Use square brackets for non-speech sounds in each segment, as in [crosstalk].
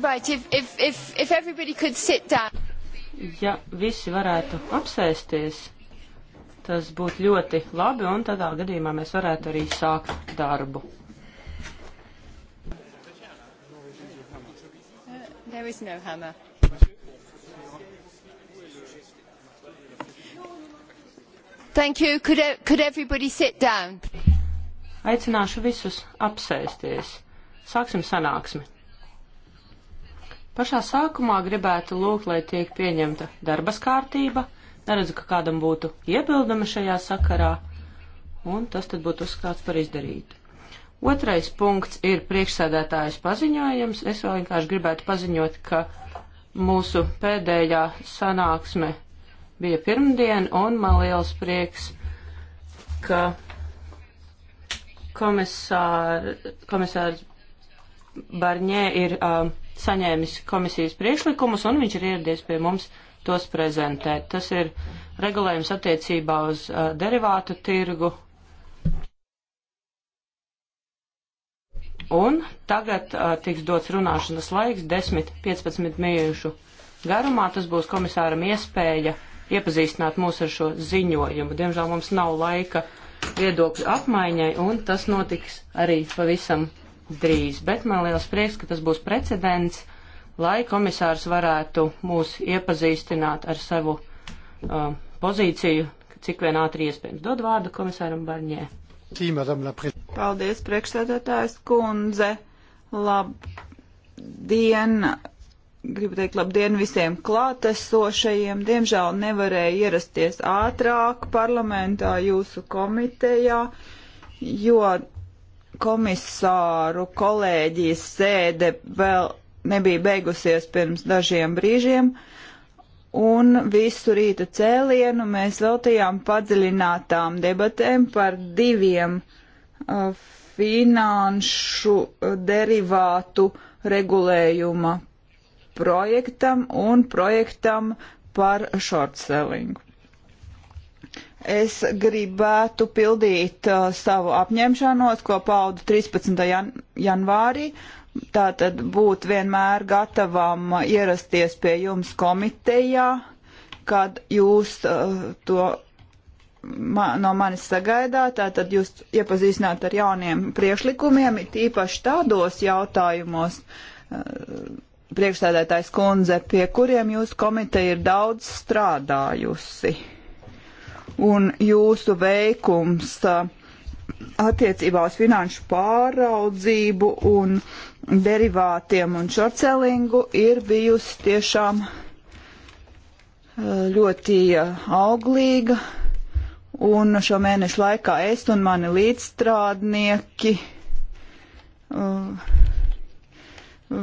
Right, if, if, if, if everybody could sit down. Ja visi varētu apsēsties, tas būtu ļoti labi, un tādā gadījumā mēs varētu arī sākt darbu. Uh, there is no hammer. Thank you. Could, e-, could everybody sit down? Aicināšu visus apsēsties. Sāksim sanāksmi. Pašā sākumā gribētu lūgt, lai tiek pieņemta darbas kārtība. Neredzu, ka kādam būtu iebildumi šajā sakarā, un tas tad būtu uzskats par izdarītu. Otrais punkts ir priekšsēdētājas paziņojums. Es vēl vienkārši gribētu paziņot, ka mūsu pēdējā sanāksme bija pirmdien, un man liels prieks, ka komisār, komisārs Barņē ir uh, saņēmis komisijas priekšlikumus un viņš ir ieradies pie mums tos prezentēt. Tas ir regulējums attiecībā uz uh, derivātu tirgu. Un tagad uh, tiks dots runāšanas laiks 10-15 minūšu garumā. Tas būs komisāram iespēja iepazīstināt mūs ar šo ziņojumu. Diemžēl mums nav laika viedokļu apmaiņai, un tas notiks arī pavisam drīz, bet man liels prieks, ka tas būs precedents, lai komisārs varētu mūs iepazīstināt ar savu uh, pozīciju, cik vien ātri iespējams. Dod vārdu komisāram Barņē. Paldies, priekšsēdētājs kundze. Labdien! Gribu teikt labdien visiem klātesošajiem. Diemžēl nevarēju ierasties ātrāk parlamentā jūsu komitejā, jo komisāru kolēģijas sēde vēl nebija beigusies pirms dažiem brīžiem, un visu rīta cēlienu mēs veltījām padziļinātām debatēm par diviem uh, finanšu derivātu regulējuma projektam un projektam par short sellingu. Es gribētu pildīt uh, savu apņemšanos, ko paudu 13. Jan janvārī, tātad būt vienmēr gatavam ierasties pie jums komitejā, kad jūs uh, to ma no manis sagaidāt, tātad jūs iepazīstināt ar jauniem priekšlikumiem, it īpaši tādos jautājumos, uh, priekšstādētājs kundze, pie kuriem jūsu komiteja ir daudz strādājusi un jūsu veikums uh, attiecībā uz finanšu pāraudzību un derivātiem un šorcelingu ir bijusi tiešām uh, ļoti uh, auglīga. Un šo mēnešu laikā es un mani līdzstrādnieki uh, uh,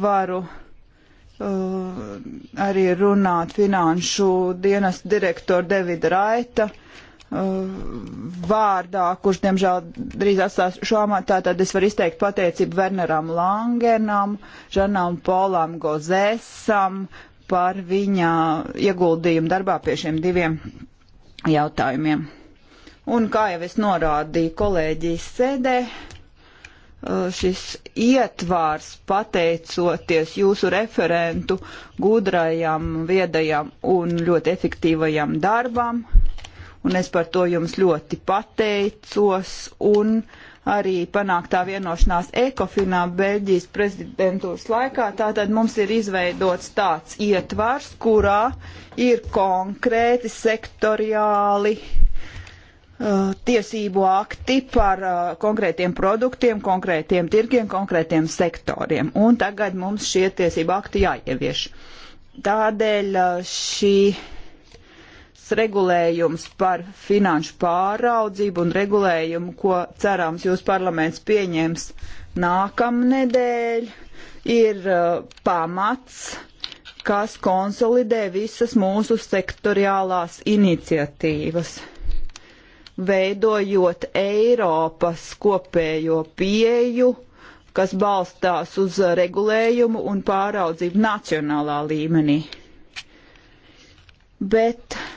varu uh, Eh, arī runāt finanšu dienas direktoru Davida Raita eh, vārdā, kurš diemžēl drīz atstās šo amatā, tad es varu izteikt pateicību Werneram Langenam, Žanam Polam Gozesam par viņa ieguldījumu darbā pie šiem diviem jautājumiem. Un kā jau es norādīju kolēģijas sēdē, uh, Uh, šis ietvārs pateicoties jūsu referentu gudrajam, viedajam un ļoti efektīvajam darbam. Un es par to jums ļoti pateicos un arī panāktā vienošanās ekofinā Beļģijas prezidentūras laikā. Tātad mums ir izveidots tāds ietvars, kurā ir konkrēti sektoriāli uh, Eh, tiesību akti par uh, konkrētiem produktiem, konkrētiem tirgiem, konkrētiem sektoriem. Un tagad mums šie tiesību akti jāievieš. Tādēļ uh, šīs regulējums par finanšu pāraudzību un regulējumu, ko cerams jūs parlaments pieņems nākamnedēļ, ir uh, pamats kas konsolidē visas mūsu sektoriālās iniciatīvas. Uh, veidojot Eiropas kopējo pieju, kas balstās uz regulējumu un pāraudzību nacionālā līmenī. Bet uh,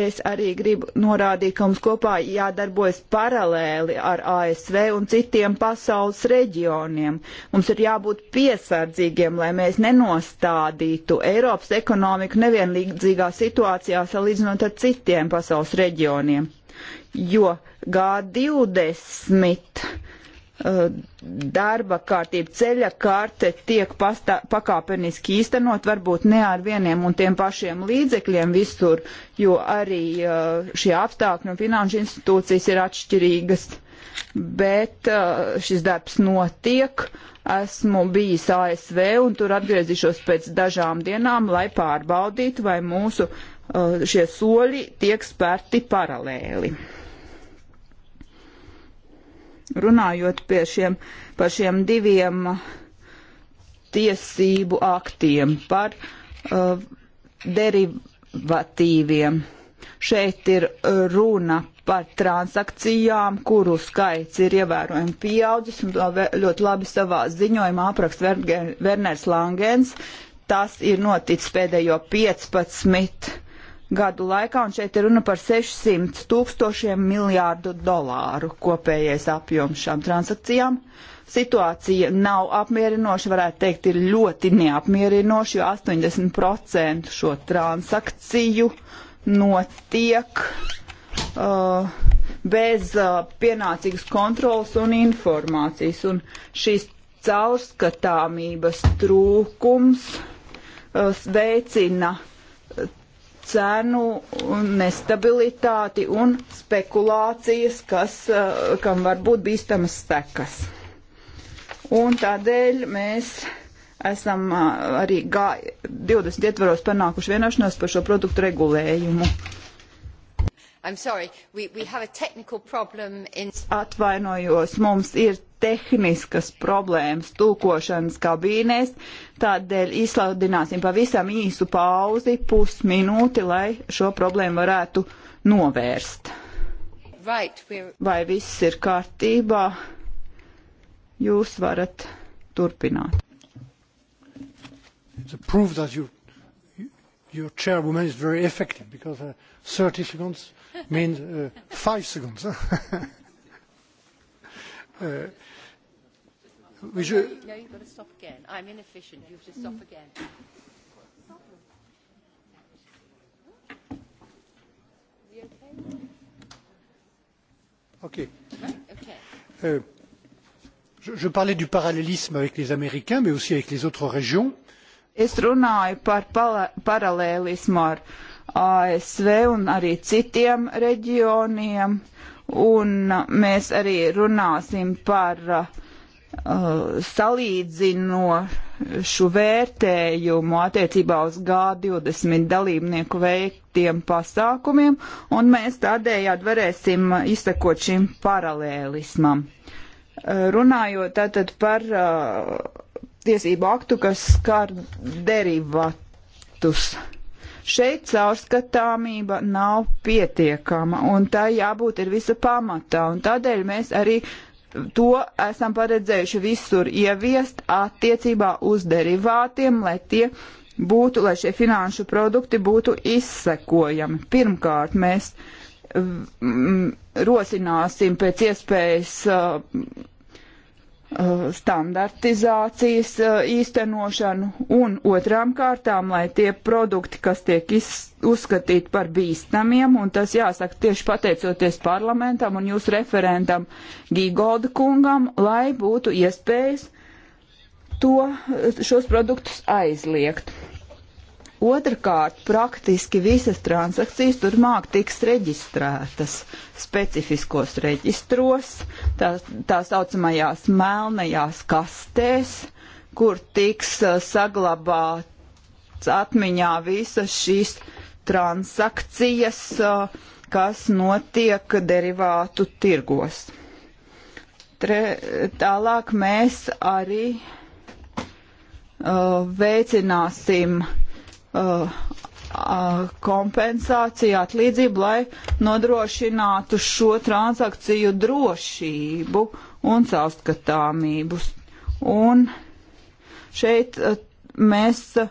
Es arī gribu norādīt, ka mums kopā jādarbojas paralēli ar ASV un citiem pasaules reģioniem. Mums ir jābūt piesardzīgiem, lai mēs nenostādītu Eiropas ekonomiku nevienlīdzīgā situācijā salīdzinot ar citiem pasaules reģioniem. Jo G20 darba kārtība ceļa karte tiek pastā, pakāpeniski īstenot, varbūt ne ar vieniem un tiem pašiem līdzekļiem visur, jo arī šie apstākļi un finanšu institūcijas ir atšķirīgas. Bet šis darbs notiek. Esmu bijis ASV un tur atgriezīšos pēc dažām dienām, lai pārbaudītu, vai mūsu šie soļi tiek spērti paralēli runājot pie šiem, par šiem diviem tiesību aktiem, par uh, derivatīviem. Šeit ir runa par transakcijām, kuru skaits ir ievērojami pieaudzis, un to ļoti labi savā ziņojumā aprakst Werners Langens. Tas ir noticis pēdējo 15 gadu laikā, un šeit ir runa par 600 tūkstošiem miljārdu dolāru kopējais apjoms šām transakcijām. Situācija nav apmierinoša, varētu teikt, ir ļoti neapmierinoša, jo 80% šo transakciju notiek uh, bez uh, pienācīgas kontrolas un informācijas. Un šīs caurskatāmības trūkums uh, veicina uh, cenu nestabilitāti un spekulācijas, kas, eh, kam var būt bīstamas sekas. Un tādēļ mēs esam eh, arī G20 ietvaros panākuši vienošanos par šo produktu regulējumu. Sorry, we, we in... Atvainojos, mums ir tehniskas problēmas tūkošanas kabīnēs, tādēļ izslaudināsim pavisam īsu pauzi, pusminūti, lai šo problēmu varētu novērst. Right, we're... Vai viss ir kārtībā? Jūs varat turpināt. It's a proof that you, your chairwoman is very effective because uh, 30 seconds mean uh, five seconds. [laughs] uh, we should... No, you've got to stop again. I'm inefficient. You have to stop mm. again. Okay. Euh, je, je parlais du parallélisme avec les Américains, mais aussi avec les autres régions. Es runāju par paralēlismu ar uh, ASV un arī citiem reģioniem, un mēs arī runāsim par uh, salīdzinošu vērtējumu attiecībā uz G20 dalībnieku veiktiem pasākumiem, un mēs tādējādi varēsim izsekot šim paralēlismam. Uh, runājot tātad par uh, tiesību aktu, kas skar derivātus. Šeit caurskatāmība nav pietiekama, un tā jābūt ir visa pamatā, un tādēļ mēs arī to esam paredzējuši visur ieviest attiecībā uz derivātiem, lai tie būtu, lai šie finanšu produkti būtu izsekojami. Pirmkārt, mēs mm, mm, rosināsim pēc iespējas uh, Uh, standartizācijas uh, īstenošanu un otrām kārtām, lai tie produkti, kas tiek uzskatīti par bīstamiem, un tas jāsaka tieši pateicoties parlamentam un jūsu referentam Gīgolda kungam, lai būtu iespējas to, uh, šos produktus aizliegt. Otrakārt, praktiski visas transakcijas turmāk tiks reģistrētas specifiskos reģistros, tā, tā saucamajās melnajās kastēs, kur tiks saglabāts atmiņā visas šīs transakcijas, kas notiek derivātu tirgos. Tre, tālāk mēs arī uh, veicināsim uh, uh, kompensāciju, atlīdzību, lai nodrošinātu šo transakciju drošību un caurskatāmības. Un šeit uh, mēs uh,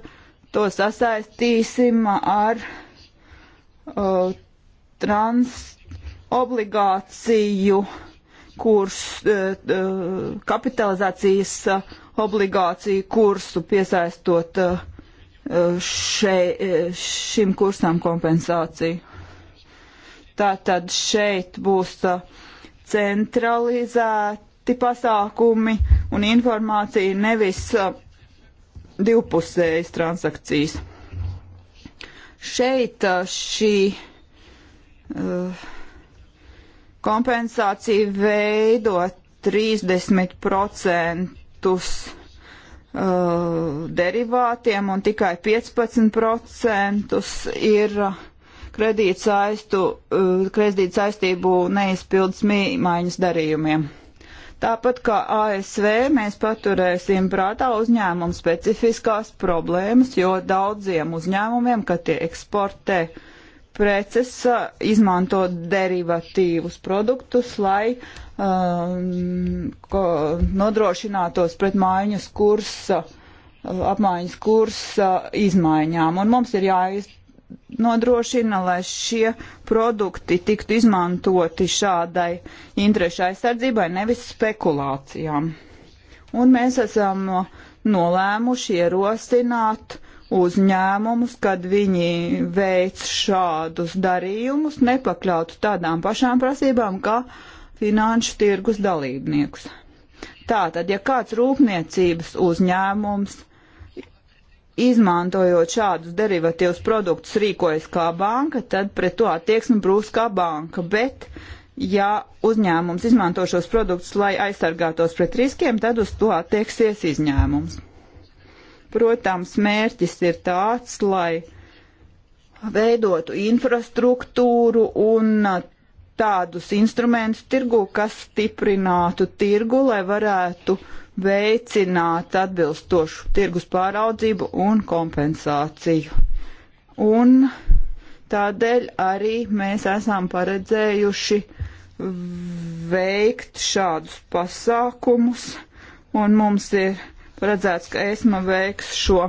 to sasaistīsim ar uh, trans obligāciju kurs, uh, uh kapitalizācijas obligāciju kursu piesaistot uh, Eh, še, eh, šim kursam kompensāciju. Tātad šeit būs eh, centralizēti pasākumi un informācija nevis divpusējas transakcijas. Šeit šī uh, kompensācija veido 30% Uh, derivātiem un tikai 15% ir uh, uh, kredīt saistību neizpildes mīmaiņas darījumiem. Tāpat kā ASV, mēs paturēsim prātā uzņēmumu specifiskās problēmas, jo daudziem uzņēmumiem, kad tie eksportē uh, preces uh, izmanto derivatīvus produktus, lai um, nodrošinātos pret mājas kursa, uh, apmaiņas kursa izmaiņām. Un mums ir jānodrošina, lai šie produkti tiktu izmantoti šādai interešu aizsardzībai, nevis spekulācijām. Un mēs esam nolēmuši ierosināt uh, uzņēmumus, kad viņi veic šādus darījumus, nepakļautu tādām pašām prasībām kā finanšu tirgus dalībniekus. Tātad, ja kāds rūpniecības uzņēmums izmantojot šādus derivatīvus produktus rīkojas kā banka, tad pret to attieksmi brūs kā banka. Bet, ja uzņēmums izmanto šos produktus, lai aizsargātos pret riskiem, tad uz to attieksies izņēmums. Protams, mērķis ir tāds, lai veidotu infrastruktūru un tādus instrumentus tirgu, kas stiprinātu tirgu, lai varētu veicināt atbilstošu tirgus pāraudzību un kompensāciju. Un tādēļ arī mēs esam paredzējuši veikt šādus pasākumus, un mums ir paredzēts, ka ESMA veiks šo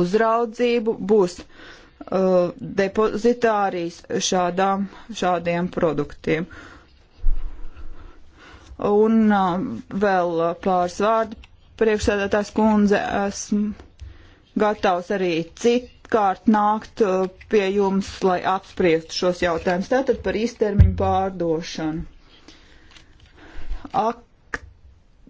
uzraudzību, būs uh, depozitārijas šādām, šādiem produktiem. Un uh, vēl pāris vārdi priekšsēdētājs kundze, esmu gatavs arī citkārt nākt uh, pie jums, lai apspriestu šos jautājumus. Tātad par īstermiņu pārdošanu. Ak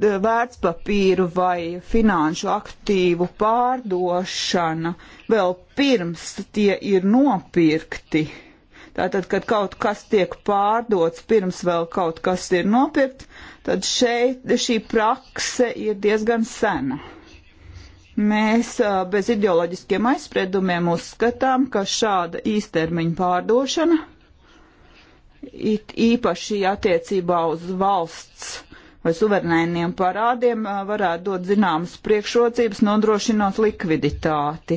vērtspapīru vai finanšu aktīvu pārdošana vēl pirms tie ir nopirkti. Tātad, kad kaut kas tiek pārdots pirms vēl kaut kas ir nopirkt, tad šeit šī prakse ir diezgan sena. Mēs bez ideoloģiskiem aizspriedumiem uzskatām, ka šāda īstermiņa pārdošana, it īpaši attiecībā uz valsts vai suverēniem parādiem varētu dot zināmas priekšrocības, nodrošinot likviditāti.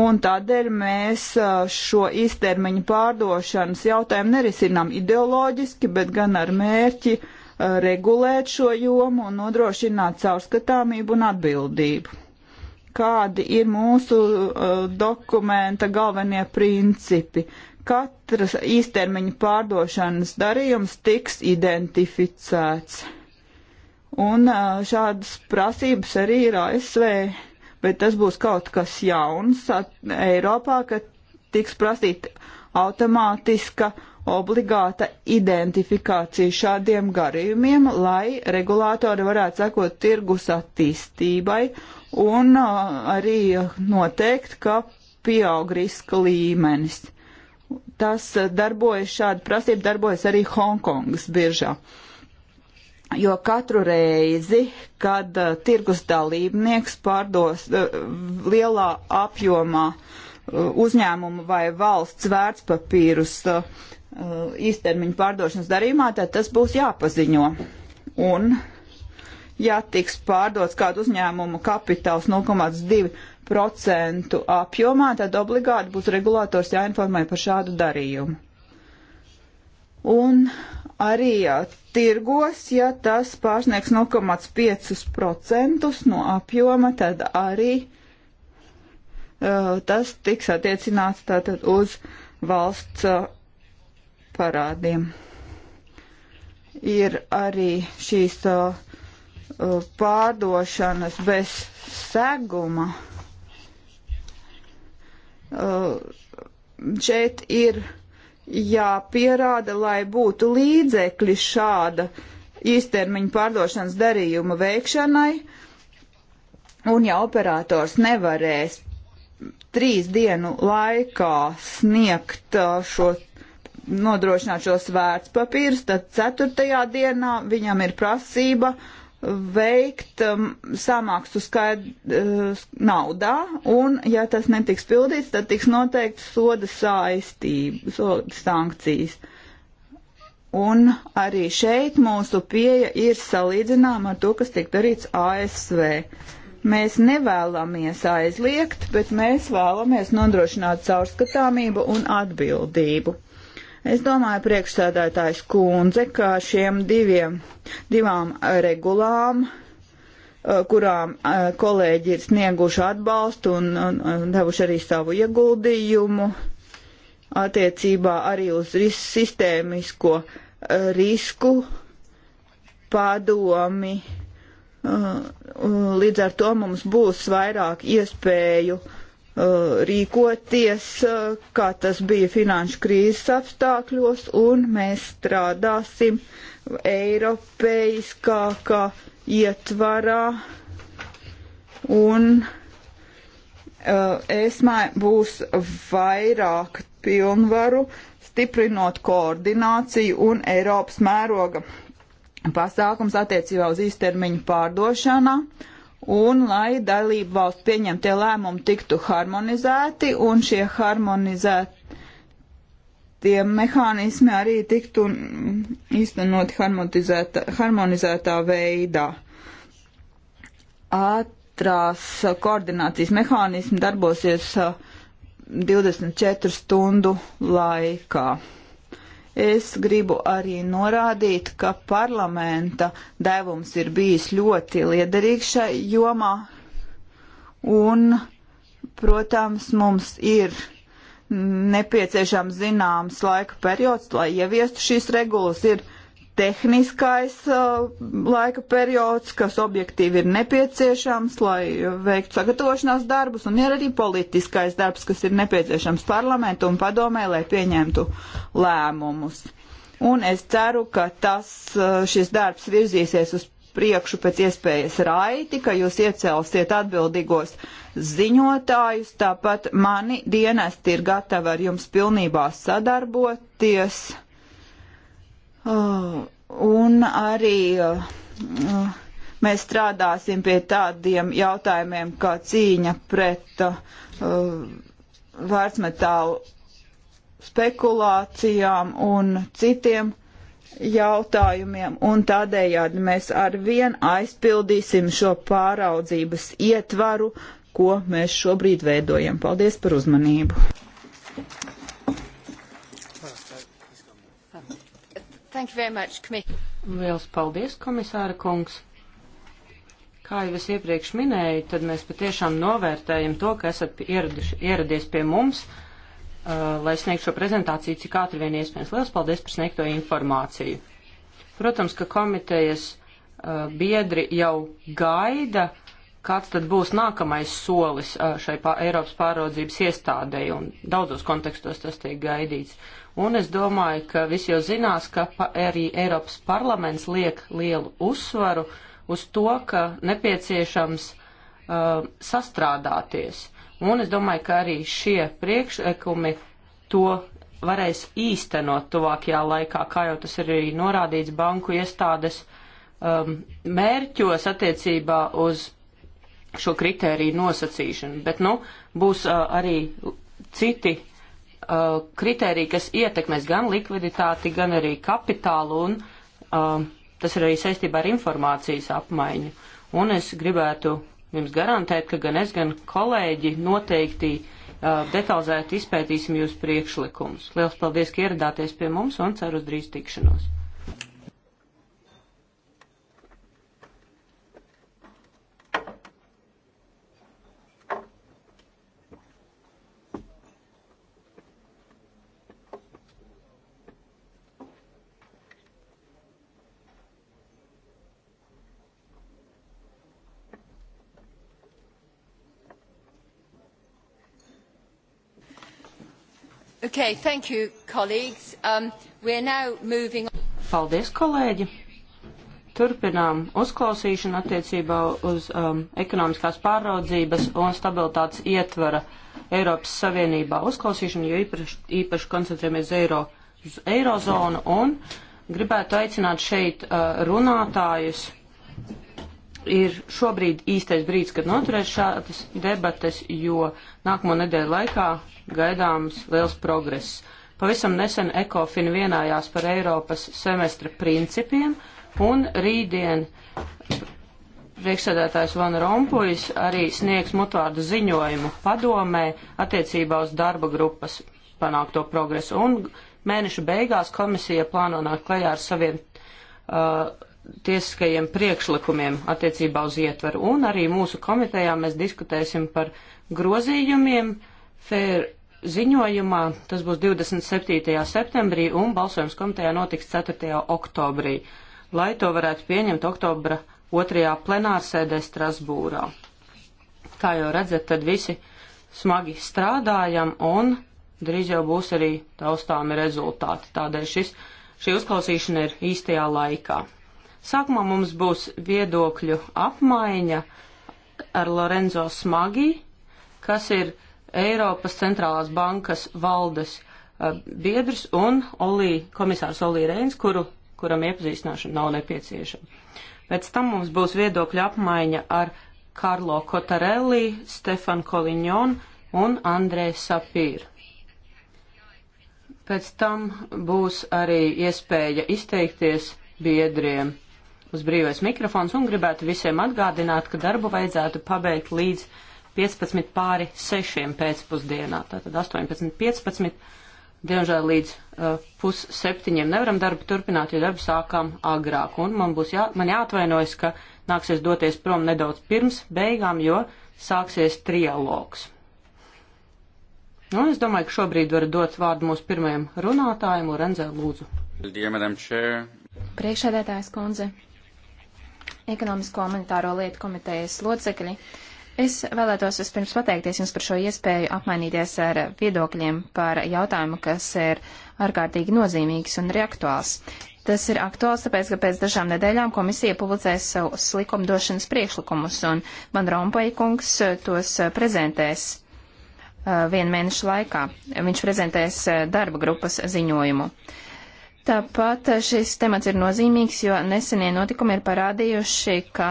Un tādēļ mēs šo īstermiņu pārdošanas jautājumu nerisinām ideoloģiski, bet gan ar mērķi regulēt šo jomu un nodrošināt caurskatāmību un atbildību. Kādi ir mūsu dokumenta galvenie principi? Katras īstermiņa pārdošanas darījums tiks identificēts Un šādas prasības arī ir ASV, bet tas būs kaut kas jauns Eiropā, ka tiks prasīta automātiska obligāta identifikācija šādiem garījumiem, lai regulātori varētu sekot tirgus attīstībai un arī noteikt, ka pieaug riska līmenis. Tas darbojas, šāda prasība darbojas arī Hongkongas biržā. Uh, jo katru reizi, kad uh, tirgus dalībnieks pārdos uh, lielā apjomā uh, uzņēmumu vai valsts vērtspapīrus uh, īstermiņu pārdošanas darījumā, tad tas būs jāpaziņo. Un, ja tiks pārdots kādu uzņēmumu kapitāls 0,2% apjomā, tad obligāti būs regulators jāinformē par šādu darījumu un arī jā, tirgos, ja tas pārsniegs 0,5% no apjoma, tad arī uh, tas tiks attiecināts tātad uz valsts uh, parādiem. Ir arī šīs uh, pārdošanas bez seguma. Uh, šeit ir uh, jāpierāda, lai būtu līdzekļi šāda īstermiņa pārdošanas darījuma veikšanai, un ja operators nevarēs trīs dienu laikā sniegt uh, šo nodrošināt šos vērtspapīrus, tad ceturtajā dienā viņam ir prasība uh, veikt um, samaksu skaidru uh, naudā, un ja tas netiks pildīts, tad tiks noteikts soda saistība, soda sankcijas. Un arī šeit mūsu pieeja ir salīdzināma ar to, kas tiek darīts ASV. Mēs nevēlamies aizliegt, bet mēs vēlamies nodrošināt caurskatāmību un atbildību. Es domāju, priekšsēdētājs kundze, ka šiem diviem, divām regulām, eh, kurām eh, kolēģi ir snieguši atbalstu un, un, un devuši arī savu ieguldījumu attiecībā arī uz ris sistēmisko eh, risku padomi. Līdz ar to mums būs vairāk iespēju uh, Uh, rīkoties, uh, kā tas bija finanšu krīzes apstākļos, un mēs strādāsim eiropeiskākā ietvarā un uh, ESMA būs vairāk pilnvaru, stiprinot koordināciju un Eiropas mēroga pasākums attiecībā uz īstermiņu pārdošanā. Uh, un lai dalību valstu pieņemtie lēmumi tiktu harmonizēti un šie harmonizētie mehānismi arī tiktu īstenot harmonizētā, harmonizētā veidā. Ātrās koordinācijas mehānismi darbosies 24 stundu laikā. Es gribu arī norādīt, ka parlamenta devums ir bijis ļoti liederīgs šai jomā, un, protams, mums ir nepieciešams zināms laika periods, lai ieviestu šīs regulas. Ir tehniskais uh, laika periods, kas objektīvi ir nepieciešams, lai veiktu sagatavošanās darbus, un ir arī politiskais darbs, kas ir nepieciešams parlamentu un padomē, lai pieņemtu lēmumus. Un es ceru, ka tas, uh, šis darbs virzīsies uz priekšu pēc iespējas raiti, ka jūs iecelsiet atbildīgos ziņotājus, tāpat mani dienesti ir gatavi ar jums pilnībā sadarboties Uh, un arī uh, uh, mēs strādāsim pie tādiem jautājumiem kā cīņa pret vērtsmetālu spekulācijām un citiem jautājumiem, un tādējādi mēs ar vien aizpildīsim šo pāraudzības ietvaru, ko mēs šobrīd veidojam. Paldies par uzmanību! Much, Liels paldies, komisāra kungs! Kā jau es iepriekš minēju, tad mēs patiešām novērtējam to, ka esat ieraduši, ieradies pie mums, uh, lai sniegtu šo prezentāciju cik ātri vien iespējams. Liels paldies par sniegto informāciju. Protams, ka komitejas uh, biedri jau gaida uh, kāds tad būs nākamais solis šai pā, Eiropas pāraudzības iestādei, un daudzos kontekstos tas tiek gaidīts. Un es domāju, ka visi jau zinās, ka arī Eiropas parlaments liek lielu uzsvaru uz to, ka nepieciešams uh, sastrādāties. Un es domāju, ka arī šie priekšlikumi to varēs īstenot tuvākajā laikā, kā jau tas ir arī norādīts banku iestādes um, mērķos attiecībā uz šo kritēriju nosacīšanu, bet, nu, būs uh, arī citi uh, kritēriji, kas ietekmēs gan likviditāti, gan arī kapitālu, un uh, tas ir arī saistībā ar informācijas apmaiņu. Un es gribētu jums garantēt, ka gan es, gan kolēģi noteikti uh, detalizēti izpētīsim jūsu priekšlikumus. Liels paldies, ka ieradāties pie mums un ceru uz drīz tikšanos. Okay, thank you, colleagues. Um, we're now moving on. Paldies, kolēģi! Turpinām uzklausīšanu attiecībā uz um, ekonomiskās pārraudzības un stabilitātes ietvara Eiropas Savienībā uzklausīšanu, jo īpaši, īpaši koncentrējamies eiro, uz eirozonu un gribētu aicināt šeit uh, runātājus ir šobrīd īstais brīdis, kad noturēs šādas debates, jo nākamo nedēļu laikā gaidāms liels progress. Pavisam nesen ECOFIN vienājās par Eiropas semestra principiem, un rītdien priekšsēdētājs Van Rompuis arī sniegs mutvārdu ziņojumu padomē attiecībā uz darba grupas panākto progresu. Un mēneša beigās komisija plāno nākt klajā ar saviem uh, tiesiskajiem priekšlikumiem attiecībā uz ietvaru. Un arī mūsu komitejā mēs diskutēsim par grozījumiem FER ziņojumā. Tas būs 27. septembrī un balsojums komitejā notiks 4. oktobrī, lai to varētu pieņemt oktobra 2. plenārsēdē Strasbūrā. Kā jau redzat, tad visi smagi strādājam un drīz jau būs arī taustāmi rezultāti. Tādēļ šis, šī uzklausīšana ir īstajā laikā. Sākumā mums būs viedokļu apmaiņa ar Lorenzo Smagi, kas ir Eiropas centrālās bankas valdes uh, biedrs un Olī, komisārs Olī Reins, kuru, kuram iepazīstināšana nav nepieciešama. Pēc tam mums būs viedokļa apmaiņa ar Karlo Kotarelli, Stefan Kolignon un Andrē Sapīru. Pēc tam būs arī iespēja izteikties biedriem uz brīvais mikrofons un gribētu visiem atgādināt, ka darbu vajadzētu pabeigt līdz 15 pāri 6 pēcpusdienā. Tātad 18.15. Diemžēl līdz uh, pus septiņiem nevaram darbu turpināt, jo darbu sākām agrāk. Un man būs jā, man jāatvainojas, ka nāksies doties prom nedaudz pirms beigām, jo sāksies trialogs. Nu, es domāju, ka šobrīd var dot vārdu mūsu pirmajam runātājam, Lorenzē Lūdzu. Priekšādētājs kundze, ekonomisko un monetāro lietu komitejas locekļi. Es vēlētos vispirms pateikties jums par šo iespēju apmainīties ar viedokļiem par jautājumu, kas ir ārkārtīgi nozīmīgs un reaktuāls. Tas ir aktuāls, tāpēc, ka pēc dažām nedēļām komisija publicēs savus likumdošanas priekšlikumus, un man Rompai kungs tos prezentēs uh, vienu mēnešu laikā. Viņš prezentēs uh, darba grupas ziņojumu. Uh, Tāpat šis temats ir nozīmīgs, jo nesenie notikumi ir parādījuši, ka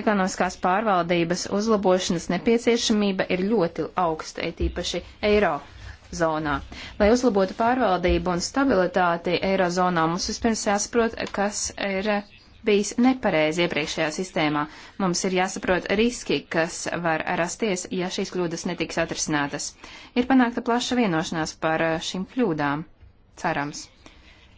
ekonomiskās pārvaldības uzlabošanas nepieciešamība ir ļoti augsta, it īpaši eiro zonā. Lai uzlabotu pārvaldību un stabilitāti eirozonā, mums vispirms jāsaprot, kas ir bijis nepareizi iepriekšējā sistēmā. Mums ir jāsaprot riski, kas var rasties, ja šīs kļūdas netiks atrisinātas. Ir panākta plaša vienošanās par šīm kļūdām. Cerams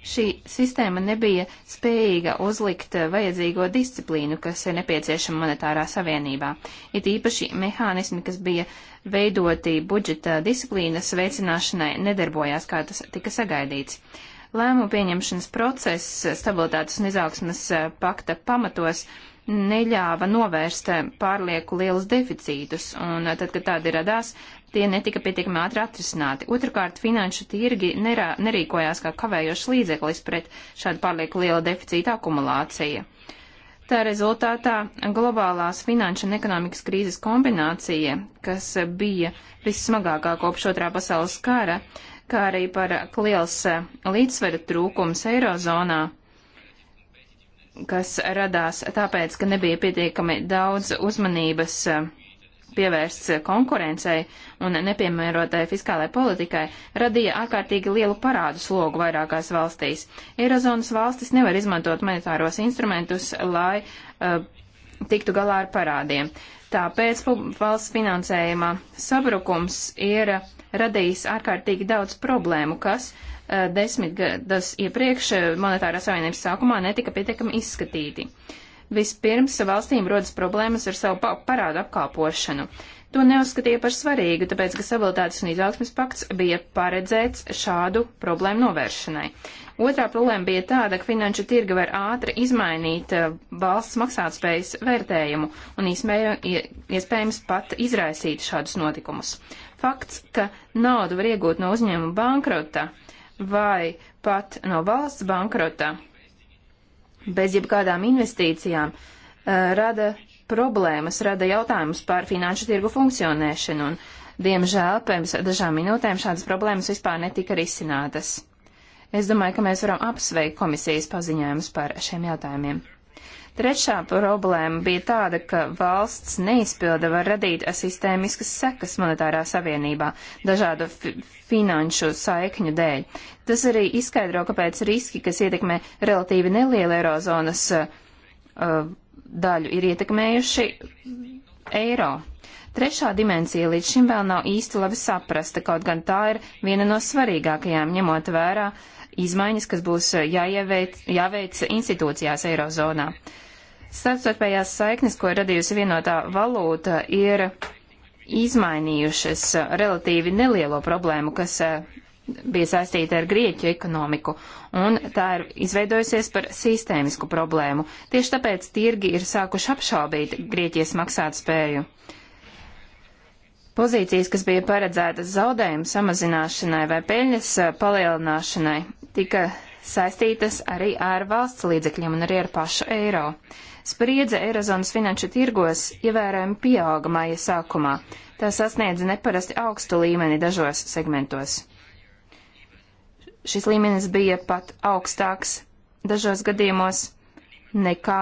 šī sistēma nebija spējīga uzlikt eh, vajadzīgo disciplīnu, kas ir nepieciešama monetārā savienībā. It īpaši mehānismi, kas bija veidoti budžeta disciplīnas veicināšanai, nedarbojās, kā tas tika sagaidīts. Lēmumu pieņemšanas process stabilitātes un izaugsmas eh, pakta pamatos neļāva novērst eh, pārlieku lielus deficītus, un tad, kad tādi radās, tie netika pietiekami ātri atrisināti. Otrakārt, finanšu tirgi nerā, nerīkojās kā kavējošs līdzeklis pret šādu pārlieku liela deficīta akumulāciju. Tā rezultātā globālās finanšu un ekonomikas krīzes kombinācija, kas bija vissmagākā kopš otrā pasaules kara, kā arī par liels līdzsvera trūkums eirozonā, kas radās tāpēc, ka nebija pietiekami daudz uzmanības uh, pievērsts konkurencei un nepiemērotai fiskālai politikai, radīja ārkārtīgi lielu parādu slogu vairākās valstīs. Eirozonas valstis nevar izmantot monetāros instrumentus, lai uh, tiktu galā ar parādiem. Tāpēc valsts finansējuma sabrukums ir radījis ārkārtīgi daudz problēmu, kas uh, desmit gadus iepriekš eh, monetārā savienības sākumā netika pietiekami izskatīti. Uh, Vispirms valstīm rodas problēmas ar savu parādu apkalpošanu. To neuzskatīja par svarīgu, tāpēc, ka stabilitātes un izaugsmes pakts bija paredzēts šādu problēmu novēršanai. Otrā problēma bija tāda, ka finanšu tirga var ātri izmainīt eh, valsts maksātspējas vērtējumu un iespējams pat izraisīt šādus notikumus. Fakts, ka naudu var iegūt no uzņēmuma bankrota vai pat no valsts bankrota bez jebkādām investīcijām eh, rada problēmas, rada jautājumus par finanšu tirgu funkcionēšanu, un, diemžēl, pirms dažām minūtēm šādas problēmas vispār netika risinātas. Es domāju, ka mēs varam apsveikt komisijas paziņojumus par šiem jautājumiem. Trešā problēma bija tāda, ka valsts neizpilda var radīt sistēmiskas sekas monetārā savienībā dažādu fi finanšu saikņu dēļ. Tas arī izskaidro, kāpēc riski, kas ietekmē relatīvi nelielu eirozonas uh, daļu, ir ietekmējuši eiro. Trešā dimensija līdz šim vēl nav īsti labi saprasta, kaut gan tā ir viena no svarīgākajām, ņemot vērā izmaiņas, kas būs uh, jāieveic, jāveic institūcijās Eirozonā. Starptautējās saiknes, ko radījusi vienotā valūta, ir izmainījušas relatīvi nelielo problēmu, kas eh, bija saistīta ar grieķu ekonomiku, un tā ir izveidojusies par sistēmisku problēmu. Tieši tāpēc tirgi ir sākuši apšaubīt Grieķijas maksāt spēju. Pozīcijas, kas bija paredzētas zaudējumu samazināšanai vai peļņas eh, palielināšanai, tika saistītas arī ar valsts līdzekļiem un arī ar pašu eiro. Spriedze Eirozonas finanšu tirgos ievērojami pieauga māja sākumā. Tā sasniedza neparasti augstu līmeni dažos segmentos. Šis līmenis bija pat augstāks dažos gadījumos nekā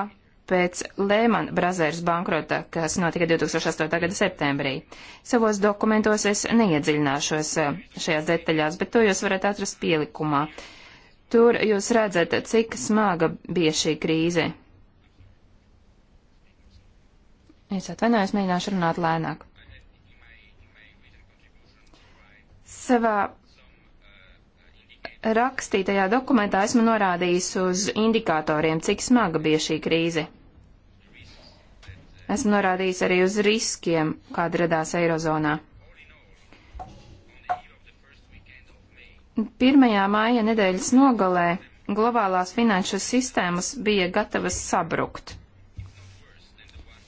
pēc Lehman Brothers bankrota, kas notika 2008. gada septembrī. Savos dokumentos es neiedziļināšos eh, šajās detaļās, bet to jūs varat atrast pielikumā. Tur jūs redzat, cik smaga bija šī krīze Es atvainojos, mēģināšu runāt lēnāk. Savā rakstītajā dokumentā esmu norādījis uz indikatoriem, cik smaga bija šī krīze. Esmu norādījis arī uz riskiem, kāda radās Eirozonā. Pirmajā māja nedēļas nogalē globālās finanšu sistēmas bija gatavas sabrukt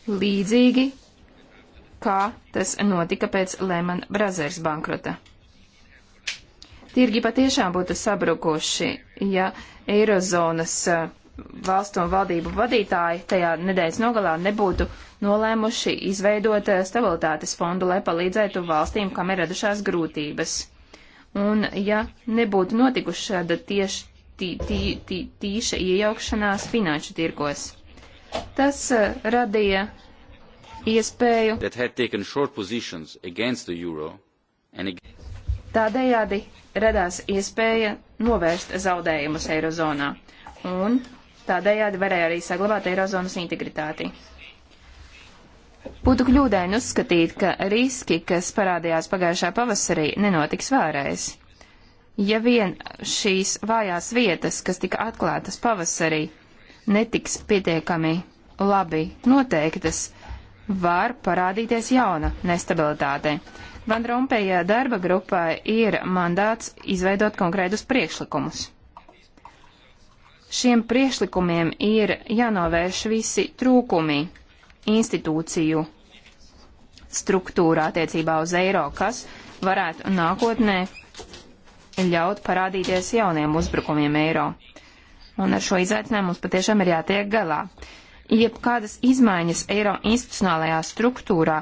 līdzīgi, kā tas notika pēc Lehman Brothers bankrota. Tirgi patiešām būtu sabrukuši, ja Eirozonas valstu un valdību vadītāji tajā nedēļas nogalā nebūtu nolēmuši izveidot stabilitātes fondu, lai palīdzētu valstīm, kam ir radušās grūtības. Un ja nebūtu notikuši šāda tieši tī, tī, tī, tīša iejaukšanās finanšu tirgos. Tas eh, radīja iespēju. Tādējādi radās iespēja novērst zaudējumus Eirozonā un tādējādi varēja arī saglabāt Eirozonas integritāti. Būtu kļūdaini uzskatīt, ka riski, kas parādījās pagājušā pavasarī, nenotiks vēlreiz. Ja vien šīs vājās vietas, kas tika atklātas pavasarī, netiks pietiekami labi noteiktas, var parādīties jauna nestabilitāte. Van Rompēja darba grupai ir mandāts izveidot konkrētus priekšlikumus. Šiem priekšlikumiem ir jānovērš visi trūkumi institūciju struktūra attiecībā uz eiro, kas varētu nākotnē ļaut parādīties jauniem uzbrukumiem eiro un ar šo izaicinājumu mums patiešām ir jātiek galā. Jebkādas izmaiņas eiro institucionālajā struktūrā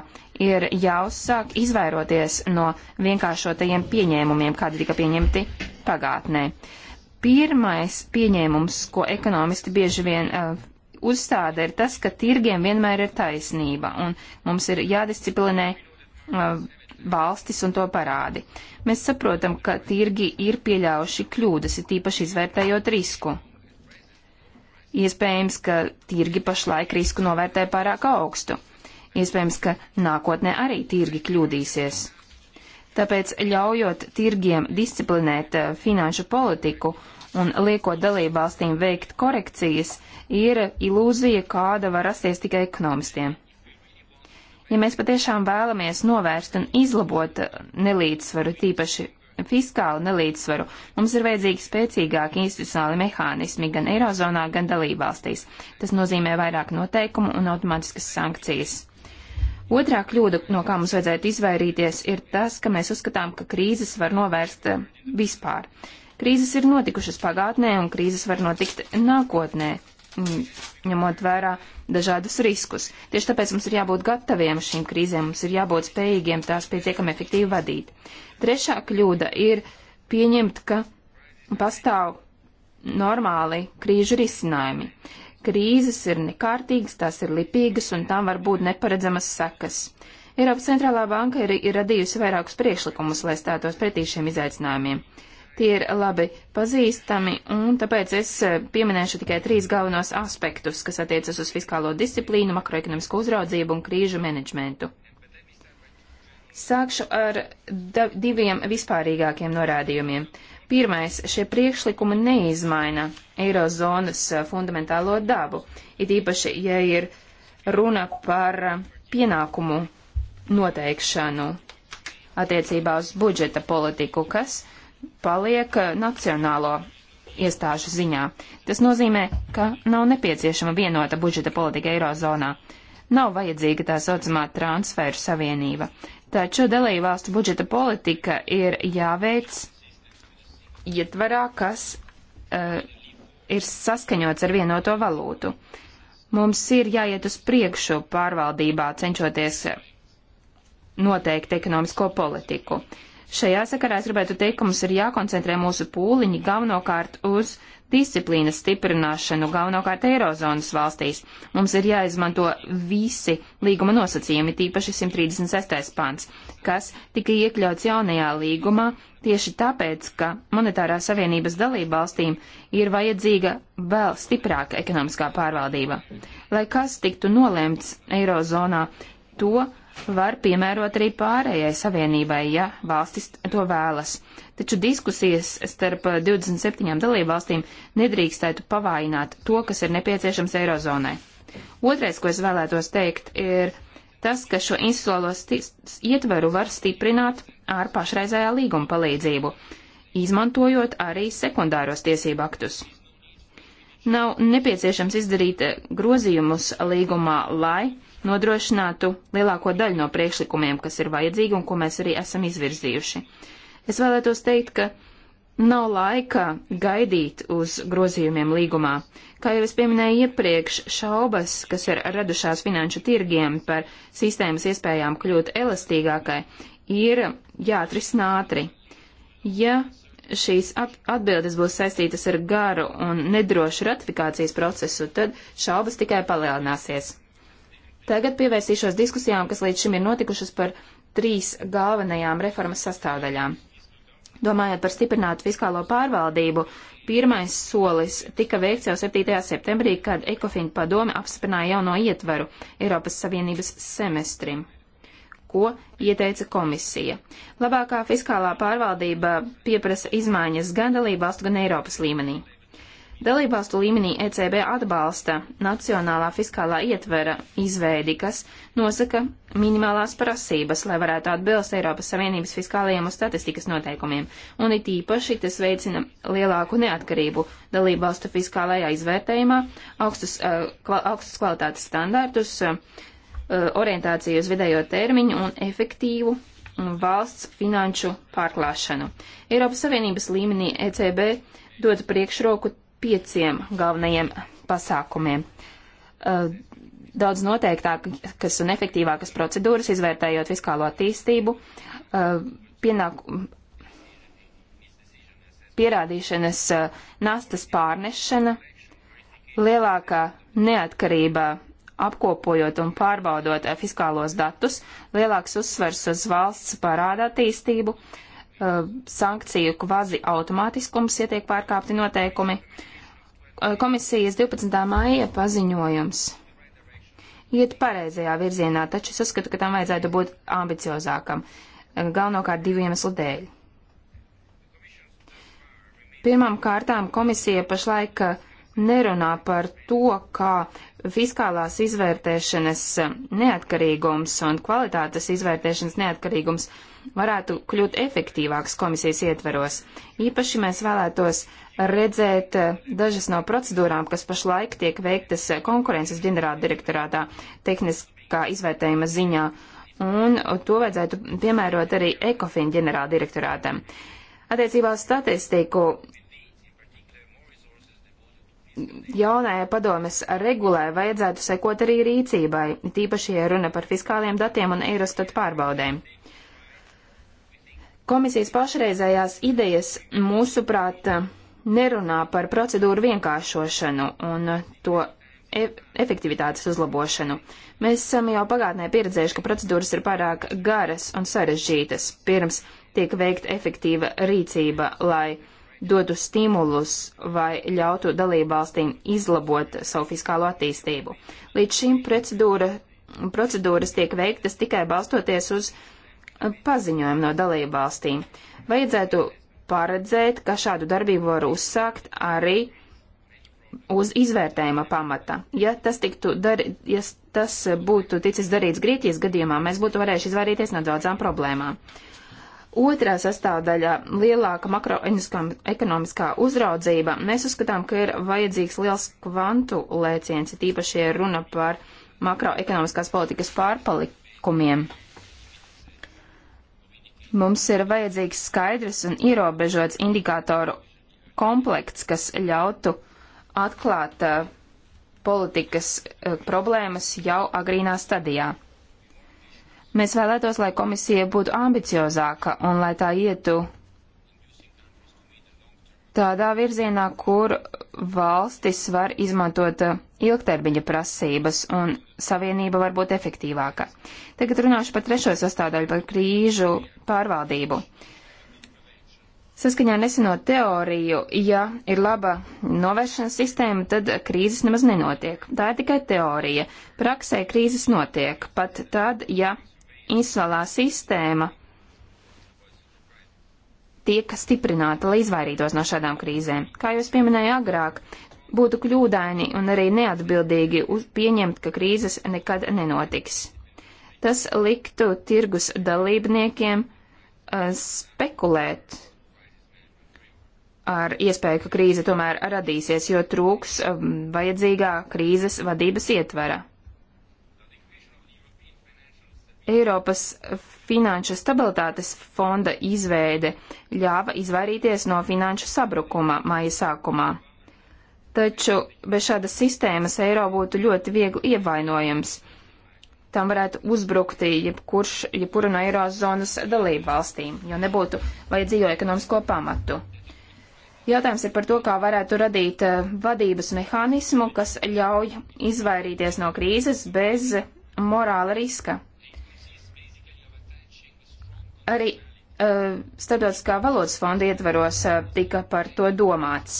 ir jāuzsāk izvairoties no vienkāršotajiem pieņēmumiem, kādi tika pieņemti pagātnē. Pirmais pieņēmums, ko ekonomisti bieži vien uh, uzstāda, ir tas, ka tirgiem vienmēr ir taisnība, un mums ir jādisciplinē uh, valstis un to parādi. Mēs saprotam, ka tirgi ir pieļaujuši kļūdas, ir tīpaši izvērtējot risku. Iespējams, ka tirgi pašlaik risku novērtē pārāk augstu. Iespējams, ka nākotnē arī tirgi kļūdīsies. Tāpēc, ļaujot tirgiem disciplinēt uh, finanšu politiku un liekot dalībvalstīm veikt korekcijas, ir ilūzija, kāda var rasties tikai ekonomistiem. Ja mēs patiešām vēlamies novērst un izlabot nelīdzsvaru tīpaši fiskālu nelīdzsvaru, mums ir vajadzīgi spēcīgāki institucionāli mehānismi gan Eirozonā, gan dalībvalstīs. Tas nozīmē vairāk noteikumu un automātiskas sankcijas. Otrā kļūda, no kā mums vajadzētu izvairīties, ir tas, ka mēs uzskatām, ka krīzes var novērst eh, vispār. Krīzes ir notikušas pagātnē un krīzes var notikt nākotnē ņemot vērā dažādus riskus. Tieši tāpēc mums ir jābūt gataviem šīm krīzēm, mums ir jābūt spējīgiem tās pietiekami efektīvi vadīt. Trešā kļūda ir pieņemt, ka pastāv normāli krīžu risinājumi. Krīzes ir nekārtīgas, tās ir lipīgas un tām var būt neparedzamas sekas. Eiropas centrālā banka ir, ir radījusi vairākus priekšlikumus, lai stātos pretī šiem izaicinājumiem. Tie ir labi pazīstami, un tāpēc es eh, pieminēšu tikai trīs galvenos aspektus, kas attiecas uz fiskālo disciplīnu, makroekonomisko uzraudzību un krīžu menedžmentu. Sākšu ar diviem vispārīgākiem norādījumiem. Pirmais, šie priekšlikumi neizmaina eirozonas eh, fundamentālo dabu, it īpaši, ja ir runa par eh, pienākumu noteikšanu attiecībā uz budžeta politiku, kas paliek eh, nacionālo iestāžu ziņā. Tas nozīmē, ka nav nepieciešama vienota budžeta politika Eirozonā. Nav vajadzīga tā saucamā transferu savienība, taču dalībvalstu budžeta politika ir jāveic ietvarā, kas uh, ir saskaņots ar vienoto valūtu. Mums ir jāiet uz priekšu pārvaldībā, cenšoties noteikt ekonomisko politiku. Uh, Šajā sakarā es gribētu teikt, ka mums ir jākoncentrē mūsu pūliņi galvenokārt uz disciplīnas stiprināšanu, galvenokārt Eirozonas valstīs. Mums ir jāizmanto visi līguma nosacījumi, tīpaši 136. pants, kas tika iekļauts jaunajā līgumā tieši tāpēc, ka monetārā savienības dalība valstīm ir vajadzīga vēl stiprāka ekonomiskā pārvaldība. Lai kas tiktu nolēmts Eirozonā, to var piemērot arī pārējai savienībai, ja valstis to vēlas. Taču diskusijas starp 27 dalībvalstīm nedrīkstētu pavājināt to, kas ir nepieciešams Eirozonai. Otrais, ko es vēlētos teikt, ir tas, ka šo institucionālo ietveru var stiprināt ar pašreizējā līguma palīdzību, izmantojot arī sekundāros tiesību aktus. Nav nepieciešams izdarīt grozījumus līgumā, lai nodrošinātu lielāko daļu no priekšlikumiem, kas ir vajadzīgi un ko mēs arī esam izvirzījuši. Es vēlētos teikt, ka nav laika gaidīt uz grozījumiem līgumā. Kā jau es pieminēju iepriekš, šaubas, kas ir radušās finanšu tirgiem par sistēmas iespējām kļūt elastīgākai, ir jāatrisina ātri. Ja šīs atbildes būs saistītas ar garu un nedrošu ratifikācijas procesu, tad šaubas tikai palielināsies. Tagad pievērsīšos diskusijām, kas līdz šim ir notikušas par trīs galvenajām reformas sastāvdaļām. Domājot par stiprinātu fiskālo pārvaldību, pirmais solis tika veikts jau 7. septembrī, kad Ekofina padome apstiprināja jauno ietvaru Eiropas Savienības semestrim, ko ieteica komisija. Labākā fiskālā pārvaldība pieprasa izmaiņas gan dalību valstu, gan Eiropas līmenī. Dalībvalstu līmenī ECB atbalsta nacionālā fiskālā ietvera izveidi, kas nosaka minimālās prasības, lai varētu atbilst Eiropas Savienības fiskālajiem un statistikas noteikumiem, un it īpaši tas veicina lielāku neatkarību dalībvalstu fiskālajā izvērtējumā, augstus, uh, kla, augstus kvalitātes standārtus, uh, eh, orientāciju uz vidējo termiņu un efektīvu valsts finanšu pārklāšanu. Eiropas Savienības līmenī ECB dod priekšroku pieciem galvenajiem pasākumiem. Daudz noteiktākas un efektīvākas procedūras, izvērtējot fiskālo attīstību, pienāku, pierādīšanas nastas pārnešana, lielākā neatkarība apkopojot un pārbaudot fiskālos datus, lielāks uzsvers uz valsts parāda attīstību, sankciju kvazi automātiskums ietiek pārkāpti noteikumi, Eh, komisijas 12. maija paziņojums iet pareizajā virzienā, taču es uzskatu, ka tam vajadzētu būt ambiciozākam, eh, galvenokārt divu iemeslu dēļ. Pirmām kārtām komisija pašlaik nerunā par to, kā fiskālās izvērtēšanas neatkarīgums un kvalitātes izvērtēšanas neatkarīgums varētu kļūt efektīvāks komisijas ietveros. Īpaši mēs vēlētos uh, redzēt eh, dažas no procedūrām, kas pašlaik tiek veiktas eh, konkurences ģenerāla direktorātā tehniskā izvērtējuma ziņā, un to vajadzētu piemērot arī ECOFIN ģenerāla direktorātam. Attiecībā uz statistiku jaunajai padomes regulē vajadzētu sekot arī rīcībai, tīpaši, ja runa par fiskāliem datiem un Eirostat pārbaudēm. Komisijas pašreizējās idejas, mūsuprāt, uh, nerunā par procedūru vienkāršošanu un to e efektivitātes uzlabošanu. Mēs esam jau pagātnē pieredzējuši, ka procedūras ir pārāk garas un sarežģītas, pirms tiek veikta efektīva rīcība, lai dotu stimulus vai ļautu dalībvalstīm izlabot savu fiskālo attīstību. Līdz šim procedūra, procedūras tiek veiktas tikai balstoties uz paziņojumu no dalībvalstīm. Vajadzētu paredzēt, ka šādu darbību var uzsākt arī uz izvērtējuma pamata. Ja tas, tiktu, dar, ja tas būtu ticis darīts Grieķijas gadījumā, mēs būtu varējuši izvairīties no daudzām problēmām. Otrā sastāvdaļa - lielāka makroekonomiskā uzraudzība. Mēs uzskatām, ka ir vajadzīgs liels kvantu lēciens, tīpaši, ja runa par makroekonomiskās politikas pārpalikumiem. Mums ir vajadzīgs skaidrs un ierobežots indikātoru komplekts, kas ļautu atklāt uh, politikas uh, problēmas jau agrīnā stadijā. Mēs vēlētos, lai komisija būtu ambiciozāka un lai tā ietu tādā virzienā, kur valstis var izmantot uh, ilgtermiņa prasības un savienība var būt efektīvāka. Tagad runāšu par trešo sastāvdaļu, par krīžu pārvaldību. Saskaņā neseno teoriju, ja ir laba novēršanas sistēma, tad krīzes nemaz nenotiek. Tā ir tikai teorija. Praksē krīzes notiek, pat tad, ja institucionālā sistēma tiek stiprināta, lai izvairītos no šādām krīzēm. Kā jūs pieminēju agrāk, būtu kļūdaini un arī neatbildīgi pieņemt, ka krīzes nekad nenotiks. Tas liktu tirgus dalībniekiem uh, spekulēt ar iespēju, ka krīze tomēr radīsies, jo trūks um, vajadzīgā krīzes vadības ietvara. Eiropas finanšu stabilitātes fonda izveide ļāva izvairīties no finanšu sabrukuma maija sākumā. Taču bez šādas sistēmas eiro būtu ļoti viegli ievainojams. Tam varētu uzbrukt jebkurš, jebkura no eirozonas dalību valstīm, jo nebūtu vajadzīgo ekonomisko pamatu. Jautājums ir par to, kā varētu radīt eh, vadības mehānismu, kas ļauj izvairīties no krīzes bez morāla riska. Arī uh, Starptautiskā valodas fonda ietvaros uh, tika par to domāts.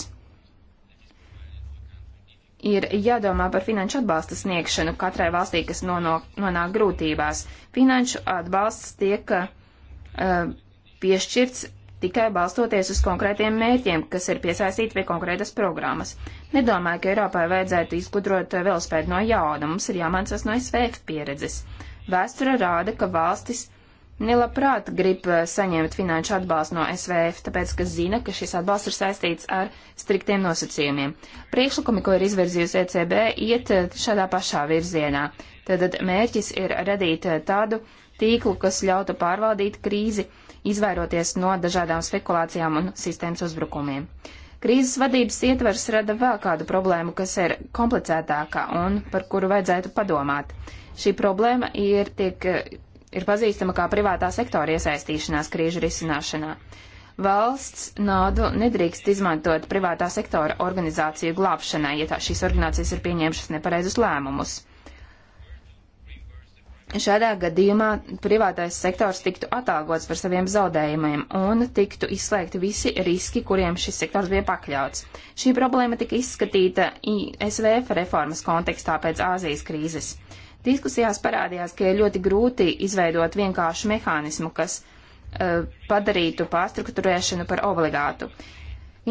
Ir jādomā par finanšu atbalsta sniegšanu katrai valstī, kas nonok, nonāk grūtībās. Finanšu atbalsts tiek uh, piešķirts tikai balstoties uz konkrētiem mērķiem, kas ir piesaistīti pie konkrētas programmas. Nedomāju, ka Eiropai vajadzētu izgudrot velospēdu no jauna, mums ir jāmācās no SV pieredzes. Vēsture rāda, ka valstis nelabprāt grib eh, saņemt finanšu atbalstu no SVF, tāpēc, ka zina, ka šis atbalsts ir saistīts ar striktiem nosacījumiem. Priekšlikumi, ko ir izvirzījusi ECB, iet eh, šādā pašā virzienā. Tad mērķis ir radīt eh, tādu tīklu, kas ļautu pārvaldīt krīzi, izvairoties no dažādām spekulācijām un sistēmas uzbrukumiem. Krīzes vadības ietvers rada vēl kādu problēmu, kas ir komplicētākā un par kuru vajadzētu padomāt. Šī problēma ir tiek ir pazīstama kā privātā sektora iesaistīšanās krīžu risināšanā. Valsts naudu nedrīkst izmantot privātā sektora organizāciju glābšanai, ja tā šīs organizācijas ir pieņemšas nepareizus lēmumus. Šādā gadījumā privātais sektors tiktu atalgots par saviem zaudējumiem un tiktu izslēgti visi riski, kuriem šis sektors bija pakļauts. Šī problēma tika izskatīta ISVF reformas kontekstā pēc Āzijas krīzes. Diskusijās parādījās, ka ir ļoti grūti izveidot vienkāršu mehānismu, kas uh, padarītu pārstruktūrēšanu par obligātu.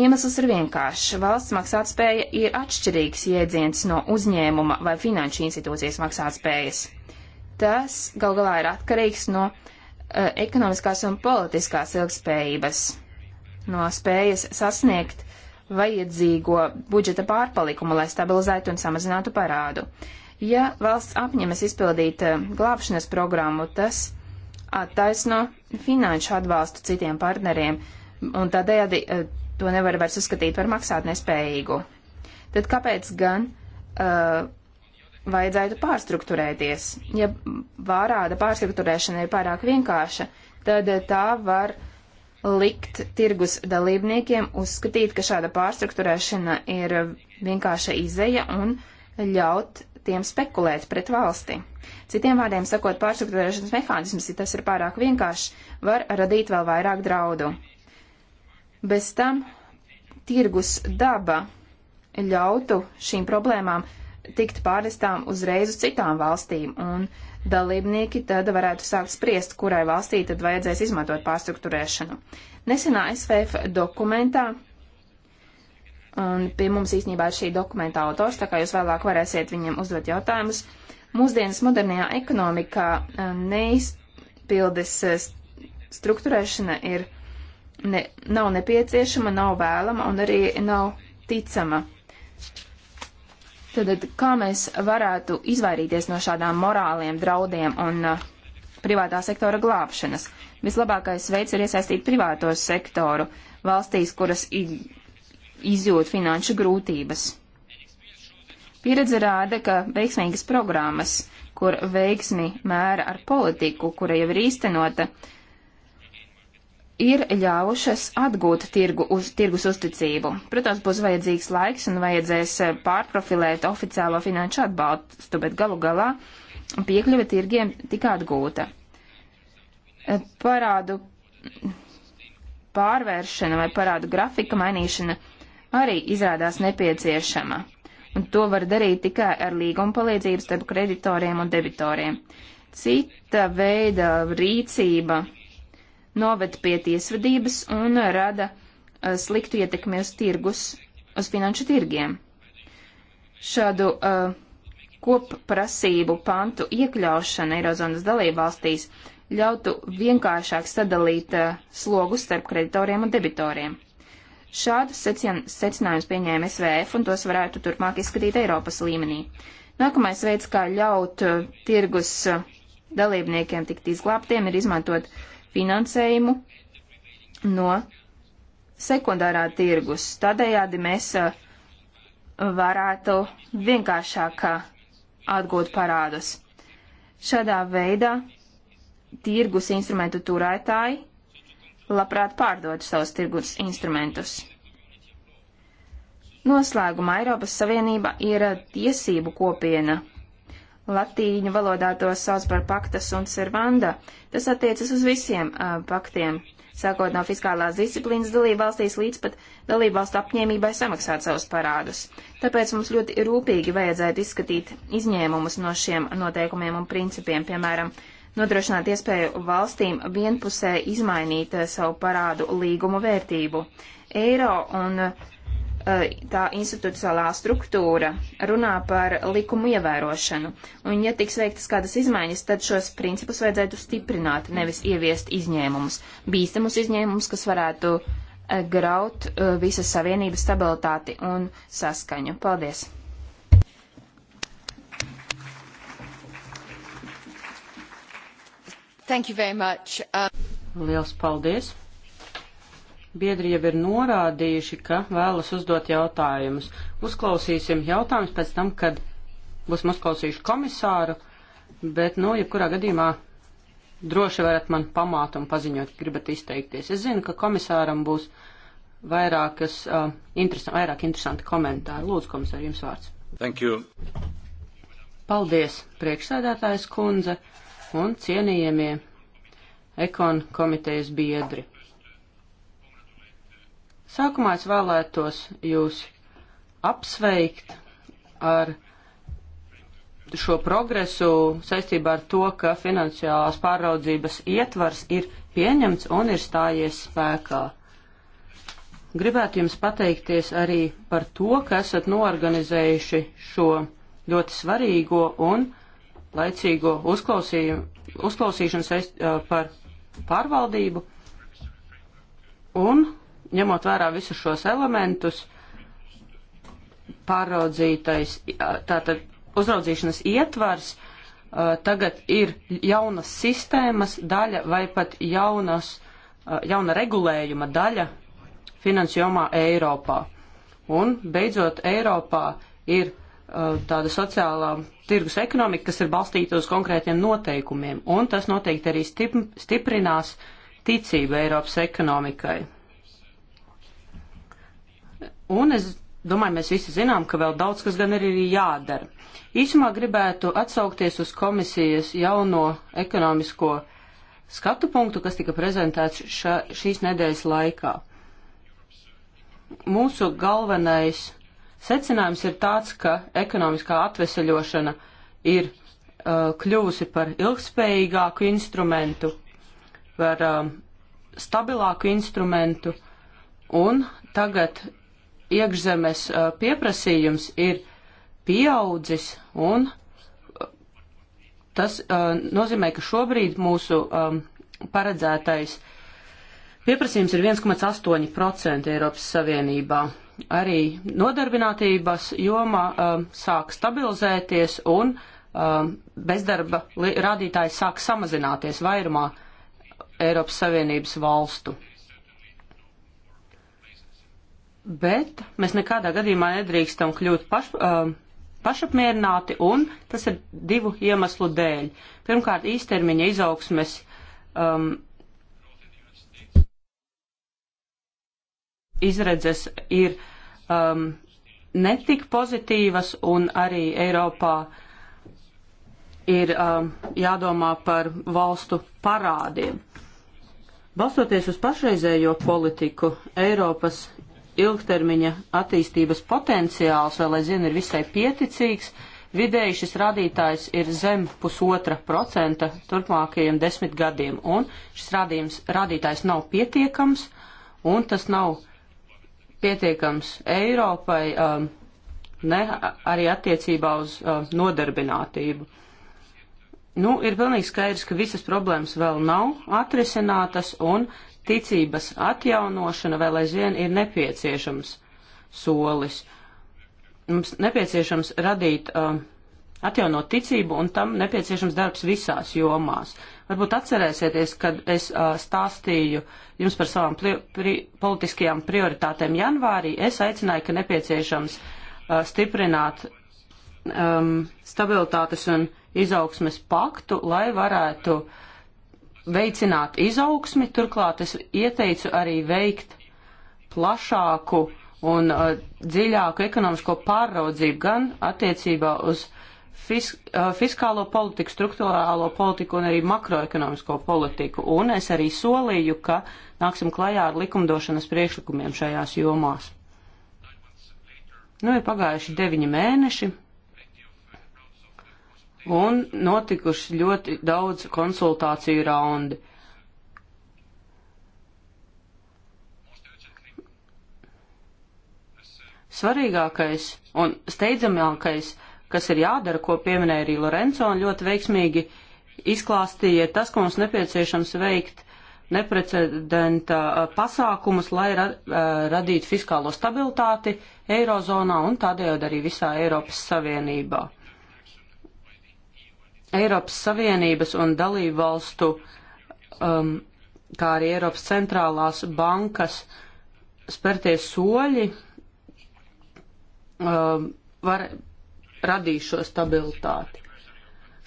Iemesls ir vienkāršs. Valsts maksātspēja ir atšķirīgs jēdziens no uzņēmuma vai finanšu institūcijas maksātspējas. Tas gal galā ir atkarīgs no uh, ekonomiskās un politiskās ilgspējības, no spējas sasniegt vajadzīgo budžeta pārpalikumu, lai stabilizētu un samazinātu parādu. Uh, Ja valsts apņemas izpildīt eh, glābšanas programmu, tas attaisno finanšu atbalstu citiem partneriem, un tādējādi eh, to nevar vairs uzskatīt par maksāt nespējīgu. Tad kāpēc gan uh, vajadzētu pārstruktūrēties? Ja vārāda pārstruktūrēšana ir pārāk vienkārša, tad tā var likt tirgus dalībniekiem uzskatīt, ka šāda pārstruktūrēšana ir vienkārša izeja un ļaut tiem spekulēt pret valsti. Citiem vārdiem sakot, pārstruktūrēšanas mehānisms, ja tas ir pārāk vienkāršs, var radīt vēl vairāk draudu. Bez tam tirgus daba ļautu šīm problēmām tikt pārvestām uzreiz uz citām valstīm, un dalībnieki tad varētu sākt spriest, kurai valstī tad vajadzēs izmantot pārstruktūrēšanu. Nesenā SVF dokumentā Un pie mums īstenībā ir šī dokumenta autors, tā kā jūs vēlāk varēsiet viņam uzdot jautājumus. Mūsdienas modernajā ekonomikā e, neizpildes e, struktūrēšana ir ne, nav nepieciešama, nav vēlama un arī nav ticama. Tad kā mēs varētu izvairīties no šādām morāliem draudiem un uh, privātā sektora glābšanas? Vislabākais veids ir iesaistīt privāto sektoru valstīs, kuras izjūt finanšu grūtības. Pieredze rāda, ka veiksmīgas programmas, kur veiksmi mēra ar politiku, kura jau ir īstenota, ir ļāvušas atgūt tirgu uz, tirgus uzticību. Protams, būs vajadzīgs laiks un vajadzēs pārprofilēt oficiālo finanšu atbalstu, bet galu galā piekļuve tirgiem tika atgūta. Parādu pārvēršana vai parādu grafika mainīšana arī izrādās nepieciešama, un to var darīt tikai ar līguma palīdzību starp kreditoriem un debitoriem. Cita veida rīcība noved pie tiesvedības un rada eh, sliktu ietekmi uz tirgus, uz finanšu tirgiem. Šādu uh, kopprasību pantu iekļaušana Eirozonas dalībvalstīs ļautu vienkāršāk sadalīt uh, eh, slogus starp kreditoriem un debitoriem. Šādus secinājumus pieņēma SVF un tos varētu turpmāk izskatīt Eiropas līmenī. Nākamais veids, kā ļaut uh, tirgus uh, dalībniekiem tikt izglābtiem, ir izmantot finansējumu no sekundārā tirgus. Tādējādi mēs uh, varētu vienkāršāk atgūt parādus. Šādā veidā tirgus instrumentu turētāji labprāt pārdotu savus tirgus instrumentus. Noslēgumā Eiropas Savienība ir tiesību kopiena. Latīņu valodā to sauc par paktas un servanda. Tas attiecas uz visiem uh, paktiem, sākot no fiskālās disciplīnas dalībvalstīs līdz pat dalībvalstu apņēmībai samaksāt savus parādus. Tāpēc mums ļoti rūpīgi vajadzētu izskatīt izņēmumus no šiem noteikumiem un principiem, piemēram, uh, nodrošināt iespēju valstīm vienpusē izmainīt eh, savu parādu līgumu vērtību. Eiro un eh, tā institucionālā struktūra runā par likumu ievērošanu, un ja tiks veiktas kādas izmaiņas, tad šos principus vajadzētu stiprināt, nevis ieviest izņēmumus, bīstamus izņēmumus, kas varētu eh, graut visas savienības stabilitāti un saskaņu. Paldies! Thank you very much. Uh... Liels paldies. Biedri jau ir norādījuši, ka vēlas uzdot jautājumus. Uzklausīsim jautājumus pēc tam, kad būsim uzklausījuši komisāru, bet, nu, jebkurā gadījumā droši varat man pamāt un paziņot, gribat izteikties. Es zinu, ka komisāram būs vairākas, uh, interesan vairāk interesanti komentāri. Lūdzu, komisāri, jums vārds. Thank you. Paldies, priekšsēdētājs kundze. Uh, un cienījamie ekon komitejas biedri. Sākumā es vēlētos jūs apsveikt ar šo progresu saistībā ar to, ka finansiālās pāraudzības ietvars ir pieņemts un ir stājies spēkā. Gribētu jums pateikties arī par to, ka esat norganizējuši šo ļoti svarīgo un uh, laicīgo uzklausīšanu saist, par pārvaldību un, ņemot vērā visus šos elementus, pāraudzītais, tātad uzraudzīšanas ietvars tagad ir jaunas sistēmas daļa vai pat jaunas, jauna regulējuma daļa finansu jomā Eiropā. Un beidzot Eiropā ir Uh, tāda sociālā tirgus ekonomika, kas ir balstīta uz konkrētiem noteikumiem, un tas noteikti arī stiprinās ticību Eiropas ekonomikai. Un es domāju, mēs visi zinām, ka vēl daudz kas gan ir jādara. Īsumā gribētu atsaukties uz komisijas jauno ekonomisko skatu punktu, kas tika prezentēts ša, šīs nedēļas laikā. Mūsu galvenais Secinājums ir tāds, ka ekonomiskā atveseļošana ir uh, kļuvusi par ilgspējīgāku instrumentu, par um, stabilāku instrumentu, un tagad iekšzemes uh, pieprasījums ir pieaudzis, un uh, tas uh, nozīmē, ka šobrīd mūsu um, paredzētais pieprasījums ir 1,8% Eiropas Savienībā arī nodarbinātības jomā um, sāk stabilizēties un um, bezdarba rādītājs sāk samazināties vairumā Eiropas Savienības valstu. Bet mēs nekādā gadījumā nedrīkstam kļūt paš, um, pašapmierināti, un tas ir divu iemeslu dēļ. Pirmkārt, īstermiņa izaugsmes um, izredzes ir um, netik pozitīvas un arī Eiropā ir um, jādomā par valstu parādiem. Balstoties uz pašreizējo politiku, Eiropas ilgtermiņa attīstības potenciāls vēl aizvien ir visai pieticīgs. Vidēji šis rādītājs ir zem pusotra procenta turpmākajiem desmit gadiem, un šis rādījums, rādītājs nav pietiekams, un tas nav pietiekams Eiropai, um, ne arī attiecībā uz um, nodarbinātību. Nu, ir pilnīgi skaidrs, ka visas problēmas vēl nav atrisinātas un ticības atjaunošana vēl aizvien ir nepieciešams solis. Mums nepieciešams radīt, um, atjaunot ticību un tam nepieciešams darbs visās jomās. Varbūt atcerēsieties, kad es uh, stāstīju jums par savām pri pri politiskajām prioritātēm janvārī, es aicināju, ka nepieciešams uh, stiprināt um, stabilitātes un izaugsmes paktu, lai varētu veicināt izaugsmi. Turklāt es ieteicu arī veikt plašāku un uh, dziļāku ekonomisko pārraudzību gan attiecībā uz fisk, uh, fiskālo politiku, struktūrālo politiku un arī makroekonomisko politiku. Un es arī solīju, ka nāksim klajā ar likumdošanas priekšlikumiem šajās jomās. Nu, ir pagājuši deviņi mēneši, un notikuši ļoti daudz konsultāciju raundi. Svarīgākais un steidzamākais uh, kas ir jādara, ko pieminēja arī Lorenzo un ļoti veiksmīgi izklāstīja tas, ko mums nepieciešams veikt neprecedenta pasākumus, lai ra, radītu fiskālo stabilitāti Eirozonā un tādējādi arī visā Eiropas Savienībā. Eiropas Savienības un dalību valstu, um, kā arī Eiropas centrālās bankas spērties soļi um, var radīs šo stabilitāti.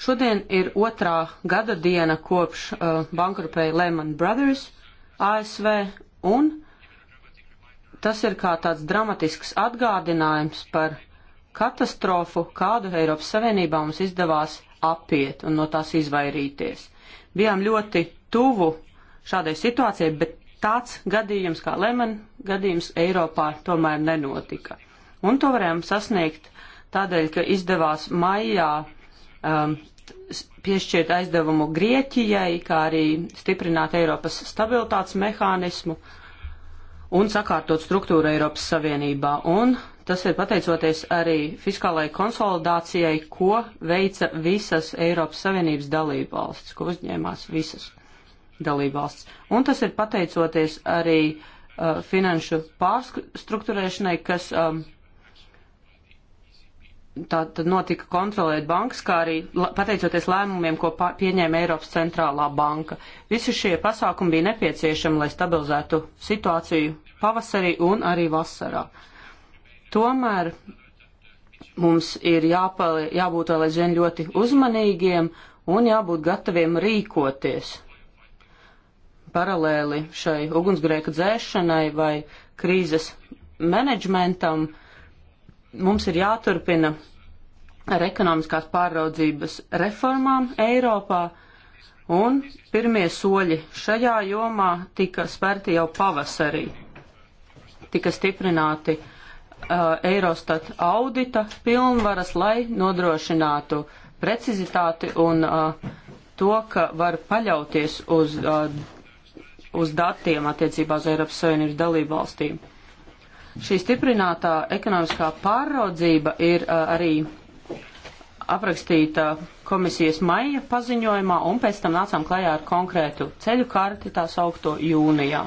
Šodien ir otrā gada diena kopš uh, bankrupēja Lehman Brothers ASV, un tas ir kā tāds dramatisks atgādinājums par katastrofu, kādu Eiropas Savienībā mums izdevās apiet un no tās izvairīties. Bijām ļoti tuvu šādai situācijai, bet tāds gadījums kā Lehman gadījums Eiropā tomēr nenotika. Un to varējām sasniegt tādēļ, ka izdevās maijā um, piešķirt aizdevumu Grieķijai, kā arī stiprināt Eiropas stabilitātes mehānismu un sakārtot struktūru Eiropas Savienībā. Un tas ir pateicoties arī fiskālajai konsolidācijai, ko veica visas Eiropas Savienības dalībvalsts, ko uzņēmās visas dalībvalsts. Un tas ir pateicoties arī uh, finanšu pārstruktūrēšanai, kas um, tā tad notika kontrolēt bankas, kā arī pateicoties lēmumiem, ko pieņēma Eiropas centrālā banka. Visi šie pasākumi bija nepieciešami, lai stabilizētu situāciju pavasarī un arī vasarā. Tomēr mums ir jāpali, jābūt vēl aizvien ļoti uzmanīgiem un jābūt gataviem rīkoties paralēli šai ugunsgrēka dzēšanai vai krīzes menedžmentam. Uh, mums ir jāturpina ar ekonomiskās pāraudzības reformām Eiropā, un pirmie soļi šajā jomā tika spērti jau pavasarī. Tika stiprināti uh, Eirostat audita pilnvaras, lai nodrošinātu precizitāti un uh, to, ka var paļauties uz, uh, uz datiem attiecībā uz Eiropas Savienības dalību valstīm. Šī stiprinātā ekonomiskā pārraudzība ir uh, arī aprakstīta komisijas maija paziņojumā, un pēc tam nācām klajā ar konkrētu ceļu karti, tā saukto jūnijā.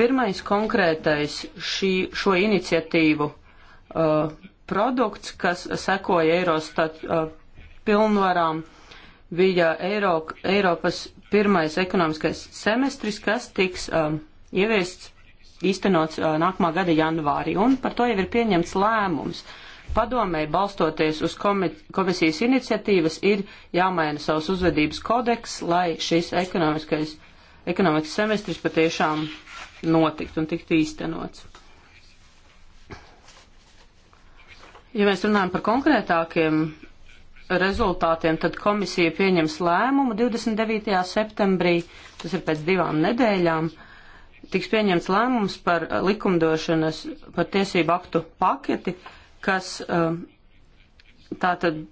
Pirmais konkrētais šī, šo iniciatīvu uh, produkts, kas sekoja Eirostat uh, pilnvarām, bija Eiro, Eiropas pirmais ekonomiskais semestris, kas tiks um, ieviests īstenots uh, nākamā gada janvārī, un par to jau ir pieņemts lēmums. Padomē, balstoties uz komisijas iniciatīvas, ir jāmaina savs uzvedības kodeks, lai šis ekonomiskais, ekonomikas semestris patiešām notiktu un tiktu īstenots. Ja mēs runājam par konkrētākiem rezultātiem, tad komisija pieņems lēmumu 29. septembrī, tas ir pēc divām nedēļām. Uh, tiks pieņemts lēmums par eh, likumdošanas, par tiesību aktu paketi, kas eh, tātad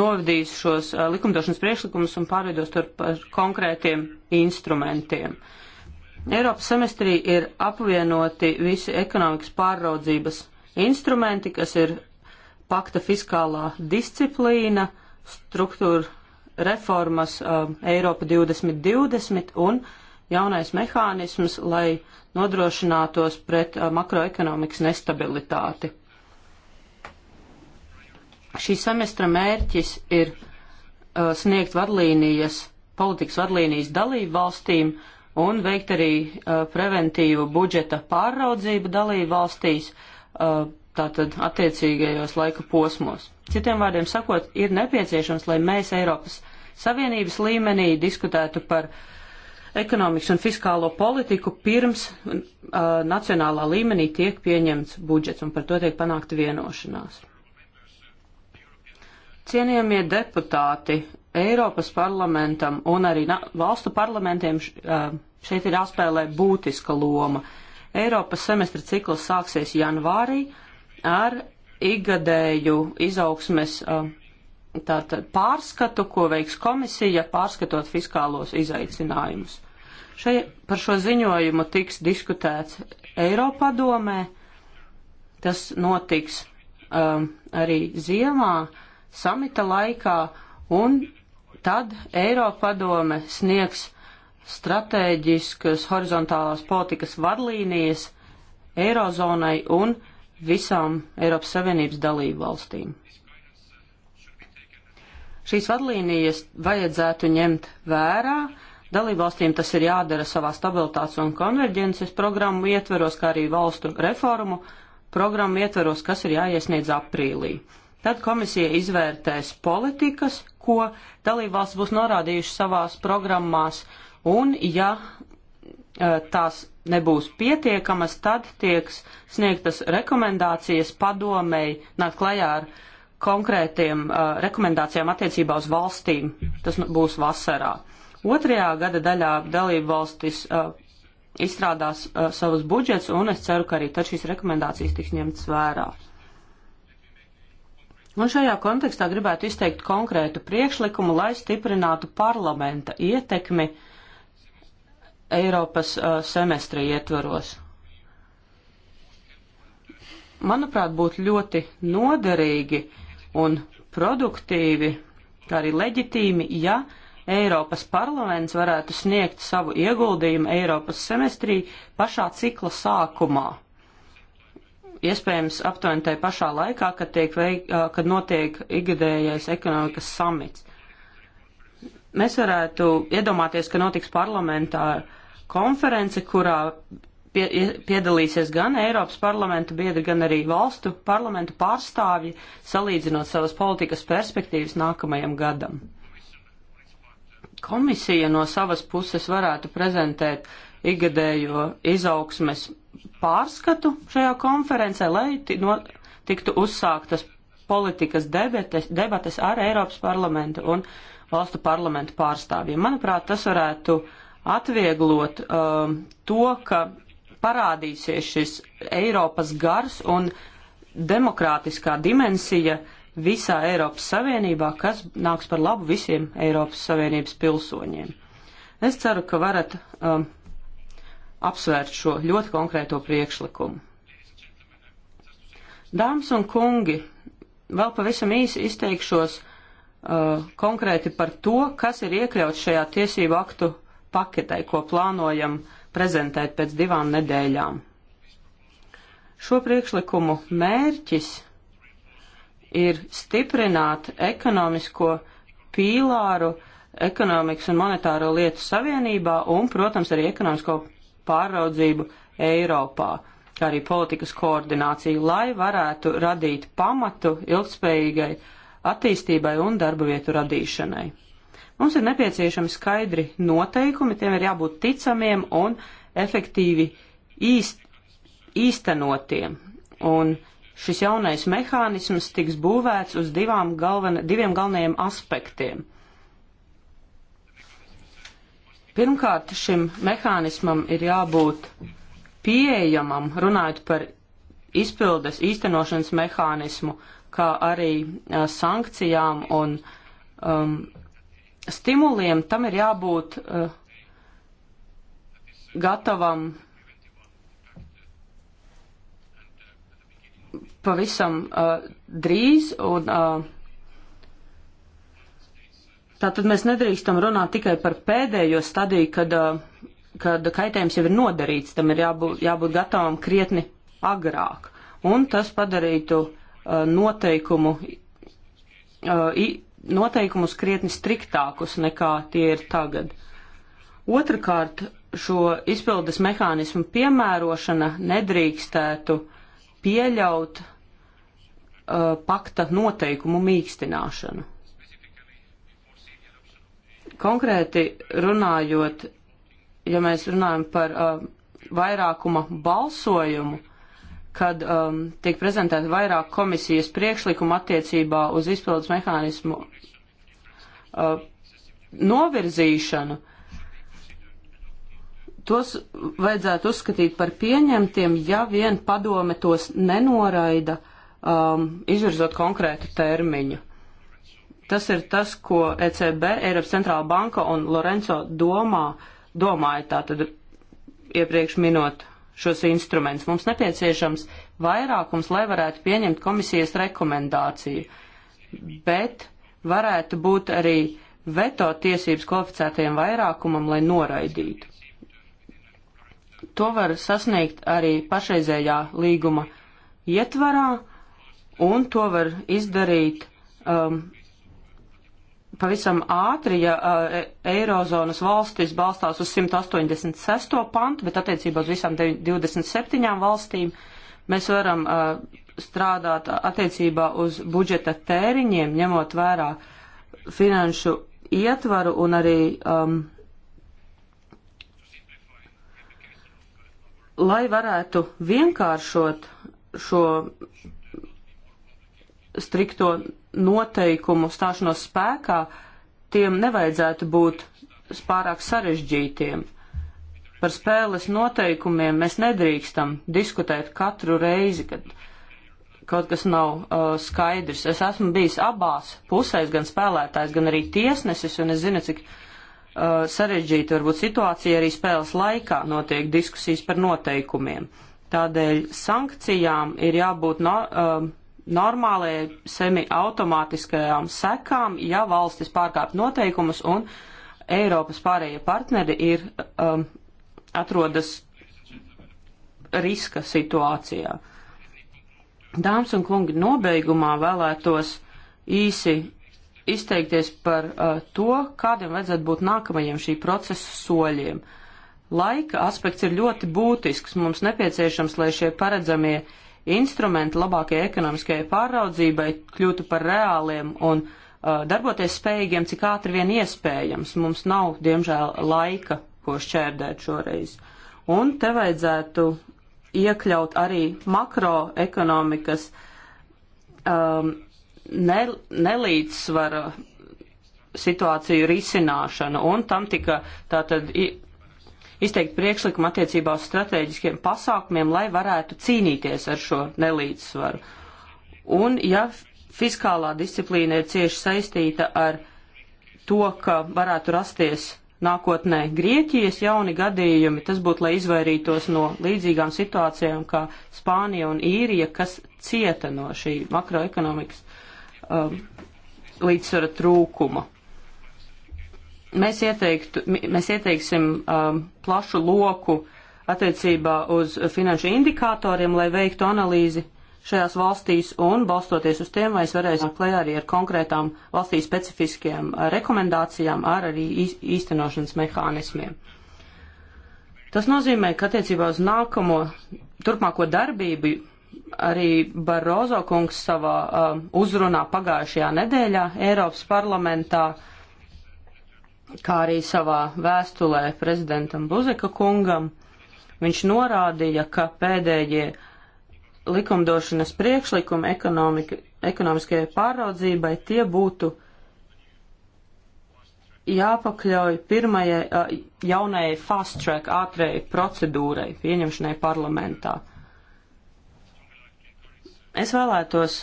novadīs šos eh, likumdošanas priekšlikumus un pārveidos tur par konkrētiem instrumentiem. Eiropas semestrī ir apvienoti visi ekonomikas pārraudzības instrumenti, kas ir pakta fiskālā disciplīna, struktūra reformas um, Eiropa 2020 un uh, jaunais mehānisms, lai nodrošinātos pret uh, makroekonomikas nestabilitāti. Šī semestra mērķis ir uh, sniegt vadlīnijas, politikas vadlīnijas dalību valstīm un veikt arī uh, preventīvu budžeta pārraudzību dalību valstīs, tātad attiecīgajos laika posmos. Citiem vārdiem sakot, ir nepieciešams, lai mēs Eiropas Savienības līmenī diskutētu par uh, ekonomikas un fiskālo politiku pirms uh, nacionālā līmenī tiek pieņemts budžets un par to tiek panākta vienošanās. Cienījamie deputāti, Eiropas parlamentam un arī valstu parlamentiem šeit ir jāspēlē būtiska loma. Eiropas semestra cikls sāksies janvārī ar igadēju izaugsmes tātad, pārskatu, ko veiks komisija, pārskatot fiskālos izaicinājumus. Šai, par šo ziņojumu tiks diskutēts Eiropadomē. Tas notiks um, arī ziemā, samita laikā, un tad Eiropadome sniegs stratēģiskas horizontālās politikas vadlīnijas Eirozonai un visām Eiropas Savienības dalību valstīm. Šīs vadlīnijas vajadzētu ņemt vērā, Dalībvalstīm tas ir jādara savā stabilitātes un konverģences programmu ietveros, kā arī valstu reformu programmu ietveros, kas ir jāiesniedz aprīlī. Tad komisija izvērtēs politikas, ko dalībvalsts būs norādījuši savās programmās, un ja e, tās nebūs pietiekamas, tad tieks sniegtas rekomendācijas padomēji nākt klajā ar konkrētiem uh, rekomendācijām attiecībā uz valstīm. Tas nu, būs vasarā. Uh, Otrajā gada daļā dalību valstis uh, izstrādās uh, savus budžets, un es ceru, ka arī tad šīs rekomendācijas tiks ņemtas vērā. Un šajā kontekstā gribētu izteikt konkrētu priekšlikumu, lai stiprinātu parlamenta ietekmi Eiropas uh, semestri ietvaros. Manuprāt, būtu ļoti noderīgi un produktīvi, kā arī leģitīmi, ja uh, Eiropas parlaments varētu sniegt savu ieguldījumu Eiropas semestrī pašā cikla sākumā. Iespējams, aptuveni tajā pašā laikā, kad, tiek veik, kad notiek ikgadējais ekonomikas samits. Mēs varētu iedomāties, ka notiks parlamentāra konference, kurā pie, piedalīsies gan Eiropas parlamenta biedri, gan arī valstu parlamentu pārstāvji, salīdzinot savas politikas perspektīvas nākamajam gadam komisija no savas puses varētu prezentēt igadējo izaugsmes pārskatu šajā konferencē, lai no, tiktu uzsāktas politikas debates, debates ar Eiropas parlamentu un valstu parlamentu pārstāvjiem. Manuprāt, tas varētu atvieglot um, to, ka parādīsies šis Eiropas gars un demokrātiskā dimensija uh, visā Eiropas Savienībā, kas nāks par labu visiem Eiropas Savienības pilsoņiem. Es ceru, ka varat um, apsvērt šo ļoti konkrēto priekšlikumu. Dāmas un kungi, vēl pavisam īsi izteikšos uh, konkrēti par to, kas ir iekļauts šajā tiesību aktu paketē, ko plānojam prezentēt pēc divām nedēļām. Šo priekšlikumu mērķis ir stiprināt ekonomisko pīlāru ekonomikas un monetāro lietu savienībā un, protams, arī ekonomisko pāraudzību Eiropā, kā arī politikas koordināciju, lai varētu radīt pamatu ilgspējīgai attīstībai un darba vietu radīšanai. Mums ir nepieciešami skaidri noteikumi, tiem ir jābūt ticamiem un efektīvi īst, īstenotiem. Un šis jaunais mehānisms tiks būvēts uz divām galvena, diviem galvenajiem aspektiem. Pirmkārt, šim mehānismam ir jābūt pieejamam, runājot par izpildes īstenošanas mehānismu, kā arī uh, sankcijām un um, stimuliem, tam ir jābūt uh, gatavam pavisam uh, drīz un. Uh, Tātad mēs nedrīkstam runāt tikai par pēdējo stadiju, kad, uh, kad kaitējums jau ir nodarīts, tam ir jābūt, jābūt gatavam krietni agrāk. Un tas padarītu uh, noteikumu, uh, noteikumus krietni striktākus nekā tie ir tagad. Otrakārt, šo izpildes mehānismu piemērošana nedrīkstētu pieļaut uh, pakta noteikumu mīkstināšanu. Konkrēti runājot, ja mēs runājam par uh, vairākuma balsojumu, kad um, tiek prezentēta vairāk komisijas priekšlikuma attiecībā uz izpildus mehānismu uh, novirzīšanu, uh, tos vajadzētu uzskatīt par pieņemtiem, ja vien padome tos nenoraida uh, um, izvirzot konkrētu termiņu. Tas ir tas, ko ECB, Eiropas centrāla banka un Lorenzo domā, domāja tātad iepriekš minot šos instrumentus. Mums nepieciešams vairākums, lai varētu pieņemt komisijas rekomendāciju, bet varētu būt arī veto tiesības kvalificētajiem vairākumam, lai noraidītu. To var sasniegt arī pašreizējā līguma ietvarā un to var izdarīt um, pavisam ātri, ja uh, e, Eirozonas valstis balstās uz 186. pantu, bet attiecībā uz visām 27 valstīm mēs varam uh, strādāt attiecībā uz budžeta tēriņiem, ņemot vērā finanšu ietvaru un arī, um, lai varētu vienkāršot šo strikto noteikumu stāšanos spēkā, tiem nevajadzētu būt pārāk sarežģītiem. Par spēles noteikumiem mēs nedrīkstam diskutēt katru reizi, kad kaut kas nav uh, skaidrs. Es esmu bijis abās pusēs, gan spēlētājs, gan arī tiesnesis, un es zinu, cik uh, sarežģīta varbūt situācija arī spēles laikā notiek diskusijas par noteikumiem. Tādēļ sankcijām ir jābūt no, uh, normālajai semi-automātiskajām sekām, ja valstis pārkāp noteikumus un Eiropas pārējie partneri ir, um, atrodas riska situācijā. Dāmas un kungi, nobeigumā vēlētos īsi izteikties par uh, to, kādiem vajadzētu būt nākamajiem šī procesa soļiem. Laika aspekts ir ļoti būtisks. Mums nepieciešams, lai šie paredzamie uh, instrumenti labākajai ekonomiskajai pāraudzībai kļūtu par reāliem un uh, darboties spējīgiem, cik ātri vien iespējams. Mums nav, diemžēl, laika, ko šķērdēt šoreiz. Un te vajadzētu iekļaut arī makroekonomikas um, ne, nelīdzsvara situāciju risināšanu, un tam tika tātad izteikt priekšlikumu attiecībā uz strateģiskiem pasākumiem, lai varētu cīnīties ar šo nelīdzsvaru. Un ja fiskālā disciplīna ir cieši saistīta ar to, ka varētu rasties nākotnē Grieķijas jauni gadījumi, tas būtu, lai izvairītos no līdzīgām situācijām kā Spānija un Īrija, kas cieta no šī makroekonomikas um, līdzsvara trūkuma. Mēs, ieteiktu, mēs ieteiksim um, plašu loku attiecībā uz finanšu indikatoriem, lai veiktu analīzi šajās valstīs un balstoties uz tiem, vai es varēšu klajā arī ar konkrētām valstī specifiskajām uh, rekomendācijām, ar arī īstenošanas mehānismiem. Tas nozīmē, ka attiecībā uz nākamo turpmāko darbību arī Barozo kungs savā uh, uzrunā pagājušajā nedēļā Eiropas parlamentā uh, kā arī savā vēstulē prezidentam Buzeka kungam, viņš norādīja, ka pēdējie likumdošanas priekšlikumi ekonomiskajai pāraudzībai tie būtu jāpakļauj pirmajai jaunajai fast track ātrējai procedūrai pieņemšanai parlamentā. Es vēlētos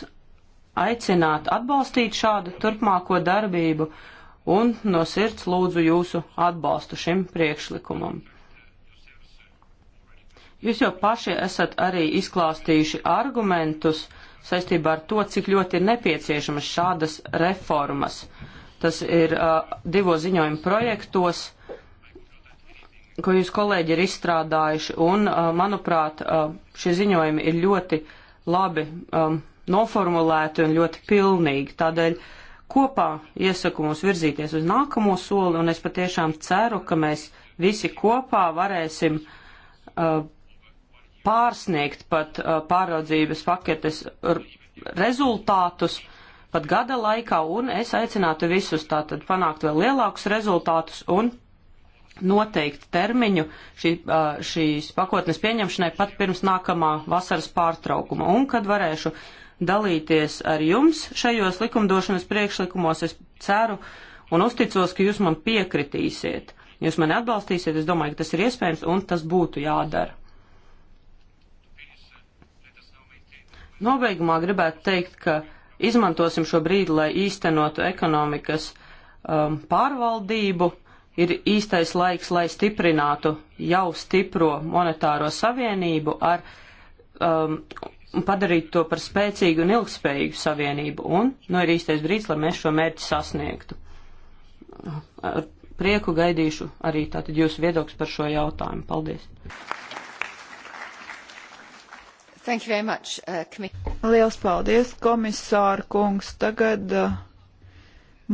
aicināt atbalstīt šādu turpmāko darbību, uh, un no sirds lūdzu jūsu atbalstu šim priekšlikumam. Jūs jau paši esat arī izklāstījuši argumentus saistībā ar to, cik ļoti ir nepieciešamas šādas reformas. Tas ir uh, divos ziņojumu projektos, ko jūs kolēģi ir izstrādājuši, un, uh, manuprāt, uh, šie ziņojumi ir ļoti labi um, noformulēti un ļoti pilnīgi. Tādēļ uh, kopā iesaku mums virzīties uz nākamo soli, un es patiešām ceru, ka mēs visi kopā varēsim uh, pārsniegt pat uh, pāraudzības paketes rezultātus pat gada laikā, un es aicinātu visus tātad panākt vēl lielākus rezultātus un noteikt termiņu šī, uh, šīs pakotnes pieņemšanai pat pirms nākamā vasaras pārtraukuma. Un kad varēšu dalīties ar jums šajos likumdošanas priekšlikumos. Es ceru un uzticos, ka jūs man piekritīsiet. Jūs mani atbalstīsiet, es domāju, ka tas ir iespējams un tas būtu jādara. Nobeigumā gribētu teikt, ka izmantosim šo brīdi, lai īstenotu ekonomikas um, pārvaldību. Ir īstais laiks, lai stiprinātu jau stipro monetāro savienību ar um, un padarīt to par spēcīgu un ilgspējīgu savienību, un nu ir īstais brīdis, lai mēs šo mērķi sasniegtu. Ar prieku gaidīšu arī tātad jūsu viedoklis par šo jautājumu. Paldies! Thank you very much, uh, Liels paldies, komisāra kungs. Tagad uh,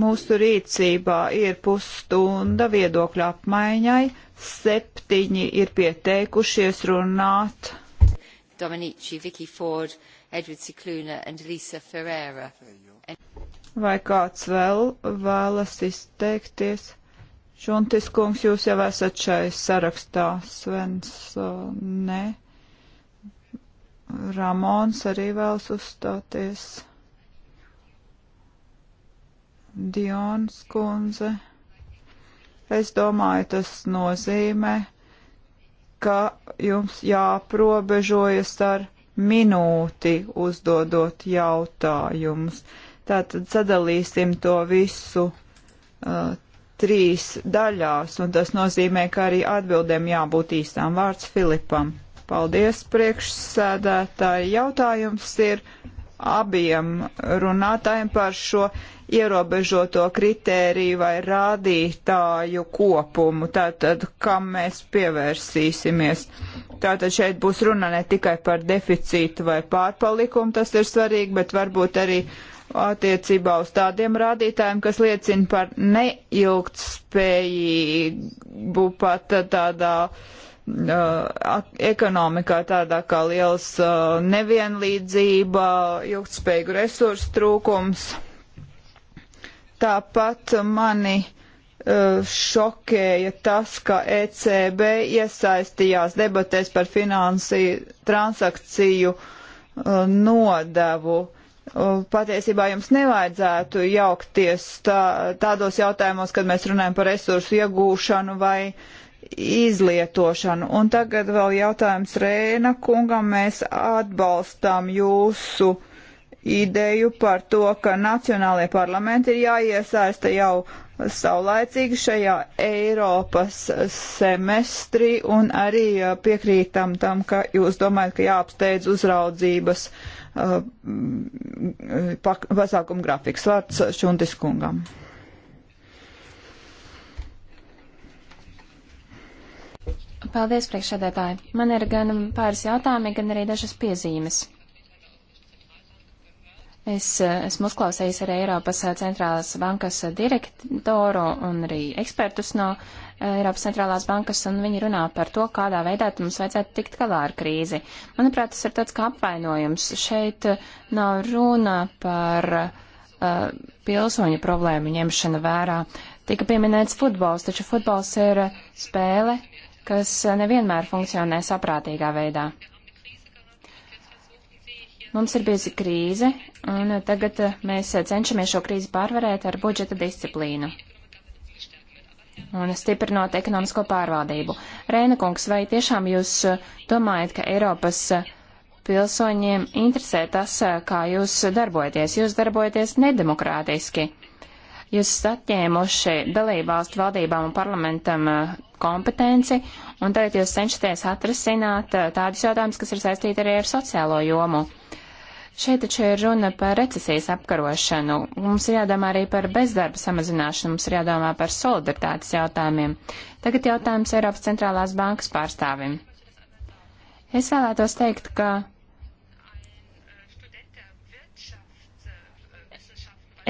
mūsu rīcībā ir pusstunda viedokļa apmaiņai. Septiņi ir pieteikušies runāt Dominici, Vicky Ford, Edward Cicluna and Lisa Ferreira. Vai kāds vēl vēlas izteikties? Šuntis kungs, jūs jau esat šai sarakstā, Svens, nē. Ramons arī vēlas uzstāties. Dions kundze. Es domāju, tas nozīmē ka jums jāprobežojas ar minūti uzdodot jautājumus. Tātad sadalīsim to visu uh, trīs daļās, un tas nozīmē, ka arī atbildēm jābūt īstām. Vārds Filipam. Paldies, priekšsēdētāji. Jautājums ir abiem runātājiem par šo ierobežoto kritēriju vai rādītāju kopumu, tātad kam mēs pievērsīsimies. Tātad šeit būs runa ne tikai par deficītu vai pārpalikumu, tas ir svarīgi, bet varbūt arī attiecībā uz tādiem rādītājiem, kas liecina par neilgtspējību pat tādā uh, ekonomikā tādā kā liels nevienlīdzība, ilgtspējīgu resursu trūkums. Tāpat mani šokēja tas, ka ECB iesaistījās debatēs par finansi transakciju nodevu. Patiesībā jums nevajadzētu jaukties tā, tādos jautājumos, kad mēs runājam par resursu iegūšanu vai uh, izlietošanu. Un tagad vēl jautājums Rēna kungam. Mēs atbalstām jūsu ideju par to, ka nacionālajie parlamenti ir jāiesaista jau saulaicīgi šajā Eiropas semestrī un arī uh, piekrītam tam, ka jūs domājat, ka jāapsteidz uzraudzības uh, pasākumu grafiks. Vārds Šuntis kungam. Uh, Paldies, priekšsēdētāji. Man ir gan pāris jautājumi, gan arī dažas piezīmes. Es eh, esmu uzklausījis arī Eiropas eh, centrālās bankas eh, direktoru un arī ekspertus no Eiropas centrālās bankas, un viņi runā par to, kādā veidā mums vajadzētu tikt galā ar krīzi. Manuprāt, tas ir tāds kā apvainojums. Šeit nav runa par uh, pilsoņu problēmu ņemšanu vērā. Tika pieminēts futbols, taču futbols ir spēle, kas nevienmēr funkcionē saprātīgā veidā. Mums ir bijusi krīze, un tagad mēs cenšamies šo krīzi pārvarēt ar budžeta disciplīnu un stiprinot ekonomisko pārvaldību. Rēna kungs, vai tiešām jūs domājat, ka Eiropas pilsoņiem interesē tas, kā jūs darbojaties? Jūs darbojaties nedemokrātiski. Jūs esat atņēmuši dalībvalstu valdībām un parlamentam eh, kompetenci, un tagad jūs cenšaties atrasināt eh, tādus jautājumus, kas ir saistīti arī ar sociālo jomu. Šeit taču ir runa par recesijas apkarošanu. Mums ir jādomā arī par bezdarba samazināšanu, mums ir jādomā par solidaritātes jautājumiem. Tagad jautājums Eiropas centrālās bankas pārstāvim. Es vēlētos teikt, ka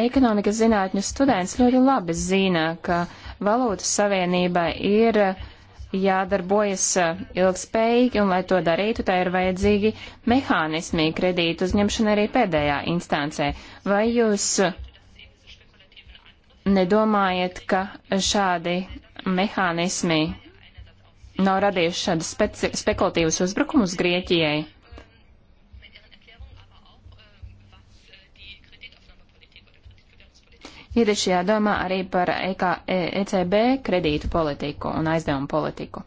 ekonomikas zinātņu students ļoti labi zina, ka valūtas savienība ir jādarbojas e, ilgspējīgi, un lai to darītu, tā ir vajadzīgi mehānismi kredītu uzņemšana arī pēdējā instancē. Vai jūs nedomājat, ka šādi mehānismi nav radījuši šādas spek spekulatīvas uzbrukumus Grieķijai? ir šajā domā arī par EK, ECB e kredītu politiku un aizdevumu politiku.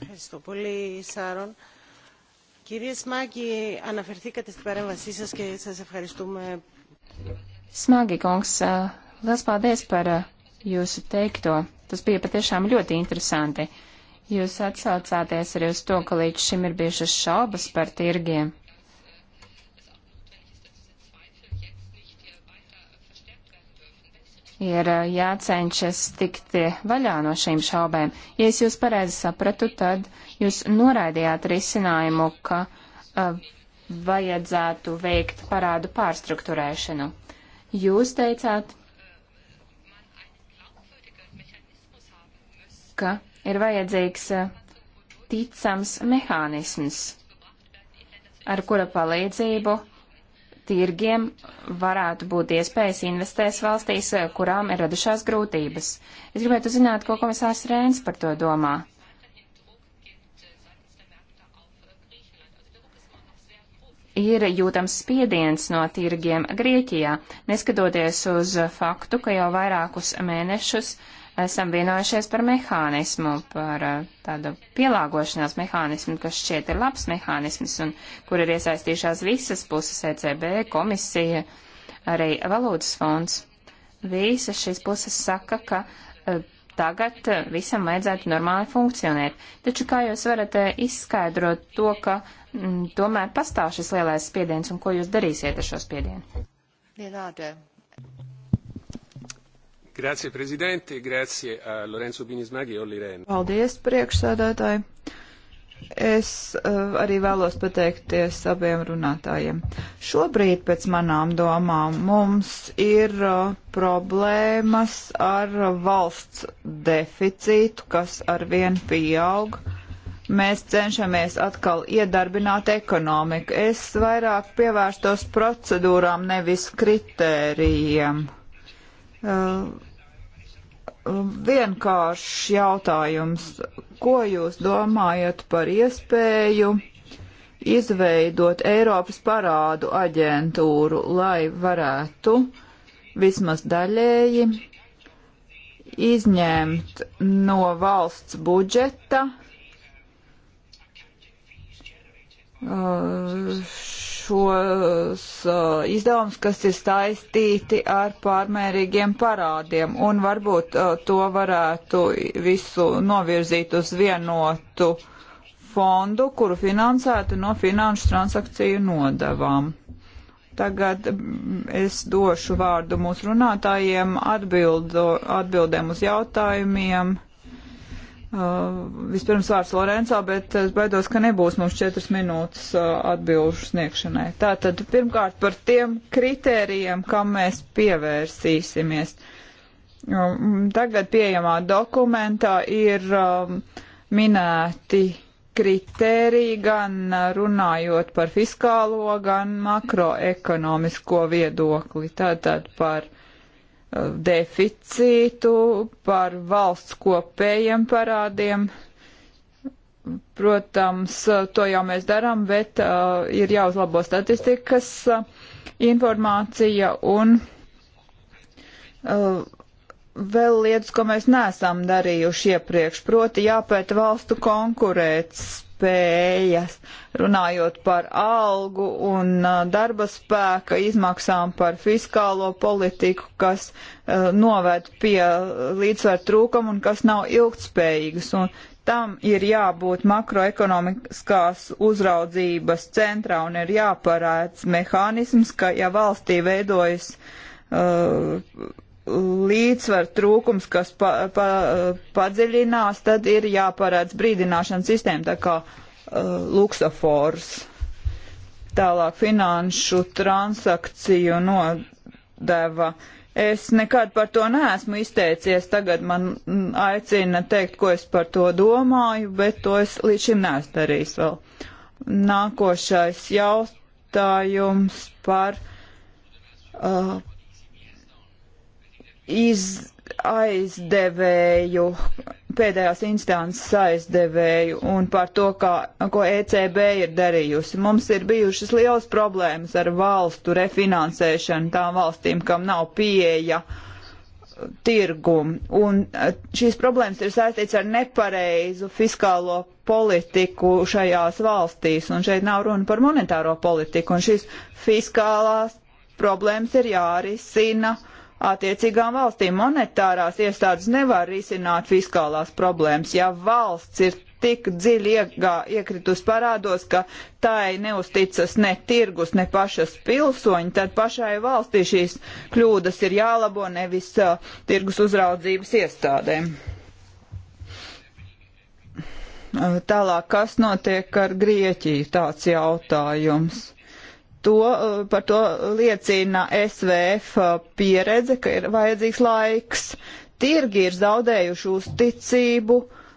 Ευχαριστώ πολύ, Σάρων. Κύριε Σμάκη, αναφερθήκατε στην παρέμβασή σας και σας ευχαριστούμε. Smagi, kungs, liels paldies par jūsu teikto. Tas bija patiešām ļoti interesanti. Jūs atsaucāties arī uz to, ka līdz šim ir bijušas šaubas par tirgiem. ir eh, jācenšas tikt vaļā no šīm šaubēm. Ja es jūs pareizi sapratu, tad jūs noraidījāt risinājumu, ka uh, vajadzētu veikt parādu pārstruktūrēšanu. Jūs teicāt, ka ir vajadzīgs eh, ticams mehānisms, ar kura palīdzību tirgiem varētu būt iespējas investēs valstīs, eh, kurām ir radušās grūtības. Es gribētu zināt, ko komisārs Rēns par to domā. Ir jūtams spiediens no tirgiem Grieķijā, neskatoties uz faktu, ka jau vairākus mēnešus uh, esam vienojušies par mehānismu, par eh, tādu pielāgošanās mehānismu, kas šķiet ir labs mehānisms un kur ir iesaistījušās visas puses ECB, komisija, arī valūtas fonds. Visas šīs puses saka, ka eh, tagad eh, visam vajadzētu normāli funkcionēt. Taču kā jūs varat izskaidrot to, ka m, mm, tomēr pastāv šis lielais spiediens un ko jūs darīsiet ar šo spiedienu? Leonardo. Grazie, prezidenti, grazie uh, Lorenzo Binismagi, e Olli Rēna. Paldies, priekšsēdētāji. Es uh, arī vēlos pateikties abiem runātājiem. Šobrīd, pēc manām domām, mums ir uh, problēmas ar valsts deficītu, kas arvien pieaug. Mēs cenšamies atkal iedarbināt ekonomiku. Es vairāk pievērstos procedūrām, nevis kritērijiem. Uh, Uh, um, vienkāršs jautājums. Ko jūs domājat par iespēju izveidot Eiropas parādu aģentūru, lai varētu vismaz daļēji izņemt no valsts budžeta uh, šos uh, izdevumus, kas ir saistīti ar pārmērīgiem parādiem, un varbūt uh, to varētu visu novirzīt uz vienotu fondu, kuru finansētu no finanšu transakciju nodevām. Tagad mm, es došu vārdu mūsu runātājiem atbildu, atbildēm uz jautājumiem. Uh, vispirms vārds Lorenco, bet es uh, baidos, ka nebūs mums četras minūtes uh, atbilžu sniegšanai. Tātad pirmkārt par tiem kritērijiem, kam mēs pievērsīsimies. Um, tagad pieejamā dokumentā ir um, minēti kritēriji gan uh, runājot par fiskālo, gan makroekonomisko viedokli. Tātad par deficītu, par valsts kopējiem parādiem. Protams, to jau mēs darām, bet uh, ir jāuzlabo statistikas uh, informācija un uh, vēl lietas, ko mēs neesam darījuši iepriekš, proti jāpēta valstu konkurēts spējas, runājot par algu un darba spēka izmaksām par fiskālo politiku, kas uh, noved pie līdzsver trūkuma un kas nav ilgtspējīgas. Un tam ir jābūt makroekonomiskās uzraudzības centrā un ir jāparāds mehānisms, ka ja valstī veidojas uh, līdzsvaru trūkums, kas pa, pa, padziļinās, tad ir jāparāds brīdināšanas sistēma, tā kā uh, luksofors. Tālāk finanšu transakciju nodeva. Es nekad par to neesmu izteicies, tagad man mm, aicina teikt, ko es par to domāju, bet to es līdz šim neesmu darījis vēl. Nākošais jautājums par uh, iz, aizdevēju, pēdējās instances aizdevēju un par to, kā, ko ECB ir darījusi. Mums ir bijušas liels problēmas ar valstu refinansēšanu tām valstīm, kam nav pieeja tirgumu. Un eh, šīs problēmas ir saistīts ar nepareizu fiskālo politiku šajās valstīs, un šeit nav runa par monetāro politiku, un šīs fiskālās problēmas ir jārisina uh, attiecīgām valstīm. Monetārās iestādes nevar risināt fiskālās problēmas. Ja valsts ir tik dziļi iegā, iekritus parādos, ka tai neusticas ne tirgus, ne pašas pilsoņi, tad pašai valstī šīs kļūdas ir jālabo nevis uh, tirgus uzraudzības iestādēm. Uh, tālāk, kas notiek ar Grieķiju? Tāds jautājums to, eh, par to liecina SVF eh, pieredze, ka ir vajadzīgs laiks. Tirgi ir zaudējuši uzticību eh,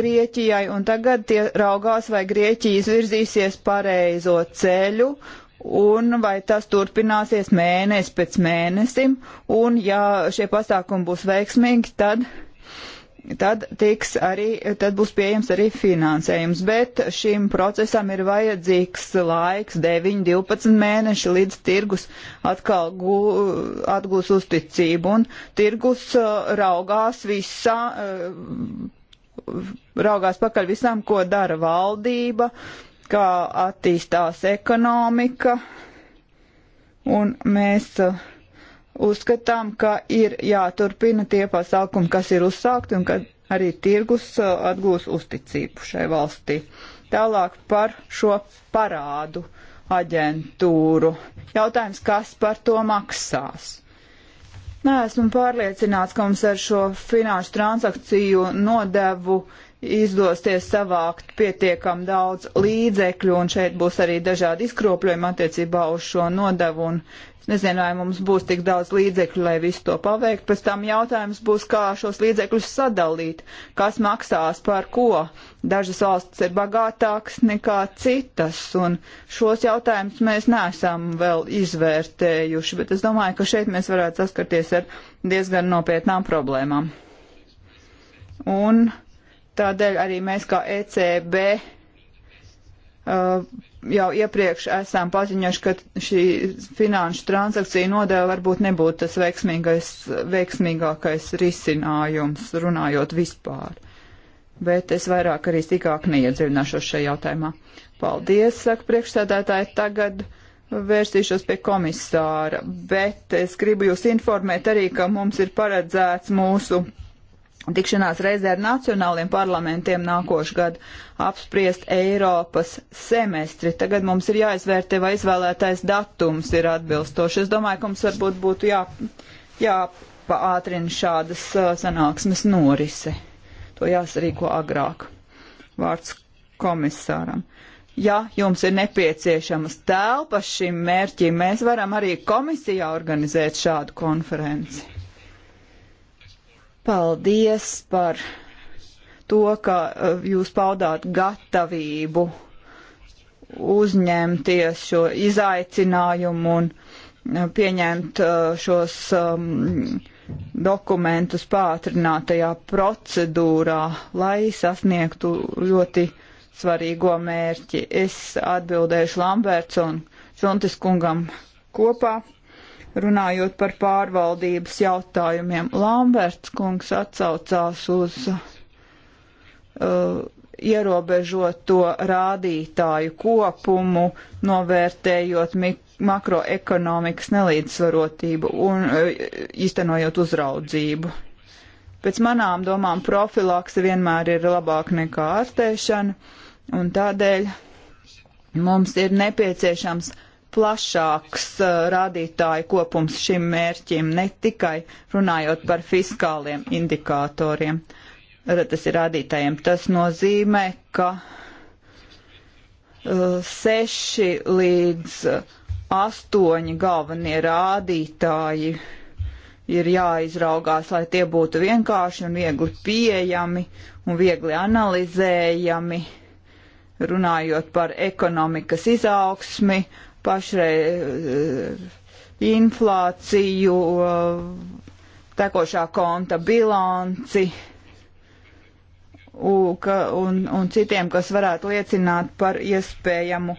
Grieķijai, un tagad tie raugās, vai Grieķija izvirzīsies pareizo ceļu, un vai tas turpināsies mēnesi pēc mēnesim, un ja šie pasākumi būs veiksmīgi, tad uh, tad, tiks arī, tad būs pieejams arī finansējums. Bet šim procesam ir vajadzīgs laiks 9, 12 mēneši, līdz tirgus atkal gu, atgūs uzticību. Un tirgus uh, raugās visā. Uh, raugās pakaļ visām, ko dara valdība, kā attīstās ekonomika, un mēs uh, Uzskatām, ka ir jāturpina tie pasākumi, kas ir uzsākti un kad arī tirgus uh, atgūs uzticību šai valstī. Tālāk par šo parādu aģentūru. Jautājums, kas par to maksās? Nē, esmu pārliecināts, ka mums ar šo finanšu transakciju nodevu izdosies savākt pietiekam daudz līdzekļu, un šeit būs arī dažādi izkropļojumi attiecībā uz šo nodevu, un es nezinu, vai mums būs tik daudz līdzekļu, lai visu to paveikt. Pēc tam jautājums būs, kā šos līdzekļus sadalīt, kas maksās par ko. Dažas valsts ir bagātākas nekā citas, un šos jautājumus mēs neesam vēl izvērtējuši, bet es domāju, ka šeit mēs varētu saskarties ar diezgan nopietnām problēmām. Un Tādēļ arī mēs kā ECB uh, jau iepriekš esam paziņojuši, ka šī finanšu transakcija nodeva varbūt nebūtu tas veiksmīgais, veiksmīgākais risinājums, runājot vispār. Bet es vairāk arī sīkāk neiedziļināšos šajā jautājumā. Paldies, saka priekšsēdētāji, tagad vērsīšos pie komisāra, bet es gribu jūs informēt arī, ka mums ir paredzēts mūsu tikšanās reizē ar nacionāliem parlamentiem nākošgad apspriest Eiropas semestri. Tagad mums ir jāizvērtē, vai izvēlētais datums ir atbilstošs. Es domāju, ka mums varbūt būtu jā, jāpaātrina šādas uh, sanāksmes norise. To jāsarīko agrāk. Vārds komisāram. Ja jums ir nepieciešamas telpas šim mērķim, mēs varam arī komisijā organizēt šādu konferenci. Paldies par to, ka eh, jūs paudāt gatavību uzņemties šo izaicinājumu un eh, pieņemt eh, šos um, dokumentus pātrinātajā procedūrā, lai sasniegtu ļoti svarīgo mērķi. Es atbildēšu Lamberts un Šontis kungam kopā runājot par pārvaldības jautājumiem. Lamberts kungs atsaucās uz uh, ierobežoto rādītāju kopumu, novērtējot makroekonomikas nelīdzsvarotību un uh, iztenojot uzraudzību. Pēc manām domām profilakse vienmēr ir labāk nekā ārstēšana, un tādēļ mums ir nepieciešams uh, plašāks uh, rādītāju kopums šim mērķim, ne tikai runājot par fiskāliem indikatoriem. Tas ir rādītājiem. Tas nozīmē, ka 6 uh, līdz 8 uh, galvenie rādītāji ir jāizraugās, lai tie būtu vienkārši un viegli pieejami un viegli analizējami, runājot par ekonomikas izaugsmi, pašrei eh, inflāciju, eh, tekošā konta bilanci un, un citiem, kas varētu liecināt par iespējamu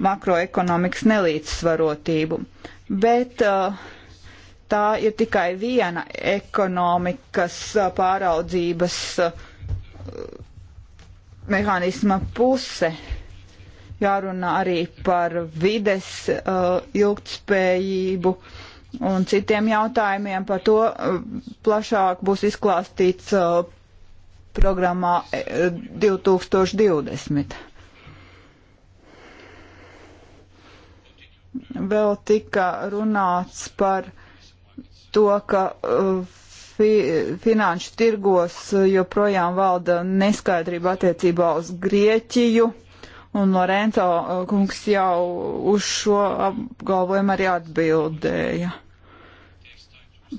makroekonomikas nelīdzsvarotību. Bet uh, tā ir tikai viena ekonomikas pāraudzības mehānisma puse jārunā arī par vides uh, ilgtspējību un citiem jautājumiem. Par to uh, plašāk būs izklāstīts uh, programmā 2020. Uh, Vēl tika runāts par to, ka uh, fi, finanšu tirgos uh, joprojām valda neskaidrība attiecībā uz Grieķiju. Uh, un Lorenzo uh, kungs jau uz šo apgalvojumu arī atbildēja.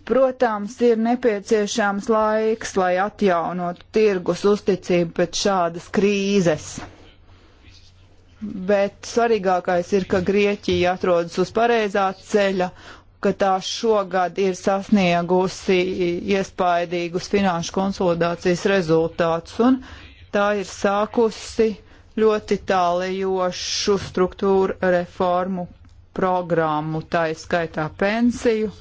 Protams, ir nepieciešams laiks, lai atjaunotu tirgus uzticību pēc šādas krīzes. Bet svarīgākais ir, ka Grieķija atrodas uz pareizā ceļa, ka tā šogad ir sasniegusi iespaidīgus finanšu konsolidācijas rezultātus, un tā ir sākusi uh, ļoti tālajošu struktūru reformu programmu, tā ir skaitā pensiju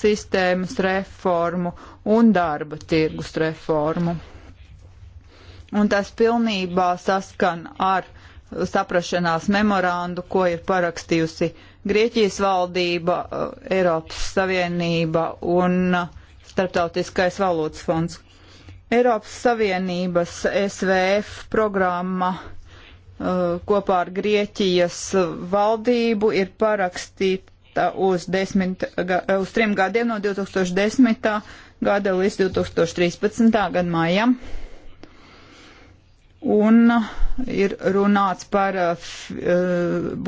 sistēmas reformu un darba tirgus reformu. Un tas pilnībā saskan ar saprašanās memorandu, ko ir parakstījusi Grieķijas valdība, eh, Eiropas Savienība un eh, Startautiskais valūtas fonds. Eiropas Savienības SVF programma Uh, kopā ar Grieķijas valdību ir parakstīta uz, desmit, uh, uz trim gadiem no 2010. gada līdz 2013. gada maijam. Un ir runāts par uh,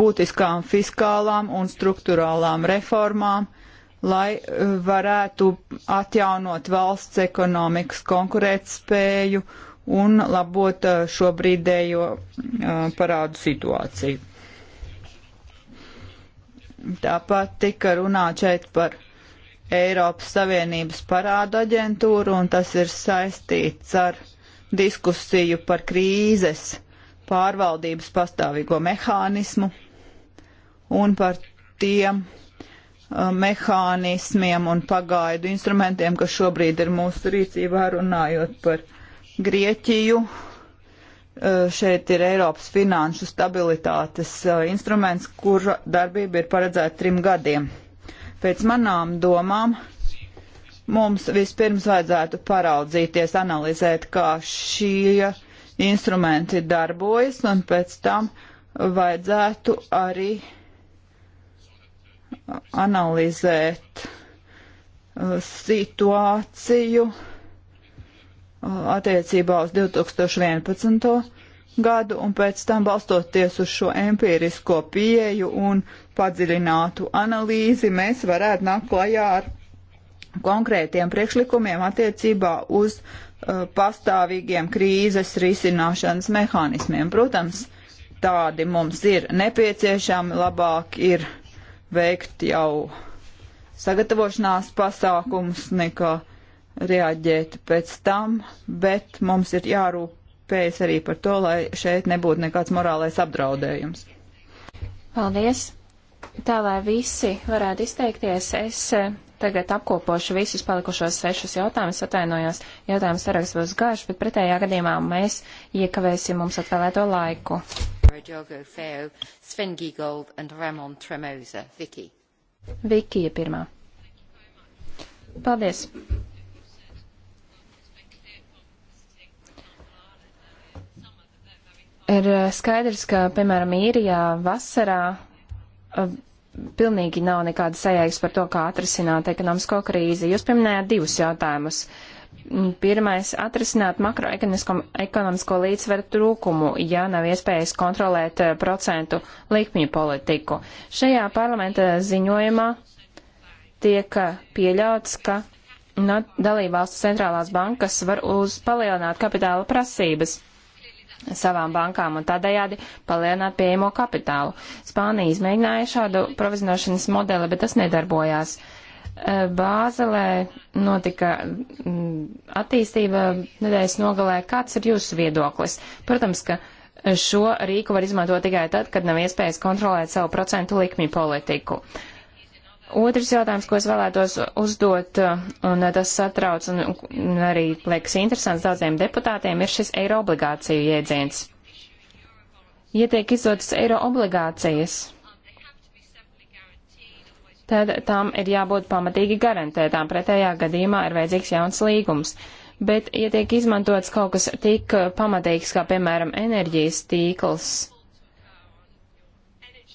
būtiskām fiskālām un struktūrālām reformām, lai varētu atjaunot valsts ekonomikas konkurētspēju spēju un labot eh, šo brīdējo eh, parādu situāciju. Tāpat tika runāt šeit par Eiropas Savienības parādu aģentūru, un tas ir saistīts ar diskusiju par krīzes pārvaldības pastāvīgo mehānismu un par tiem eh, mehānismiem un pagaidu instrumentiem, kas šobrīd ir mūsu rīcībā runājot par Grieķiju. Eh, šeit ir Eiropas finanšu stabilitātes eh, instruments, kura darbība ir paredzēta trim gadiem. Pēc manām domām mums vispirms vajadzētu paraudzīties, analizēt, kā šie instrumenti darbojas, un pēc tam vajadzētu arī eh, analizēt situāciju attiecībā uz 2011. gadu, un pēc tam balstoties uz šo empirisko pieeju un padziļinātu analīzi, mēs varētu nākt klajā ar konkrētiem priekšlikumiem attiecībā uz uh, pastāvīgiem krīzes risināšanas mehānismiem. Protams, tādi mums ir nepieciešami, labāk ir veikt jau sagatavošanās pasākums nekā uh, reaģēt pēc tam, bet mums ir jārūpējas arī par to, lai šeit nebūtu nekāds morālais apdraudējums. Paldies! Tā lai visi varētu izteikties, es e, tagad apkopošu visus palikušos sešus jautājumus, atvainojos, jautājums saraksts būs garš, bet pretējā gadījumā mēs iekavēsim mums atvēlēto laiku. Vikija pirmā. Paldies! Ir eh, skaidrs, ka, piemēram, īrijā vasarā eh, pilnīgi nav nekāda sajēgas par to, kā atrisināt ekonomisko krīzi. Jūs pieminējāt divus jautājumus. Mm, pirmais - atrisināt makroekonomisko līdzsveru trūkumu, ja nav iespējas kontrolēt eh, procentu likmju politiku. Šajā parlamenta ziņojumā tiek pieļauts, ka dalībvalstu centrālās bankas var uz palielināt kapitāla prasības savām bankām un tādējādi palielināt pieejamo kapitālu. Spānija izmēģināja šādu provizinošanas modeli, bet tas nedarbojās. Eh, Bāzelē notika mm, attīstība nedēļas nogalē. Kāds ir jūsu viedoklis? Protams, ka šo rīku var izmantot tikai tad, kad nav iespējas kontrolēt savu procentu likmi politiku. Uh, Otrs jautājums, ko es vēlētos uzdot, un tas satrauc un, un arī liekas interesants daudziem deputātiem, ir šis eiro obligāciju jēdziens. Ja tiek izdotas eiro obligācijas, tad tām ir jābūt pamatīgi garantētām, pretējā gadījumā ir vajadzīgs jauns līgums. Bet, ja tiek izmantots kaut kas tik pamatīgs kā, piemēram, enerģijas tīkls,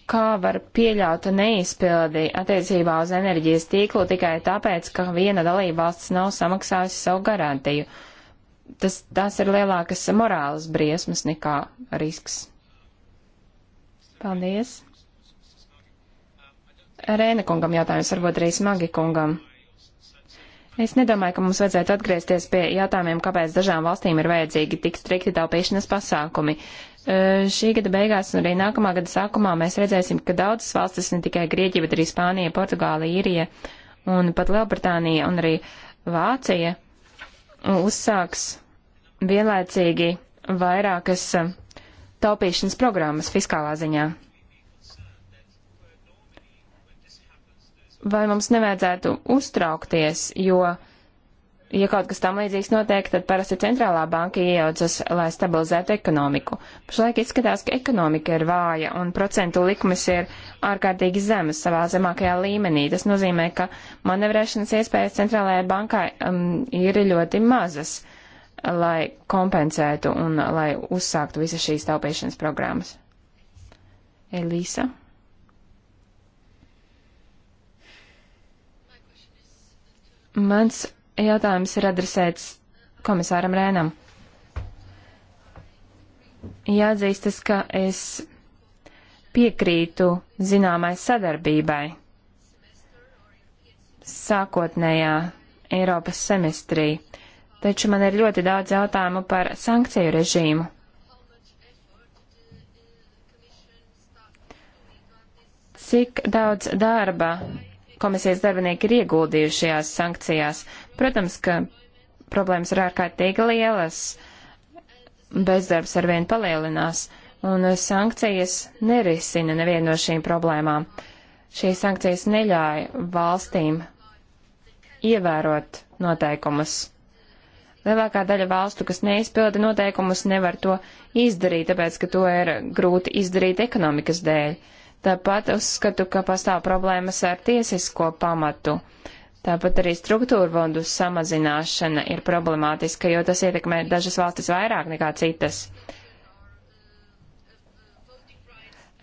kā var pieļaut neizpildi attiecībā uz enerģijas tīklu tikai tāpēc, ka viena dalībvalsts nav samaksājusi savu garantiju. Tas, tas ir lielākas morāles briesmas nekā risks. Paldies. Rēna kungam jautājums, varbūt arī smagi kungam. Es nedomāju, ka mums vajadzētu atgriezties pie jautājumiem, kāpēc dažām valstīm ir vajadzīgi tik strikti taupīšanas pasākumi šī gada beigās un arī nākamā gada sākumā mēs redzēsim, ka daudzas valstis, ne tikai Grieķija, bet arī Spānija, Portugāla, Īrija un pat Lielbritānija un arī Vācija uzsāks vienlaicīgi vairākas taupīšanas programmas fiskālā ziņā. Vai mums nevajadzētu uztraukties, jo ja kaut kas tam līdzīgs notiek, tad parasti centrālā banka iejaucas, lai stabilizētu ekonomiku. Pašlaik izskatās, ka ekonomika ir vāja un procentu likmes ir ārkārtīgi zemas savā zemākajā līmenī. Tas nozīmē, ka manevrēšanas iespējas centrālajai bankai um, ir ļoti mazas, lai kompensētu un lai uzsāktu visas šīs taupīšanas programmas. Elīsa? Mans jautājums ir adresēts komisāram Rēnam. Jāatzīstas, ka es piekrītu zināmai sadarbībai sākotnējā Eiropas semestrī, taču man ir ļoti daudz jautājumu par sankciju režīmu. Cik daudz darba komisijas darbinieki ir ieguldījuši šajās sankcijās, Protams, ka problēmas ir ārkārtīgi lielas, bezdarbs arvien palielinās, un sankcijas nerisina nevienu no šīm problēmām. Šīs sankcijas neļāja valstīm ievērot noteikumus. Lielākā daļa valstu, kas neizpilda noteikumus, nevar to izdarīt, tāpēc, ka to ir grūti izdarīt ekonomikas dēļ. Tāpat uzskatu, ka pastāv problēmas ar tiesisko pamatu. Tāpat arī struktūra fondu samazināšana ir problemātiska, jo tas ietekmē dažas valstis vairāk nekā citas.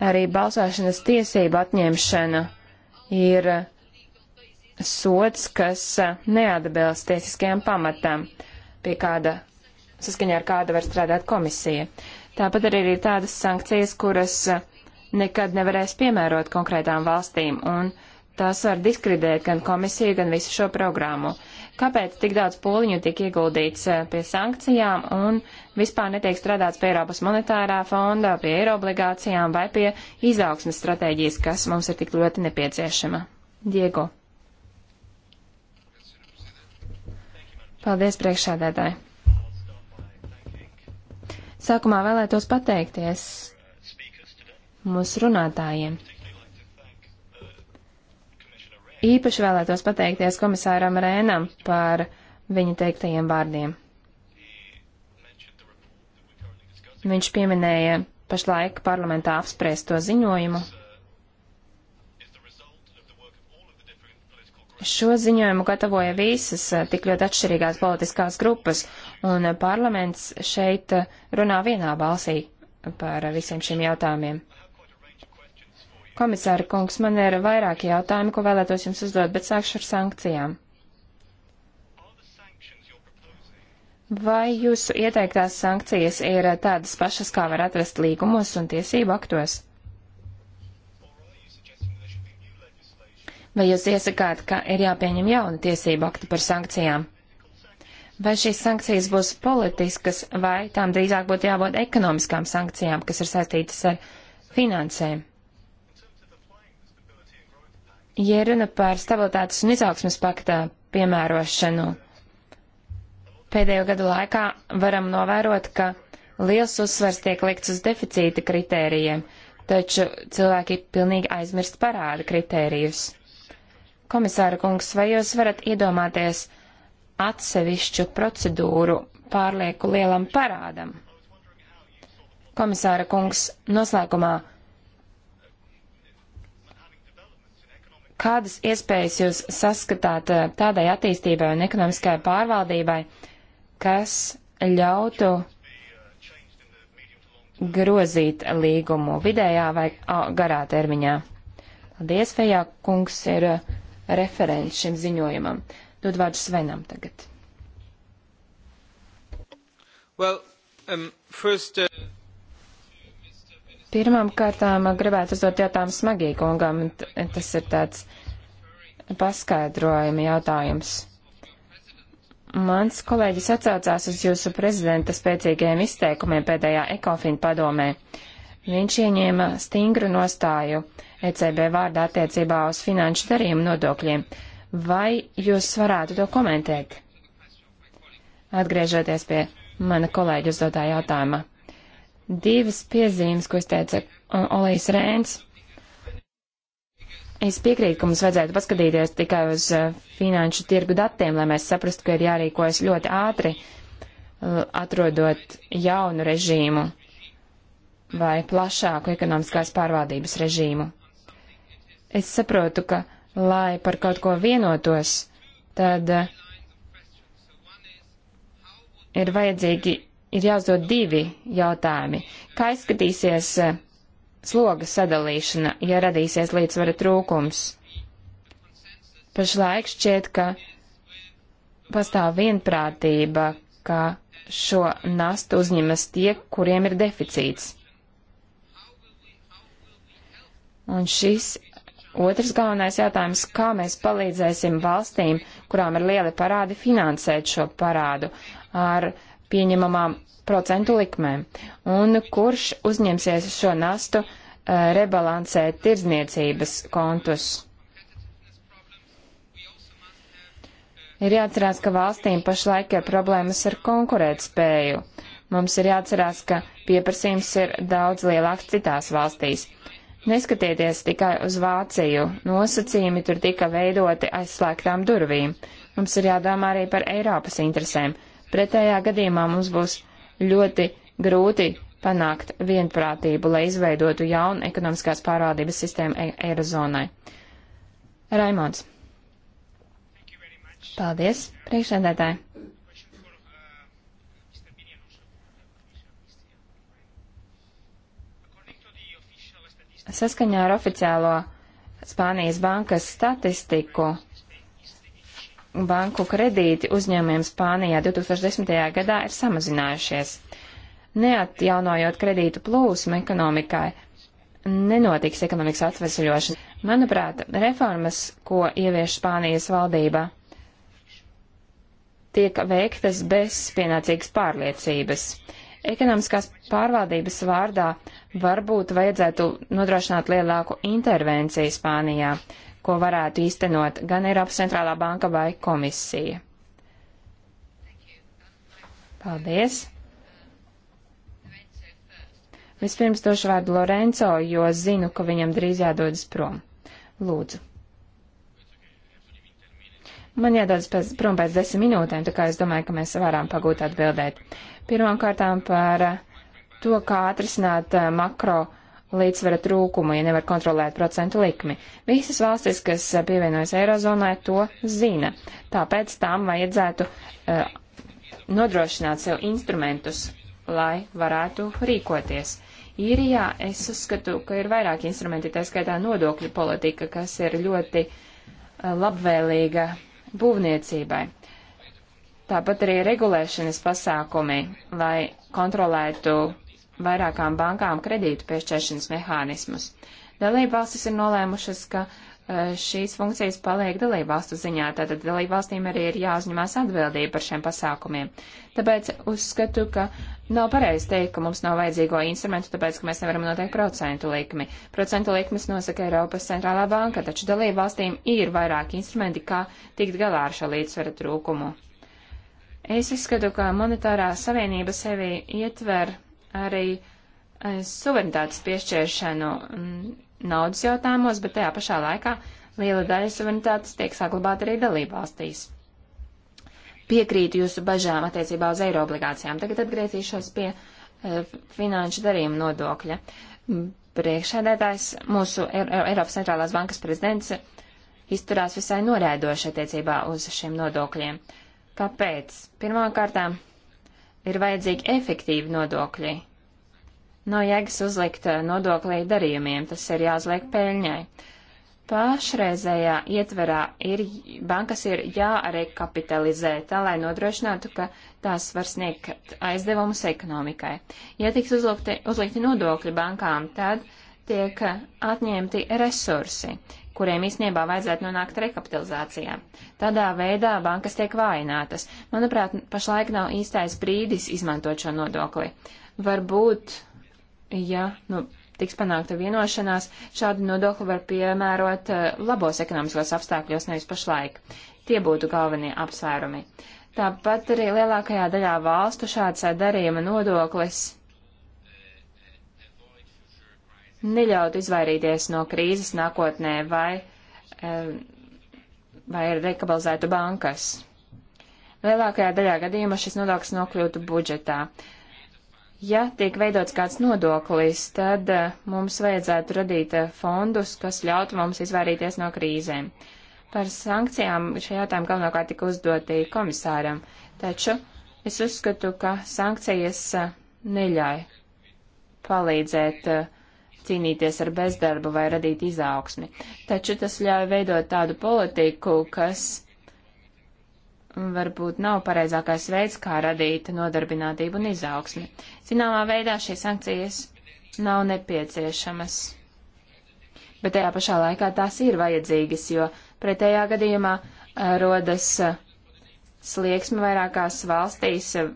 Arī balsošanas tiesība atņemšana ir sots, kas neatbilst tiesiskajam pamatam, pie kāda saskaņā ar kādu var strādāt komisija. Tāpat arī ir tādas sankcijas, kuras nekad nevarēs piemērot konkrētām valstīm, un tās var diskredēt gan komisiju, gan visu šo programmu. Kāpēc tik daudz pūliņu tiek ieguldīts eh, pie sankcijām un vispār netiek strādāts pie Eiropas monetārā fonda, pie eirobligācijām vai pie izaugsmes stratēģijas, kas mums ir tik ļoti nepieciešama? Diego. Paldies priekšādētāji. Sākumā vēlētos pateikties mūsu runātājiem īpaši vēlētos pateikties komisāram Rēnam par viņa teiktajiem vārdiem. Viņš pieminēja pašlaik parlamentā apspriesto ziņojumu. Šo ziņojumu gatavoja visas eh, tik ļoti atšķirīgās politiskās grupas, un eh, parlaments šeit eh, runā vienā balsī par visiem šiem jautājumiem. Komisāra kungs, man ir vairāki jautājumi, ko vēlētos jums uzdot, bet sākšu ar sankcijām. Vai jūsu ieteiktās sankcijas ir tādas pašas, kā var atrast līgumos un tiesību aktos? Vai jūs iesakāt, ka ir jāpieņem jauna tiesību akta par sankcijām? Vai šīs sankcijas būs politiskas, vai tām drīzāk būtu jābūt ekonomiskām sankcijām, kas ir saistītas ar finansēm? Ja runa par stabilitātes un izaugsmas paktā piemērošanu, pēdējo gadu laikā varam novērot, ka liels uzsvars tiek likts uz deficīta kritērijiem, taču cilvēki pilnīgi aizmirst parāda kritērijus. Komisāra kungs, vai jūs varat iedomāties atsevišķu procedūru pārlieku lielam parādam? Komisāra kungs, noslēgumā Kādas iespējas jūs saskatāt eh, tādai attīstībai un ekonomiskajai pārvaldībai, kas ļautu grozīt līgumu vidējā vai garā termiņā? Paldies, Fejā kungs ir eh, referents šim ziņojumam. Dod vārdu Svenam tagad. Well, um, first, uh... Pirmām kārtām gribētu uzdot jautājumu smagīgungam, tas ir tāds paskaidrojuma jautājums. Mans kolēģis atsaucās uz jūsu prezidenta spēcīgajiem izteikumiem pēdējā ekofina padomē. Viņš ieņēma stingru nostāju ECB vārdā attiecībā uz finanšu darījumu nodokļiem. Vai jūs varētu to komentēt? Atgriežoties pie mana kolēģa uzdotā jautājuma divas piezīmes, ko izteica Olijas Rēns. Es piekrītu, ka mums vajadzētu paskatīties tikai uz eh, finanšu tirgu datiem, lai mēs saprastu, ka ir jārīkojas ļoti ātri, atrodot jaunu režīmu vai plašāku ekonomiskās pārvaldības režīmu. Es saprotu, ka, lai par kaut ko vienotos, tad eh, ir vajadzīgi ir jāuzdod divi jautājumi. Kā izskatīsies eh, sloga sadalīšana, ja radīsies līdzsvara trūkums? Pašlaik šķiet, ka pastāv vienprātība, ka šo nastu uzņemas tie, kuriem ir deficīts. Un šis otrs galvenais jautājums, kā mēs palīdzēsim valstīm, kurām ir lieli parādi, finansēt šo parādu ar pieņemamām procentu likmēm. Un kurš uzņemsies šo nastu uh, eh, rebalansēt tirdzniecības kontus? Ir jāatcerās, ka valstīm pašlaik ir problēmas ar konkurētspēju. Mums ir jāatcerās, ka pieprasījums ir daudz lielāks citās valstīs. Neskatieties tikai uz Vāciju. Nosacījumi tur tika veidoti aizslēgtām durvīm. Mums ir jādomā arī par Eiropas interesēm. Pretējā gadījumā mums būs ļoti grūti panākt vienprātību, lai izveidotu jaunu ekonomiskās pārvaldības sistēmu e Eirozonai. Raimons. Paldies, priekšsēdētāji. Saskaņā ar oficiālo Spānijas bankas statistiku banku kredīti uzņēmumiem Spānijā 2010. gadā ir samazinājušies. Neatjaunojot kredītu plūsmu ekonomikai, nenotiks ekonomikas atvesaļošana. Manuprāt, reformas, ko ievieš Spānijas valdība, tiek veiktas bez pienācīgas pārliecības. Ekonomiskās pārvaldības vārdā varbūt vajadzētu nodrošināt lielāku intervenciju Spānijā ko varētu īstenot gan Eiropas centrālā banka vai komisija. Paldies! Vispirms došu vārdu Lorenzo, jo zinu, ka viņam drīz jādodas prom. Lūdzu. Man jādodas pēc, prom pēc desmit minūtēm, tā kā es domāju, ka mēs varam pagūt atbildēt. Pirmkārtām par to, kā atrisināt eh, makro līdzsvera trūkumu, ja nevar kontrolēt procentu likmi. Visas valstis, kas eh, pievienojas Eirozonai, to zina. Tāpēc tām vajadzētu uh, nodrošināt sev instrumentus, lai varētu rīkoties. Īrijā es uzskatu, ka ir vairāk instrumenti, tā skaitā nodokļu politika, kas ir ļoti eh, labvēlīga būvniecībai. Tāpat arī regulēšanas pasākumi, lai kontrolētu vairākām bankām kredītu piešķiršanas mehānismus. Dalībvalstis ir nolēmušas, ka e, šīs funkcijas paliek dalībvalstu ziņā, tātad dalībvalstīm arī ir jāuzņemās atbildība par šiem pasākumiem. Tāpēc uzskatu, ka nav pareizi teikt, ka mums nav vajadzīgo instrumentu, tāpēc, ka mēs nevaram noteikt procentu likmi. Procentu likmes nosaka Eiropas centrālā banka, taču dalībvalstīm ir vairāk instrumenti, kā tikt galā ar šo līdzsvera trūkumu. Es uzskatu, ka monetārā savienība sevi ietver arī eh, suverenitātes piešķiršanu mm, naudas jautājumos, bet tajā pašā laikā liela daļa suverenitātes tiek saglabāta arī dalībvalstīs. Piekrītu jūsu bažām attiecībā uz eiro obligācijām. Tagad atgriezīšos pie uh, finanšu darījuma nodokļa. Mm, Priekšēdētājs, mūsu Eiropas centrālās bankas prezidents, izturās visai norēdoši attiecībā uz šiem nodokļiem. Kāpēc? Pirmkārtām, ir vajadzīgi efektīvi nodokļi. No jēgas uzlikt eh, nodoklī darījumiem, tas ir jāuzliek peļņai. Pašreizējā ietverā ir, bankas ir jārekapitalizē, tā lai nodrošinātu, ka tās var sniegt aizdevumus ekonomikai. Ja tiks uzlikti, uzlikti nodokļi bankām, tad uh, tiek atņemti resursi, kuriem īstenībā vajadzētu nonākt rekapitalizācijā. Tādā veidā bankas tiek vājinātas. Manuprāt, pašlaik nav īstais brīdis izmantot šo nodokli. Varbūt, ja nu, tiks panākta vienošanās, šādu nodokli var piemērot eh, labos ekonomiskos apstākļos, nevis pašlaik. Tie būtu galvenie apsvērumi. Tāpat arī lielākajā daļā valstu šāds eh, darījuma nodoklis neļaut izvairīties no krīzes nākotnē vai, vai rekabalizētu bankas. Lielākajā daļā gadījumā šis nodoklis nokļūtu budžetā. Ja tiek veidots kāds nodoklis, tad eh, mums vajadzētu radīt eh, fondus, kas ļautu mums izvairīties no krīzēm. Par sankcijām šie jautājumi galvenokārt tika uzdoti komisāram, taču es uzskatu, ka sankcijas eh, neļauj palīdzēt uh, cīnīties ar bezdarbu vai radīt izaugsmi. Taču tas ļauj veidot tādu politiku, kas varbūt nav pareizākais veids, kā radīt nodarbinātību un izaugsmi. Zināmā veidā šīs sankcijas nav nepieciešamas. Bet tajā pašā laikā tās ir vajadzīgas, jo pretējā gadījumā eh, rodas eh, slieksme vairākās valstīs eh,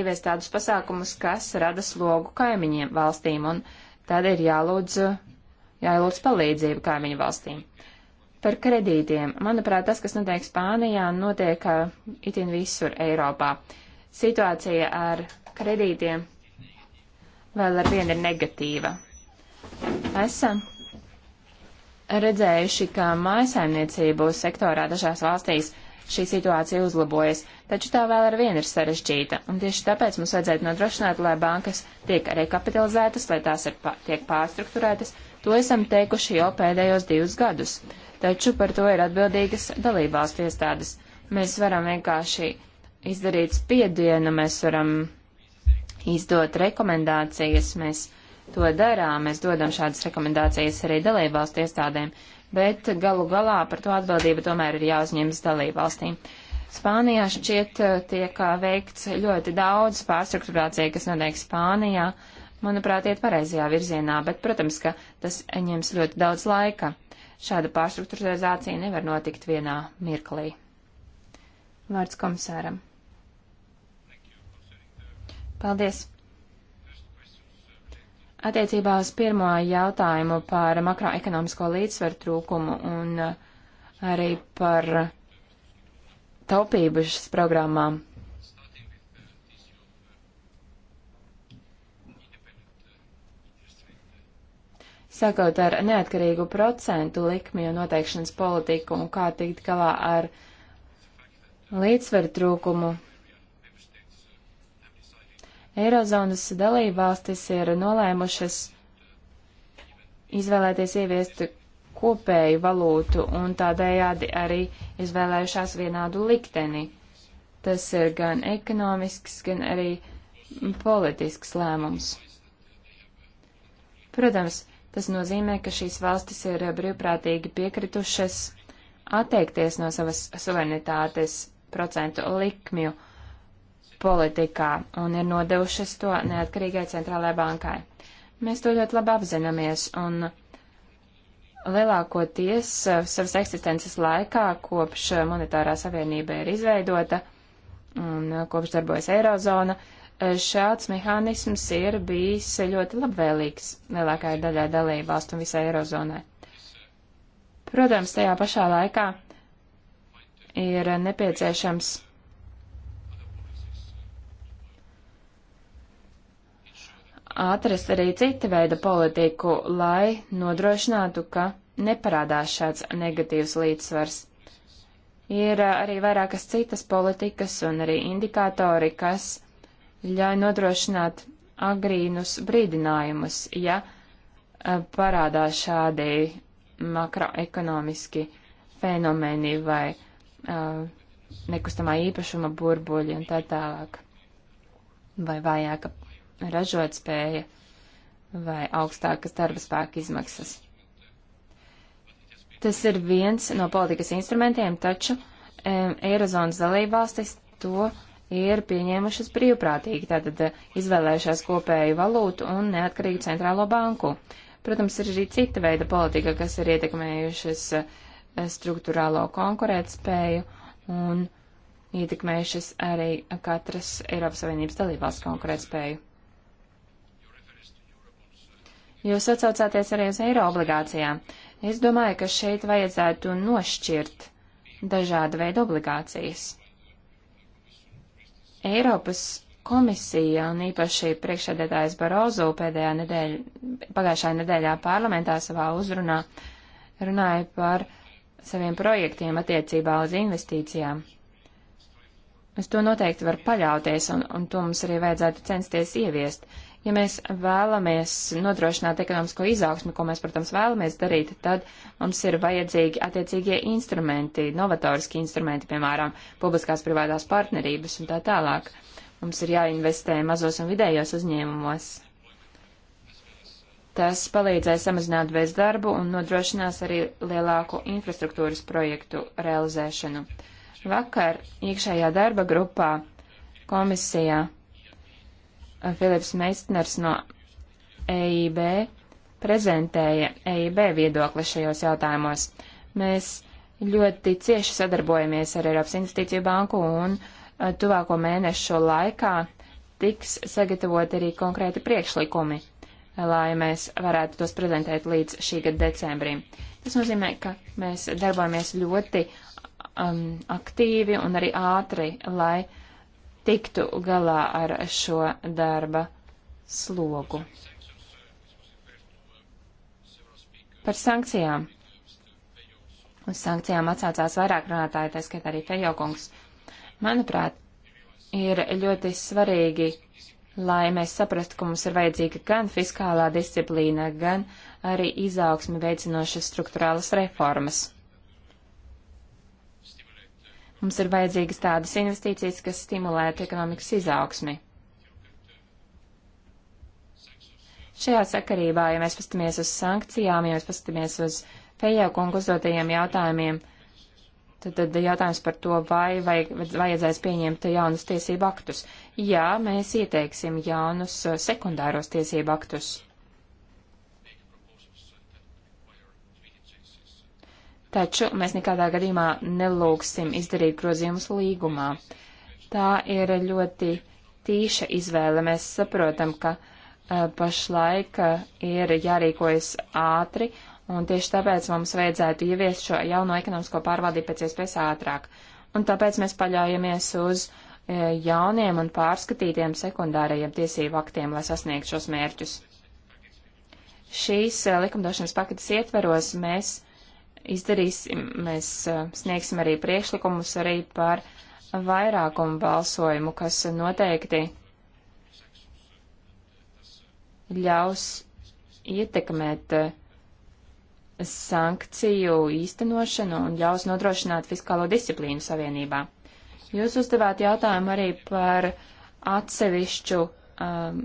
ieviest tādus pasākumus, kas rada slogu kaimiņiem valstīm un uh, tad ir jālūdz, jālūdz palīdzību kaimiņu valstīm. Par kredītiem. Manuprāt, tas, kas notiek Spānijā, notiek uh, itin visur Eiropā. Situācija ar kredītiem vēl ar vienu ir negatīva. Esam redzējuši, ka mājasaimniecību sektorā dažās valstīs šī situācija uzlabojas, taču tā vēl ar vienu ir sarežģīta, un tieši tāpēc mums vajadzētu nodrošināt, lai bankas tiek rekapitalizētas, lai tās ir, tiek pārstruktūrētas, to esam teikuši jau pēdējos divus gadus, taču par to ir atbildīgas dalībvalstu iestādes. Mēs varam vienkārši izdarīt spiedienu, mēs varam izdot rekomendācijas, mēs to darām, mēs dodam šādas rekomendācijas arī dalībvalstu iestādēm, bet galu galā par to atbildību tomēr ir jāuzņemas dalību valstīm. Spānijā šķiet eh, tiek eh, veikts ļoti daudz pārstrukturācija, kas notiek Spānijā, manuprāt, iet pareizajā virzienā, bet, protams, ka tas ņems ļoti daudz laika. Šāda pārstrukturalizācija nevar notikt vienā mirklī. Vārds komisāram. Paldies! Attiecībā uz pirmo jautājumu par makroekonomisko līdzsvaru trūkumu un uh, arī par taupību šīs programmām. Sakot ar neatkarīgu procentu likmi un noteikšanas politiku un kā tikt galā ar līdzsvaru trūkumu, Eirozonas dalībvalstis ir nolēmušas izvēlēties ieviest kopēju valūtu un tādējādi arī izvēlējušās vienādu likteni. Tas ir gan ekonomisks, gan arī politisks lēmums. Protams, tas nozīmē, ka šīs valstis ir brīvprātīgi piekritušas atteikties no savas suverenitātes procentu likmju politikā un ir nodevušas to neatkarīgai centrālajai bankai. Mēs to ļoti labi apzināmies un lielākoties uh, savas eksistences laikā, kopš uh, monetārā savienība ir izveidota un uh, kopš darbojas Eirozona, šāds mehānisms ir bijis ļoti labvēlīgs lielākajai daļai dalību valstu un visai Eirozonai. Protams, tajā pašā laikā ir nepieciešams atrast arī cita veida politiku, lai nodrošinātu, ka neparādās šāds negatīvs līdzsvars. Ir uh, arī vairākas citas politikas un arī indikātori, kas ļauj nodrošināt agrīnus brīdinājumus, ja uh, parādās šādi makroekonomiski fenomeni vai uh, nekustamā īpašuma burbuļi un tā tālāk, vai vājāka ražotspēja vai augstākas darba spēka izmaksas. Tas ir viens no politikas instrumentiem, taču um, Eirozonas dalībvalstis to ir pieņēmušas brīvprātīgi, tātad eh, izvēlējušās kopēju valūtu un neatkarīgu centrālo banku. Protams, ir arī cita veida politika, kas ir ietekmējušas eh, struktūrālo konkurētspēju un ietekmējušas arī katras Eiropas Savienības dalībvalsts konkurētspēju. Jūs atsaucāties arī uz eiro obligācijām. Es domāju, ka šeit vajadzētu nošķirt dažāda veida obligācijas. Eiropas komisija un īpaši priekšsēdētājs Barozo pēdējā nedēļa, pagājušā nedēļā parlamentā savā uzrunā runāja par saviem projektiem attiecībā uz investīcijām. Uz to noteikti var paļauties, un, un to mums arī vajadzētu censties ieviest. Ja mēs vēlamies nodrošināt ekonomisko izaugsmi, ko mēs, protams, vēlamies darīt, tad mums ir vajadzīgi attiecīgie instrumenti, novatoriski instrumenti, piemēram, publiskās privātās partnerības un tā tālāk. Mums ir jāinvestē mazos un vidējos uzņēmumos. Tas palīdzēs samazināt bezdarbu un nodrošinās arī lielāku infrastruktūras projektu realizēšanu. Vakar iekšējā darba grupā komisijā Filips Meistners no EIB prezentēja EIB viedokli šajos jautājumos. Mēs ļoti cieši sadarbojamies ar Eiropas Investīciju banku un tuvāko mēnešu laikā tiks sagatavot arī konkrēti priekšlikumi, lai mēs varētu tos prezentēt līdz šī gada decembrim. Tas nozīmē, ka mēs darbojamies ļoti um, aktīvi un arī ātri, lai uh, tiktu galā ar šo darba slogu. Par sankcijām. Uz sankcijām atsācās vairāk runātāji, tā skaitā arī Fejokungs. Manuprāt, ir ļoti svarīgi, lai mēs saprastu, ka mums ir vajadzīga gan fiskālā disciplīna, gan arī izaugsmi veicinošas struktūrālas reformas. Mums ir vajadzīgas tādas investīcijas, kas stimulētu ekonomikas izaugsmi. Šajā sakarībā, ja mēs pastamies uz sankcijām, ja mēs pastamies uz Fejaukungu uzdotajiem jautājumiem, tad, tad jautājums par to, vai, vai vajadzēs pieņemt jaunus tiesību aktus. Jā, mēs ieteiksim jaunus uh, sekundāros tiesību aktus. taču mēs nekādā gadījumā nelūgsim izdarīt grozījumus līgumā. Tā ir ļoti tīša izvēle. Mēs saprotam, ka uh, pašlaik uh, ir jārīkojas ātri, un tieši tāpēc mums vajadzētu ieviest šo jauno ekonomisko pārvaldību pēc iespējas ātrāk. Un tāpēc mēs paļaujamies uz uh, jauniem un pārskatītiem sekundārajiem tiesību aktiem, lai sasniegtu šos mērķus. Šīs likumdošanas paketes ietveros mēs izdarīsim, mēs eh, sniegsim arī priekšlikumus arī par vairākumu balsojumu, kas noteikti ļaus ietekmēt eh, sankciju īstenošanu un ļaus nodrošināt fiskālo disciplīnu savienībā. Jūs uzdevāt jautājumu arī par atsevišķu um, ehm,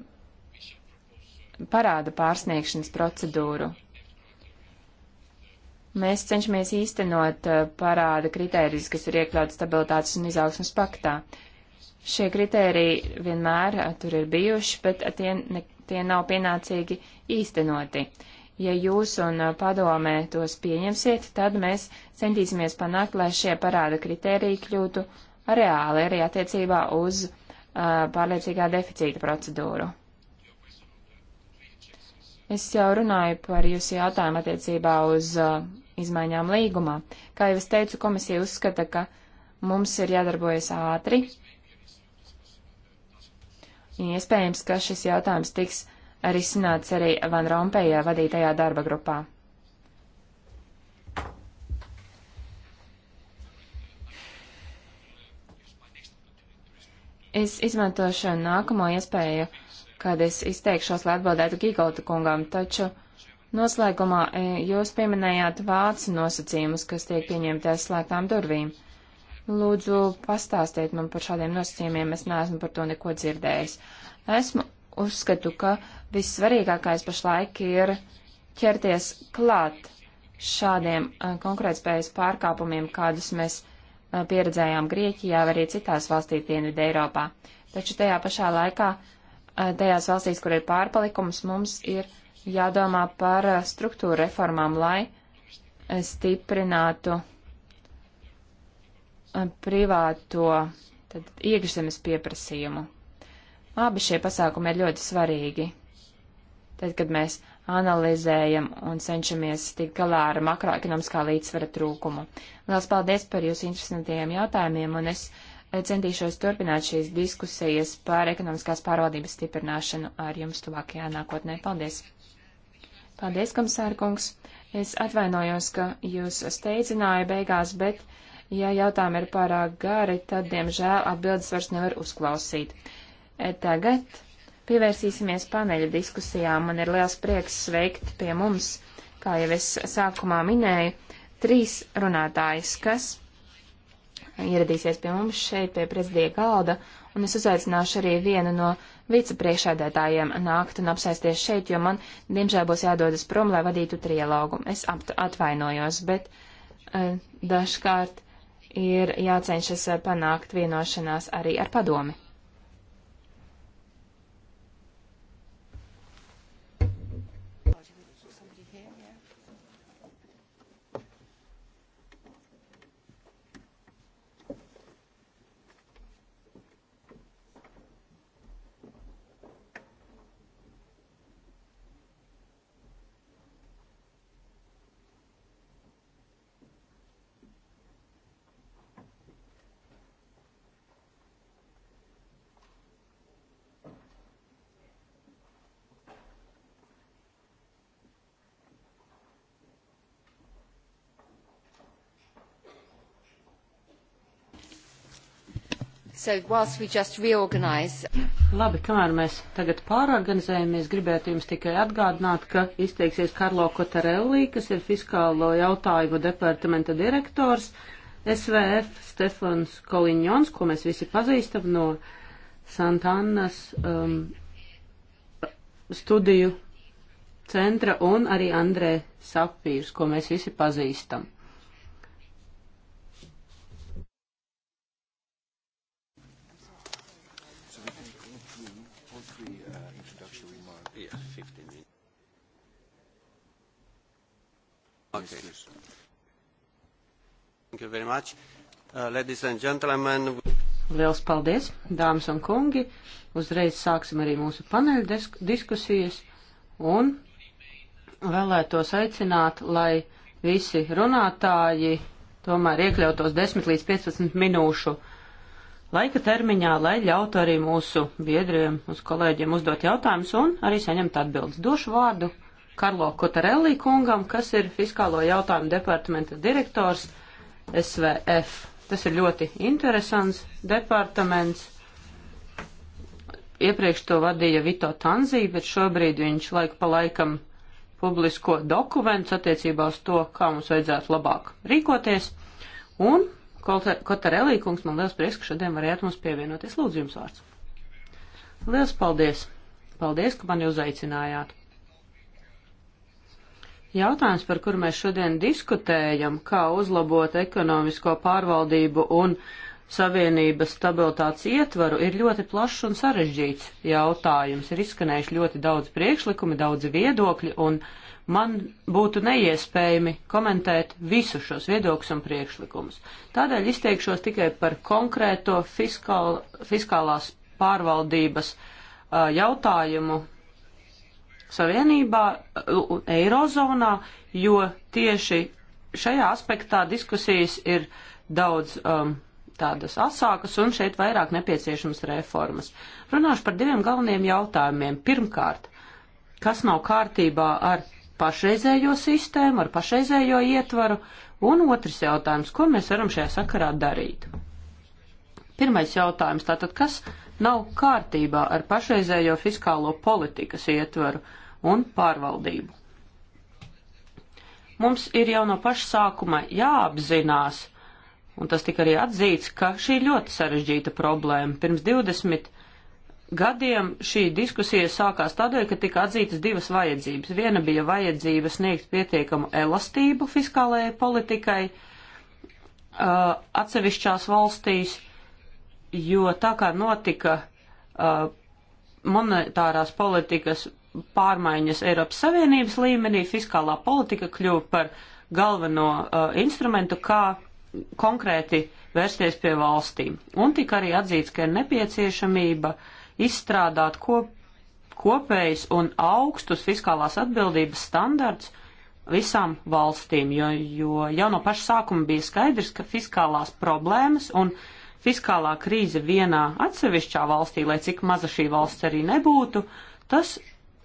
parāda pārsniegšanas procedūru Mēs cenšamies īstenot eh, parāda kritērijas, kas ir iekļauts stabilitātes un izaugsmas paktā. Šie kritēriji vienmēr eh, tur ir bijuši, bet eh, tie, ne, tie nav pienācīgi īstenoti. Ja jūs un padomē tos pieņemsiet, tad mēs centīsimies panākt, lai šie parāda kritēriji kļūtu reāli arī attiecībā uz uh, pārliecīgā deficīta procedūru. Es jau runāju par jūsu jautājumu attiecībā uz uh, izmaiņām līgumā. Kā jau es teicu, komisija uzskata, ka mums ir jādarbojas ātri. Iespējams, ka šis jautājums tiks risināts arī Van Rompējā vadītajā darba grupā. Es izmantošu nākamo iespēju, kad es izteikšos, lai atbildētu Gigolta kungam, taču uh, Noslēgumā e, jūs pieminējāt vācu nosacījumus, kas tiek pieņemti aiz slēgtām durvīm. Lūdzu, pastāstiet man par šādiem nosacījumiem, es neesmu par to neko dzirdējis. Esmu uzskatu, ka vissvarīgākais pašlaik ir ķerties klāt šādiem e, konkurētspējas pārkāpumiem, kādus mēs e, pieredzējām Grieķijā vai arī citās valstīs Dienvidē Eiropā. Taču tajā pašā laikā, tajās valstīs, kur ir pārpalikums, mums ir jādomā par eh, struktūra reformām, lai eh, stiprinātu eh, privāto tad iekšzemes pieprasījumu. Abi šie pasākumi ir ļoti svarīgi. Tad, kad mēs analizējam un cenšamies tikt galā ar makroekonomiskā līdzsvera trūkumu. Lielas paldies par jūsu interesantajiem jautājumiem, un es centīšos turpināt šīs diskusijas par ekonomiskās pārvaldības stiprināšanu ar jums tuvākajā nākotnē. Paldies! Paldies, komisārkungs. Es atvainojos, ka jūs steidzināju beigās, bet, ja jautājumi ir pārāk gari, tad, diemžēl, atbildes vairs nevar uzklausīt. E, tagad pievērsīsimies paneļa diskusijām. Man ir liels prieks sveikt pie mums, kā jau es sākumā minēju, trīs runātājus, kas ieradīsies pie mums šeit pie prezidija galda un es uzaicināšu arī vienu no vicepriekšēdētājiem nākt un apsēsties šeit, jo man, diemžēl, būs jādodas prom, lai vadītu trialogu. Es atvainojos, bet uh, dažkārt ir jācenšas eh, panākt vienošanās arī ar padomi. So whilst we just reorganize... Labi, kamēr mēs tagad pārorganizējamies, gribētu jums tikai atgādināt, ka izteiksies Karlo Kotarelli, kas ir fiskālo jautājumu departamenta direktors, SVF Stefans Koliņons, ko mēs visi pazīstam no Santannas um, studiju centra, un arī Andrē Sapīrs, ko mēs visi pazīstam. concrete. Thank you very much. Uh, ladies and gentlemen. Liels paldies, dāmas un kungi. Uzreiz sāksim arī mūsu paneļa diskusijas un vēlētos aicināt, lai visi runātāji tomēr iekļautos 10 līdz 15 minūšu laika termiņā, lai ļautu arī mūsu biedriem, mūsu kolēģiem uzdot jautājumus un arī saņemt atbildes. Došu vārdu Karlo Kotarelli kungam, kas ir fiskālo jautājumu departamenta direktors SVF. Tas ir ļoti interesants departaments. Iepriekš to vadīja Vito Tanzī, bet šobrīd viņš laiku pa laikam publisko dokumentus attiecībā uz to, kā mums vajadzētu labāk rīkoties. Un Kotarelī kungs, man liels prieks, ka šodien varējāt mums pievienoties. Lūdzu, jums vārds. Liels paldies! Paldies, ka mani uzaicinājāt! Jautājums, par kuru mēs šodien diskutējam, kā uzlabot ekonomisko pārvaldību un savienības stabilitātes ietvaru, ir ļoti plašs un sarežģīts jautājums. Ir izskanējuši ļoti daudz priekšlikumi, daudzi viedokļi, un man būtu neiespējami komentēt visu šos viedokļus un priekšlikumus. Tādēļ izteikšos tikai par konkrēto fiskāl, fiskālās pārvaldības uh, jautājumu Savienībā, Eirozonā, jo tieši šajā aspektā diskusijas ir daudz um, tādas asākas un šeit vairāk nepieciešamas reformas. Runāšu par diviem galveniem jautājumiem. Pirmkārt, kas nav kārtībā ar pašreizējo sistēmu, ar pašreizējo ietvaru, un otrs jautājums, ko mēs varam šajā sakarā darīt. Pirmais jautājums, tātad, kas nav kārtībā ar pašreizējo fiskālo politikas ietvaru? Uh, un pārvaldību. Mums ir jau no paša sākuma jāapzinās, un tas tika arī atzīts, ka šī ir ļoti sarežģīta problēma. Pirms 20 gadiem šī diskusija sākās tādēļ, ka tika atzītas divas vajadzības. Viena bija vajadzība sniegt pietiekamu elastību fiskālajai politikai uh, atsevišķās valstīs, jo tā kā notika uh, monetārās politikas pārmaiņas Eiropas Savienības līmenī, fiskālā politika kļuva par galveno uh, instrumentu, kā konkrēti vērsties pie valstīm. Un tika arī atzīts, ka ir nepieciešamība izstrādāt kop, kopējus un augstus fiskālās atbildības standarts visām valstīm, jo, jo jau no paša sākuma bija skaidrs, ka fiskālās problēmas un fiskālā krīze vienā atsevišķā valstī, lai cik maza šī valsts arī nebūtu, tas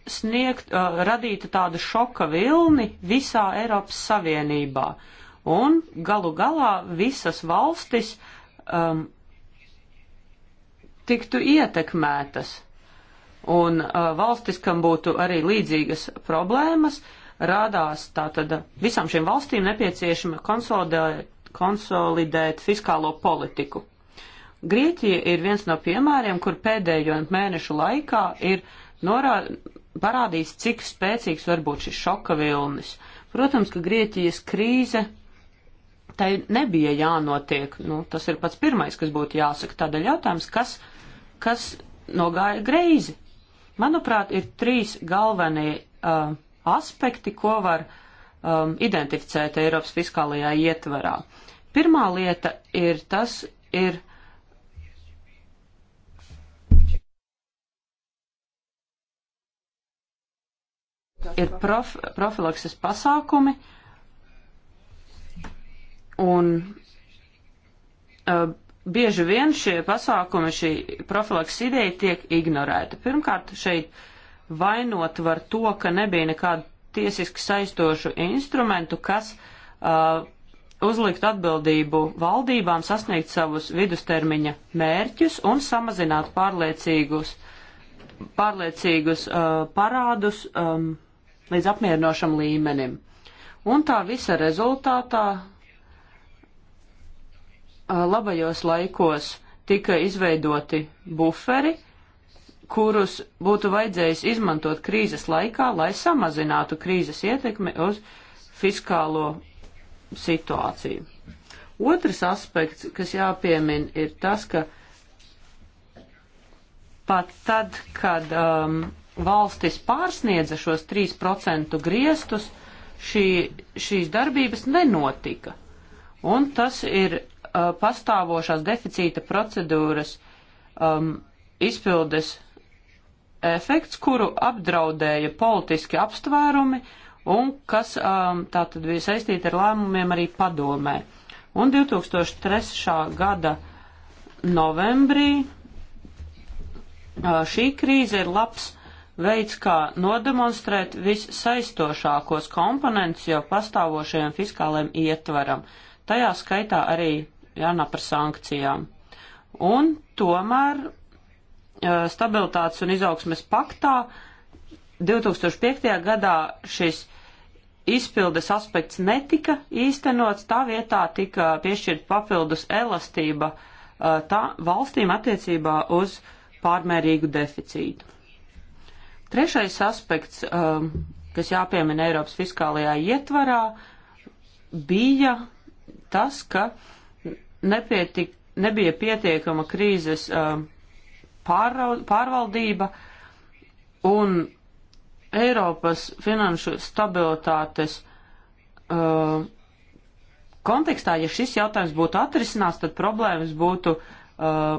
sniegt, uh, radītu tādu šoka vilni visā Eiropas Savienībā. Un galu galā visas valstis um, tiktu ietekmētas. Un uh, valstis, kam būtu arī līdzīgas problēmas, rādās tātad visām šīm valstīm nepieciešama konsolidēt, konsolidēt fiskālo politiku. Grieķija ir viens no piemēriem, kur pēdējo mēnešu laikā ir norā, parādīs, cik spēcīgs var būt šis šoka vilnis. Protams, ka Grieķijas krīze tai nebija jānotiek. Nu, tas ir pats pirmais, kas būtu jāsaka. Tādēļ jautājums, kas, kas nogāja greizi? Manuprāt, ir trīs galvenie uh, aspekti, ko var um, identificēt Eiropas fiskālajā ietvarā. Pirmā lieta ir tas, ir uh, ir prof, profilakses pasākumi un uh, bieži vien šie pasākumi, šī profilaks ideja tiek ignorēta. Pirmkārt, šeit vainot var to, ka nebija nekādu tiesiski saistošu instrumentu, kas uh, e, uzlikt atbildību valdībām sasniegt savus vidustermiņa mērķus un samazināt pārliecīgus, pārliecīgus uh, parādus um, līdz apmierinošam līmenim. Un tā visa rezultātā labajos laikos tika izveidoti buferi, kurus būtu vajadzējis izmantot krīzes laikā, lai samazinātu krīzes ietekmi uz fiskālo situāciju. Otrs aspekts, kas jāpiemina, ir tas, ka pat tad, kad um, valstis pārsniedza šos 3% griestus, šī, šīs darbības nenotika. Un tas ir uh, pastāvošās deficīta procedūras um, izpildes efekts, kuru apdraudēja politiski apstvērumi un kas um, tātad bija saistīti ar lēmumiem arī padomē. Un 2003. gada novembrī uh, šī krīze ir labs veids, kā nodemonstrēt vissaistošākos komponentus jau pastāvošajam fiskālajam ietvaram. Tajā skaitā arī jārunā par sankcijām. Un tomēr stabilitātes un izaugsmes paktā 2005. gadā šis izpildes aspekts netika īstenots, tā vietā tika piešķirta papildus elastība tā valstīm attiecībā uz pārmērīgu deficītu. Trešais aspekts, um, kas jāpiemina Eiropas fiskālajā ietvarā, bija tas, ka nepietik, nebija pietiekama krīzes um, pārraud, pārvaldība un Eiropas finanšu stabilitātes uh, kontekstā, ja šis jautājums būtu atrisināts, tad problēmas būtu uh,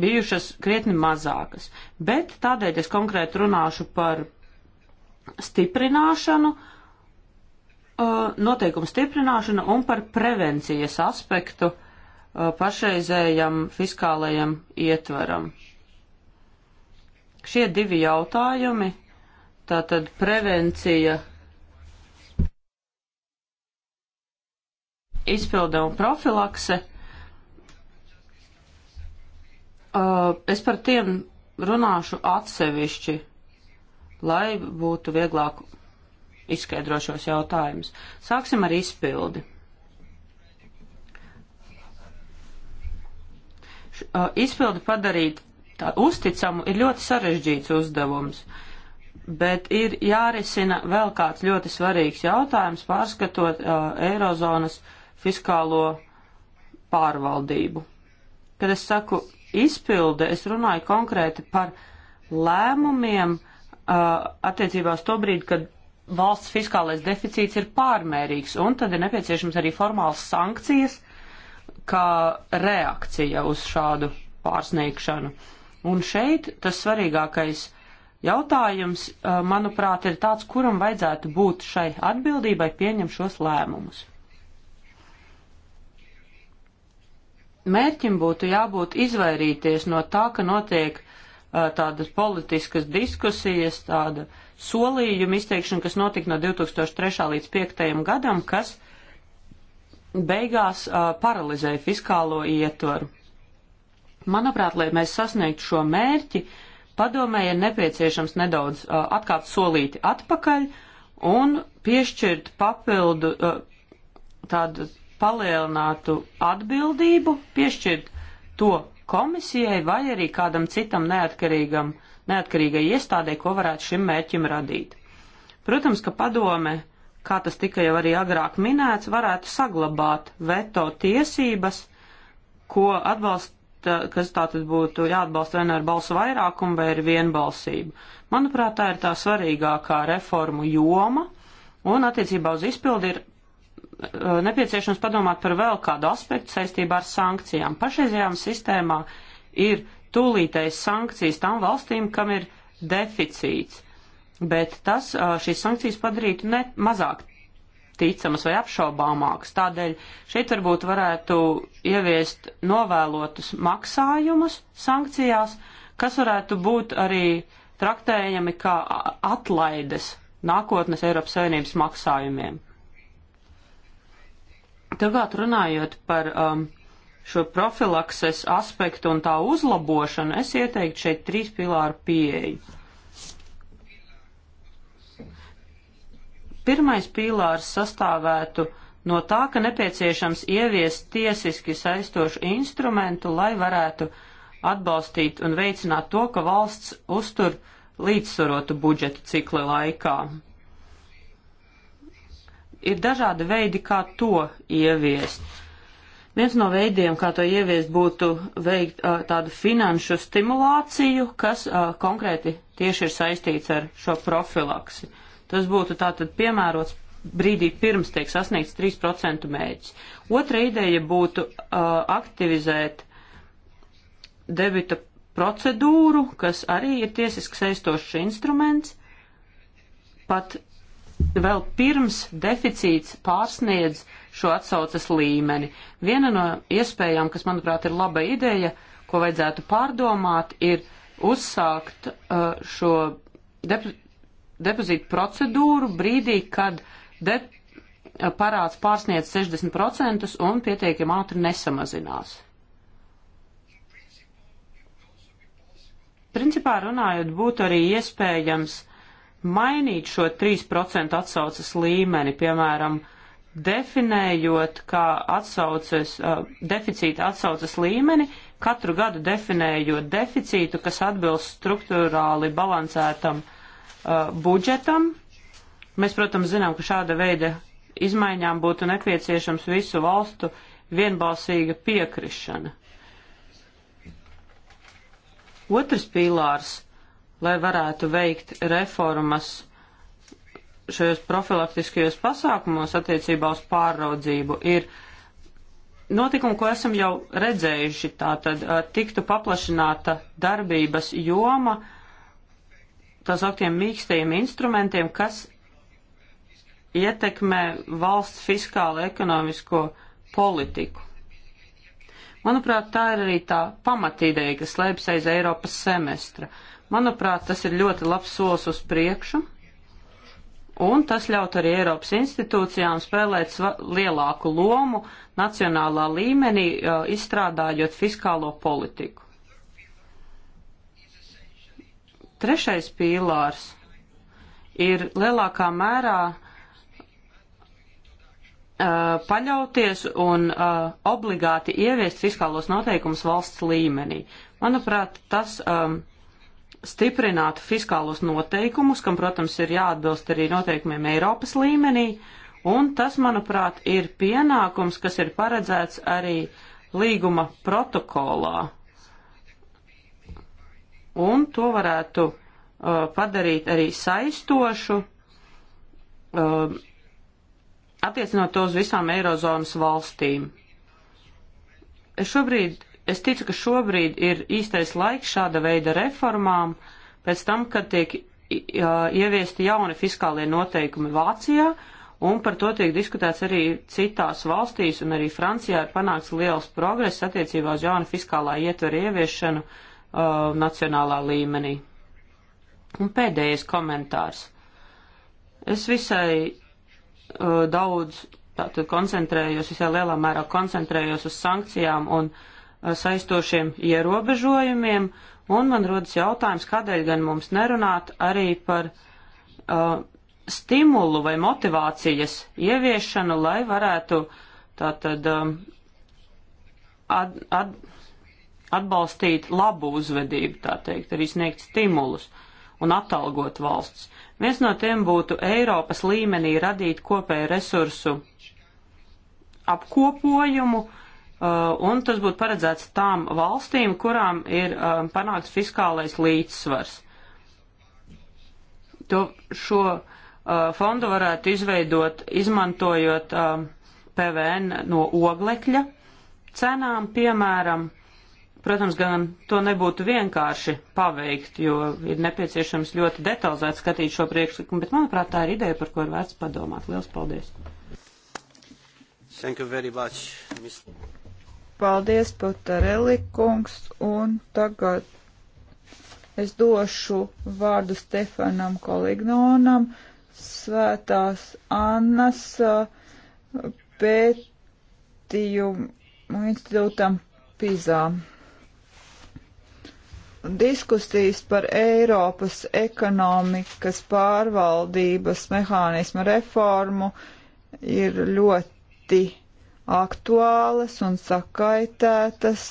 bijušas krietni mazākas. Bet tādēļ es konkrēti runāšu par stiprināšanu, uh, noteikumu stiprināšanu un par prevencijas aspektu uh, pašreizējam fiskālajam ietveram. Šie divi jautājumi, tātad prevencija izpilde un profilakse, uh, Uh, es par tiem runāšu atsevišķi, lai būtu vieglāk izskaidrošos jautājumus. Sāksim ar izpildi. Uh, izpildi padarīt tā, uzticamu ir ļoti sarežģīts uzdevums, bet ir jārisina vēl kāds ļoti svarīgs jautājums, pārskatot uh, Eirozonas fiskālo pārvaldību. Kad es saku izpilde, es runāju konkrēti par lēmumiem uh, attiecībā uz to brīdi, kad valsts fiskālais deficīts ir pārmērīgs, un tad ir nepieciešams arī formāls sankcijas kā reakcija uz šādu pārsniegšanu. Un šeit tas svarīgākais jautājums, uh, manuprāt, ir tāds, kuram vajadzētu būt šai atbildībai pieņem šos lēmumus. mērķim būtu jābūt izvairīties no tā, ka notiek uh, tādas politiskas diskusijas, tāda solījuma izteikšana, kas notika no 2003. līdz 2005. gadam, kas beigās uh, paralizēja fiskālo ietvaru. Manuprāt, lai mēs sasniegtu šo mērķi, padomē ir nepieciešams nedaudz uh, atkāpt solīti atpakaļ un piešķirt papildu tādas palielinātu atbildību, piešķirt to komisijai vai arī kādam citam neatkarīgam, neatkarīgai iestādē, ko varētu šim mērķim radīt. Protams, ka padome, kā tas tika jau arī agrāk minēts, varētu saglabāt veto tiesības, ko atbalsta kas tā tad būtu jāatbalsta vai nu ar balsu vairākumu vai ar vienbalsību. Manuprāt, tā ir tā svarīgākā reformu joma, un attiecībā uz izpildi ir Eh, nepieciešams padomāt par vēl kādu aspektu saistībā ar sankcijām. Pašreizajām sistēmā ir tūlītējas sankcijas tām valstīm, kam ir deficīts, bet tas, eh, šīs sankcijas padarītu ne, mazāk ticamas vai apšaubāmākas. Tādēļ šeit varbūt varētu ieviest novēlotus maksājumus sankcijās, kas varētu būt arī traktējami kā atlaides nākotnes Eiropas Savienības maksājumiem. Tagad runājot par um, šo profilakses aspektu un tā uzlabošanu, es ieteiktu šeit trīs pilāru pieeju. Pirmais pīlārs sastāvētu no tā, ka nepieciešams ieviest tiesiski saistošu instrumentu, lai varētu atbalstīt un veicināt to, ka valsts uztur līdzsvarotu budžetu cikla laikā ir dažādi veidi, kā to ieviest. Viens no veidiem, kā to ieviest, būtu veikt uh, tādu finanšu stimulāciju, kas uh, konkrēti tieši ir saistīts ar šo profilaksi. Tas būtu tātad piemērots brīdī pirms tiek sasniegts 3% mērķis. Otra ideja būtu uh, aktivizēt debita procedūru, kas arī ir tiesiski saistošs instruments, pat vēl pirms deficīts pārsniedz šo atsaucas līmeni. Viena no iespējām, kas, manuprāt, ir laba ideja, ko vajadzētu pārdomāt, ir uzsākt uh, šo dep depozītu procedūru brīdī, kad de parāds pārsniedz 60% un pietiekami ātri nesamazinās. Principā runājot, būtu arī iespējams mainīt šo 3% atsaucas līmeni, piemēram, definējot, kā atsaucas, uh, deficīta atsaucas līmeni, katru gadu definējot deficītu, kas atbilst struktūrāli balansētam uh, budžetam. Mēs, protams, zinām, ka šāda veida izmaiņām būtu nepieciešams visu valstu vienbalsīga piekrišana. Otrs pīlārs lai varētu veikt reformas šajos profilaktiskajos pasākumos attiecībā uz pārraudzību, ir notikumi, ko esam jau redzējuši, tātad eh, tiktu paplašināta darbības joma tā sauktiem mīkstajiem instrumentiem, kas ietekmē valsts fiskāla ekonomisko politiku. Manuprāt, tā ir arī tā pamatīdēja, kas slēpjas aiz Eiropas semestra. Manuprāt, tas ir ļoti labs solis uz priekšu, un tas ļaut arī Eiropas institūcijām spēlēt lielāku lomu nacionālā līmenī, izstrādājot fiskālo politiku. Trešais pīlārs ir lielākā mērā paļauties un uh, obligāti ieviest fiskālos noteikumus valsts līmenī. Manuprāt, tas um, stiprinātu fiskālos noteikumus, kam, protams, ir jāatbilst arī noteikumiem Eiropas līmenī, un tas, manuprāt, ir pienākums, kas ir paredzēts arī līguma protokolā. Un to varētu uh, padarīt arī saistošu, uh, attiecinot to uz visām Eirozonas valstīm. Es šobrīd es ticu, ka šobrīd ir īstais laiks šāda veida reformām, pēc tam, kad tiek ieviesti jauni fiskālie noteikumi Vācijā, un par to tiek diskutēts arī citās valstīs, un arī Francijā ir panāks liels progress attiecībā uz jaunu fiskālā ietveru ieviešanu uh, nacionālā līmenī. Un pēdējais komentārs. Es visai uh, daudz tātad koncentrējos, visai lielā mērā koncentrējos uz sankcijām un uh, saistošiem ierobežojumiem, un man rodas jautājums, kādēļ gan mums nerunāt arī par uh, stimulu vai motivācijas ieviešanu, lai varētu tātad um, ad, ad, atbalstīt labu uzvedību, tā teikt, arī sniegt stimulus un atalgot valsts. Viens no tiem būtu Eiropas līmenī radīt kopēju resursu apkopojumu, uh, Uh, un tas būtu paredzēts tām valstīm, kurām ir um, panākts fiskālais līdzsvars. To, šo uh, fondu varētu izveidot, izmantojot um, PVN no oglekļa cenām, piemēram, Protams, gan to nebūtu vienkārši paveikt, jo ir nepieciešams ļoti detalizēt skatīt šo priekšlikumu, bet manuprāt tā ir ideja, par ko ir vērts padomāt. Lielas paldies! Thank you very much, Mr. Paldies, Patareli kungs, un tagad es došu vārdu Stefanam Kolignonam, svētās Annas uh, pētījumu institūtam Pizā. Diskusijas par Eiropas ekonomikas pārvaldības mehānismu reformu ir ļoti aktuālas un sakaitētas.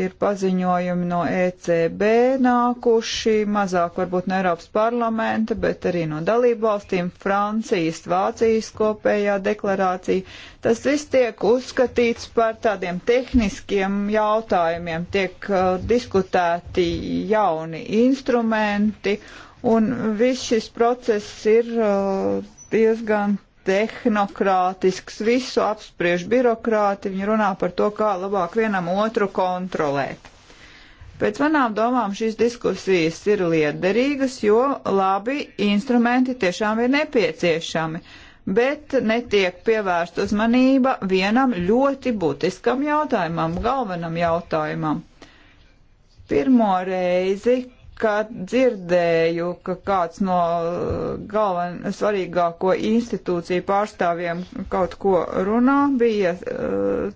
Ir paziņojumi no ECB nākuši, mazāk varbūt no Eiropas parlamenta, bet arī no dalību valstīm, Francijas, Vācijas kopējā deklarācija. Tas viss tiek uzskatīts par tādiem tehniskiem jautājumiem, tiek uh, diskutēti jauni instrumenti, un viss šis process ir uh, diezgan tehnokrātisks, visu apspriež birokrāti, viņi runā par to, kā labāk vienam otru kontrolēt. Pēc manām domām šīs diskusijas ir liederīgas, jo labi instrumenti tiešām ir nepieciešami, bet netiek pievērst uzmanība vienam ļoti būtiskam jautājumam, galvenam jautājumam. Pirmo reizi, ka dzirdēju, ka kāds no galven, svarīgāko institūciju pārstāvjiem kaut ko runā, bija uh,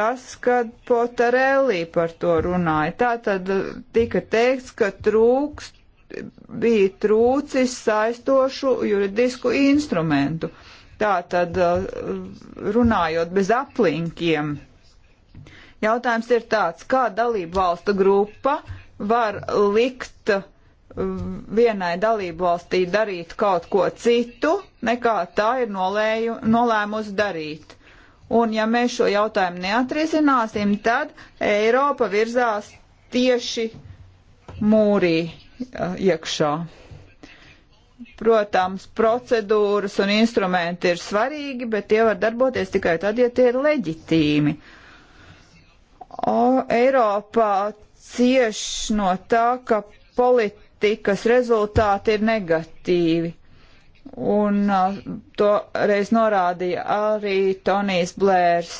tas, kad Potarelli par to runāja. Tā tad eh, tika teikts, ka trūks, bija trūcis saistošu juridisku instrumentu. Tā tad uh, runājot bez aplinkiem. Jautājums ir tāds, kā dalība valsta grupa uh, var likt vienai dalību valstī darīt kaut ko citu, nekā tā ir nolēju, nolēmusi darīt. Un ja mēs šo jautājumu neatrisināsim, tad Eiropa virzās tieši mūrī uh, iekšā. Protams, procedūras un instrumenti ir svarīgi, bet tie var darboties tikai tad, ja tie ir leģitīmi. O, Eiropā cieš no tā, ka politikas rezultāti ir negatīvi. Un uh, to reiz norādīja arī Tonijs Blērs.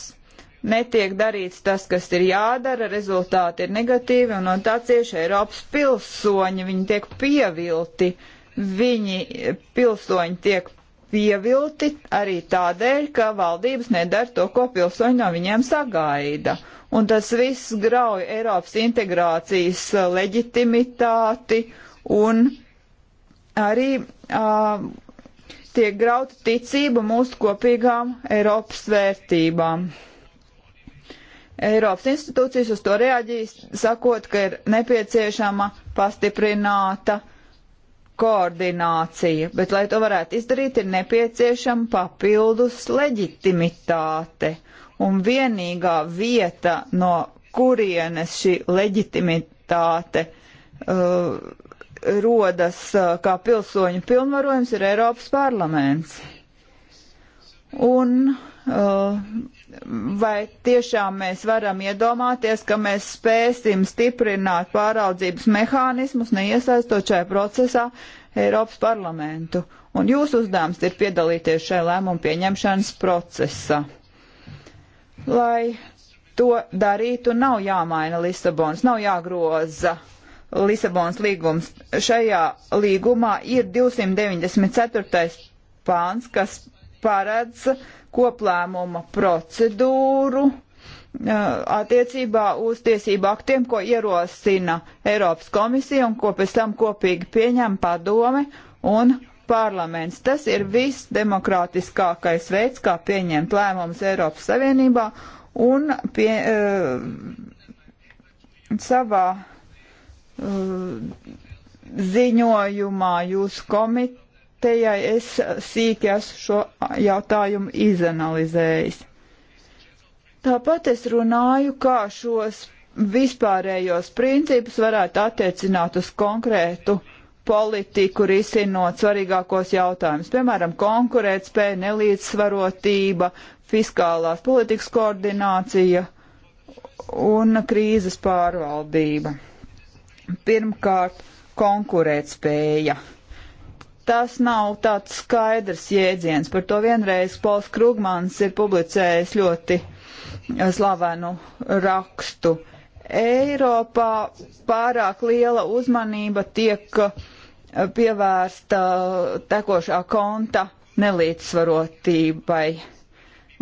Netiek darīts tas, kas ir jādara, rezultāti ir negatīvi, un no tā cieši Eiropas pilsoņi, viņi tiek pievilti, viņi pilsoņi tiek pievilti arī tādēļ, ka valdības nedara to, ko pilsoņi no viņiem sagaida un tas viss grauj Eiropas integrācijas leģitimitāti un arī uh, tiek grauta ticība mūsu kopīgām Eiropas vērtībām. Eiropas institūcijas uz to reaģīs, sakot, ka ir nepieciešama pastiprināta koordinācija, bet, lai to varētu izdarīt, ir nepieciešama papildus leģitimitāte. Un vienīgā vieta, no kurienes šī leģitimitāte uh, rodas uh, kā pilsoņu pilnvarojums, ir Eiropas parlaments. Un uh, vai tiešām mēs varam iedomāties, ka mēs spēsim stiprināt pāraudzības mehānismus, neiesaistot šajā procesā Eiropas parlamentu? Un jūsu uzdevums ir piedalīties šajā lēmumu pieņemšanas procesā. Lai to darītu, nav jāmaina Lisabons, nav jāgroza Lisabonas līgums. Šajā līgumā ir 294. pāns, kas paredz koplēmuma procedūru uh, attiecībā uz tiesību aktiem, ko ierosina Eiropas komisija un ko pēc tam kopīgi pieņem padome un parlaments. Tas ir viss demokrātiskākais veids, kā pieņemt lēmumus Eiropas Savienībā un pie, uh, savā uh, ziņojumā jūsu komitejai es sīki esmu šo jautājumu izanalizējis. Tāpat es runāju, kā šos vispārējos principus varētu attiecināt uz konkrētu uh, politiku risinot svarīgākos jautājumus, piemēram, konkurētspēja, nelīdzsvarotība, fiskālās politikas koordinācija un krīzes pārvaldība. Pirmkārt, konkurētspēja. Tas nav tāds skaidrs jēdziens, par to vienreiz Pols Krugmans ir publicējis ļoti slavenu rakstu. Eiropā pārāk liela uzmanība tiek uh, pievērsta uh, tekošā konta nelīdzsvarotībai.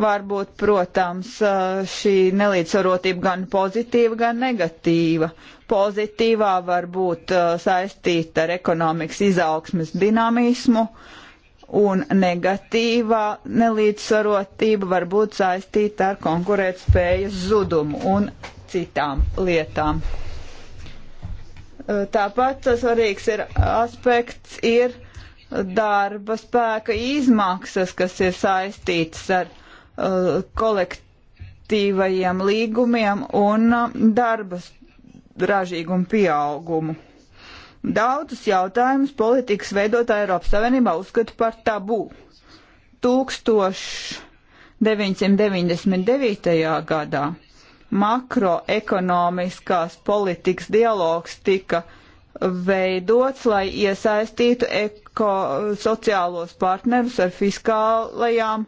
Varbūt, protams, uh, šī nelīdzsvarotība gan pozitīva, gan negatīva. Pozitīvā var būt uh, saistīta ar ekonomikas izaugsmes dinamismu, un negatīvā nelīdzsvarotība var būt saistīta ar konkurētspējas zudumu un citām lietām. Tāpat svarīgs ir aspekts ir darba spēka izmaksas, kas ir saistītas ar uh, kolektīvajiem līgumiem un uh, darba ražīgumu pieaugumu. Daudzus jautājumus politikas veidotāji Eiropas Savienībā uzskata par tabū. 1999. gadā makroekonomiskās politikas dialogs tika veidots, lai iesaistītu eko, sociālos partnerus ar fiskālajām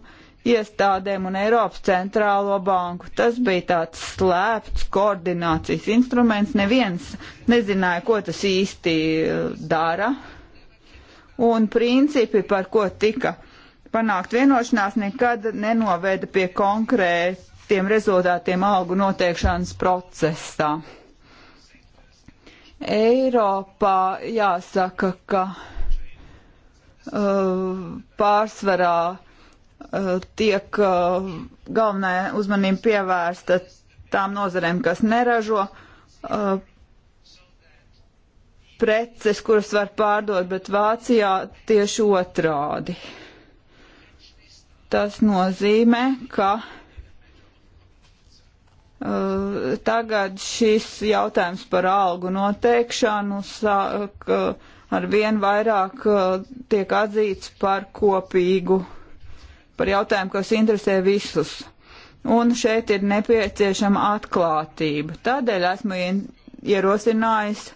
iestādēm un Eiropas centrālo banku. Tas bija tāds slēpts koordinācijas instruments. Neviens nezināja, ko tas īsti uh, dara. Un principi, par ko tika panākt vienošanās, nekad nenoveda pie konkrēta tiem rezultātiem algu noteikšanas procesā. Eiropā jāsaka, ka uh, pārsvarā uh, tiek uh, galvenā uzmanība pievērsta tām nozarēm, kas neražo uh, preces, kuras var pārdot, bet Vācijā tieši otrādi. Tas nozīmē, ka uh, Eh, tagad šis jautājums par algu noteikšanu sāk eh, ar vien vairāk eh, tiek atzīts par kopīgu, par jautājumu, kas interesē visus. Un šeit ir nepieciešama atklātība. Tādēļ esmu ierosinājis,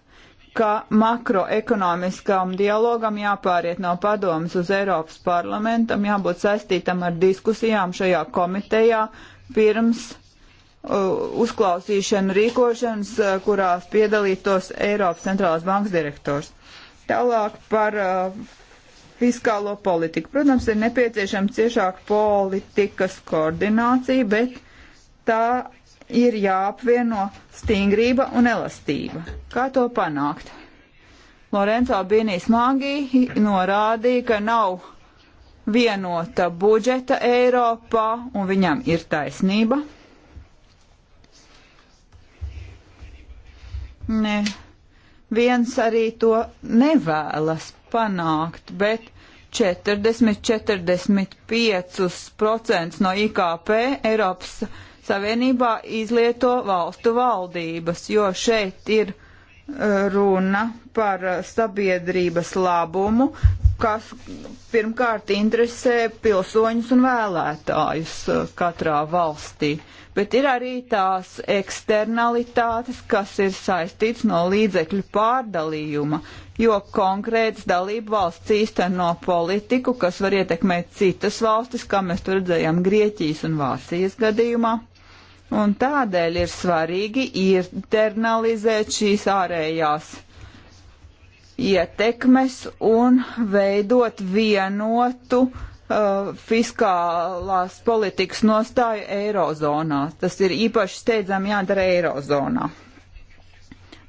ka makroekonomiskam dialogam jāpāriet no padomas uz Eiropas parlamentam, jābūt saistītam ar diskusijām šajā komitejā pirms uzklausīšanu rīkošanas, eh, kurās piedalītos Eiropas centrālās bankas direktors. Tālāk par eh, fiskālo politiku. Protams, ir nepieciešama ciešāka politikas koordinācija, bet tā ir jāapvieno stingrība un elastība. Kā to panākt? Lorenzo Bīnī smagi norādīja, ka nav vienota budžeta Eiropā, un viņam ir taisnība. Ne, viens arī to nevēlas panākt, bet 40-45% no IKP Eiropas Savienībā izlieto valstu valdības, jo šeit ir eh, runa par eh, sabiedrības labumu, kas pirmkārt interesē pilsoņus un vēlētājus eh, katrā valstī bet ir arī tās eksternalitātes, kas ir saistīts no līdzekļu pārdalījuma, jo konkrēts dalību valsts īsteno politiku, kas var ietekmēt citas valstis, kā mēs to redzējām Grieķijas un Vācijas gadījumā. Un tādēļ ir svarīgi internalizēt šīs ārējās ietekmes un veidot vienotu uh, uh, fiskālās politikas nostāju eirozonā. Tas ir īpaši steidzami jādara eirozonā.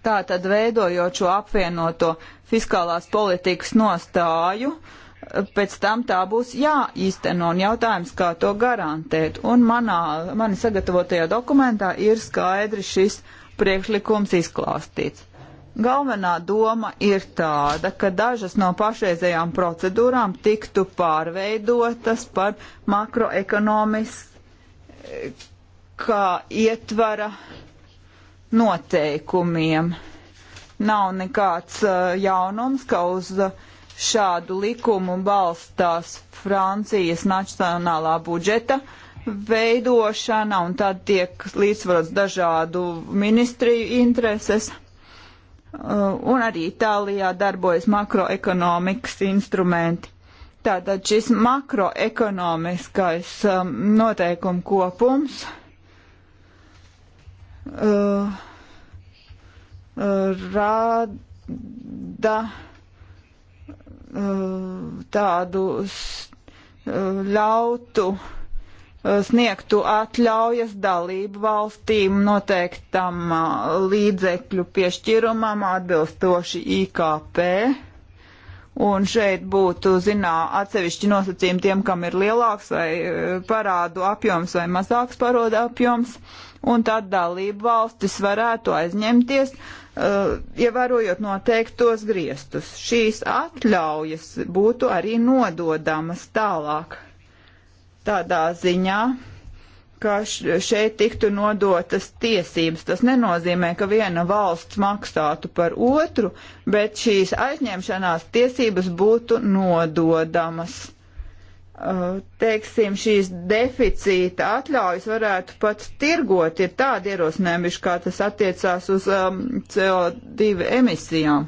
Tātad veidojot šo apvienoto fiskālās politikas nostāju, pēc tam tā būs jāīsteno un jautājums, kā to garantēt. Un manā, mani sagatavotajā dokumentā ir skaidri šis priekšlikums izklāstīts. Galvenā doma ir tāda, ka dažas no pašreizējām procedūrām tiktu pārveidotas par makroekonomiskā ietvara noteikumiem. Nav nekāds uh, jaunums, ka uz šādu likumu balstās Francijas nacionālā budžeta veidošana un tad tiek līdzsvarots dažādu ministriju intereses. Uh, un arī Itālijā darbojas makroekonomikas instrumenti. Tātad šis makroekonomiskais um, noteikumu kopums uh, rāda uh, tādu uh, ļautu uh, Uh, sniegtu atļaujas dalību valstīm noteiktam uh, līdzekļu piešķirumam atbilstoši IKP. Un šeit būtu, zinā, atsevišķi nosacījumi tiem, kam ir lielāks vai uh, parādu apjoms vai mazāks paroda apjoms, un tad dalību valstis varētu aizņemties, uh, ievērojot noteiktos griestus. Šīs atļaujas būtu arī nododamas tālāk tādā ziņā, ka šeit tiktu nodotas tiesības. Tas nenozīmē, ka viena valsts maksātu par otru, bet šīs aizņemšanās tiesības būtu nododamas. Uh, teiksim, šīs deficīta atļaujas varētu pat tirgot, ir tādi ierosinājumi, kā tas attiecās uz um, CO2 emisijām.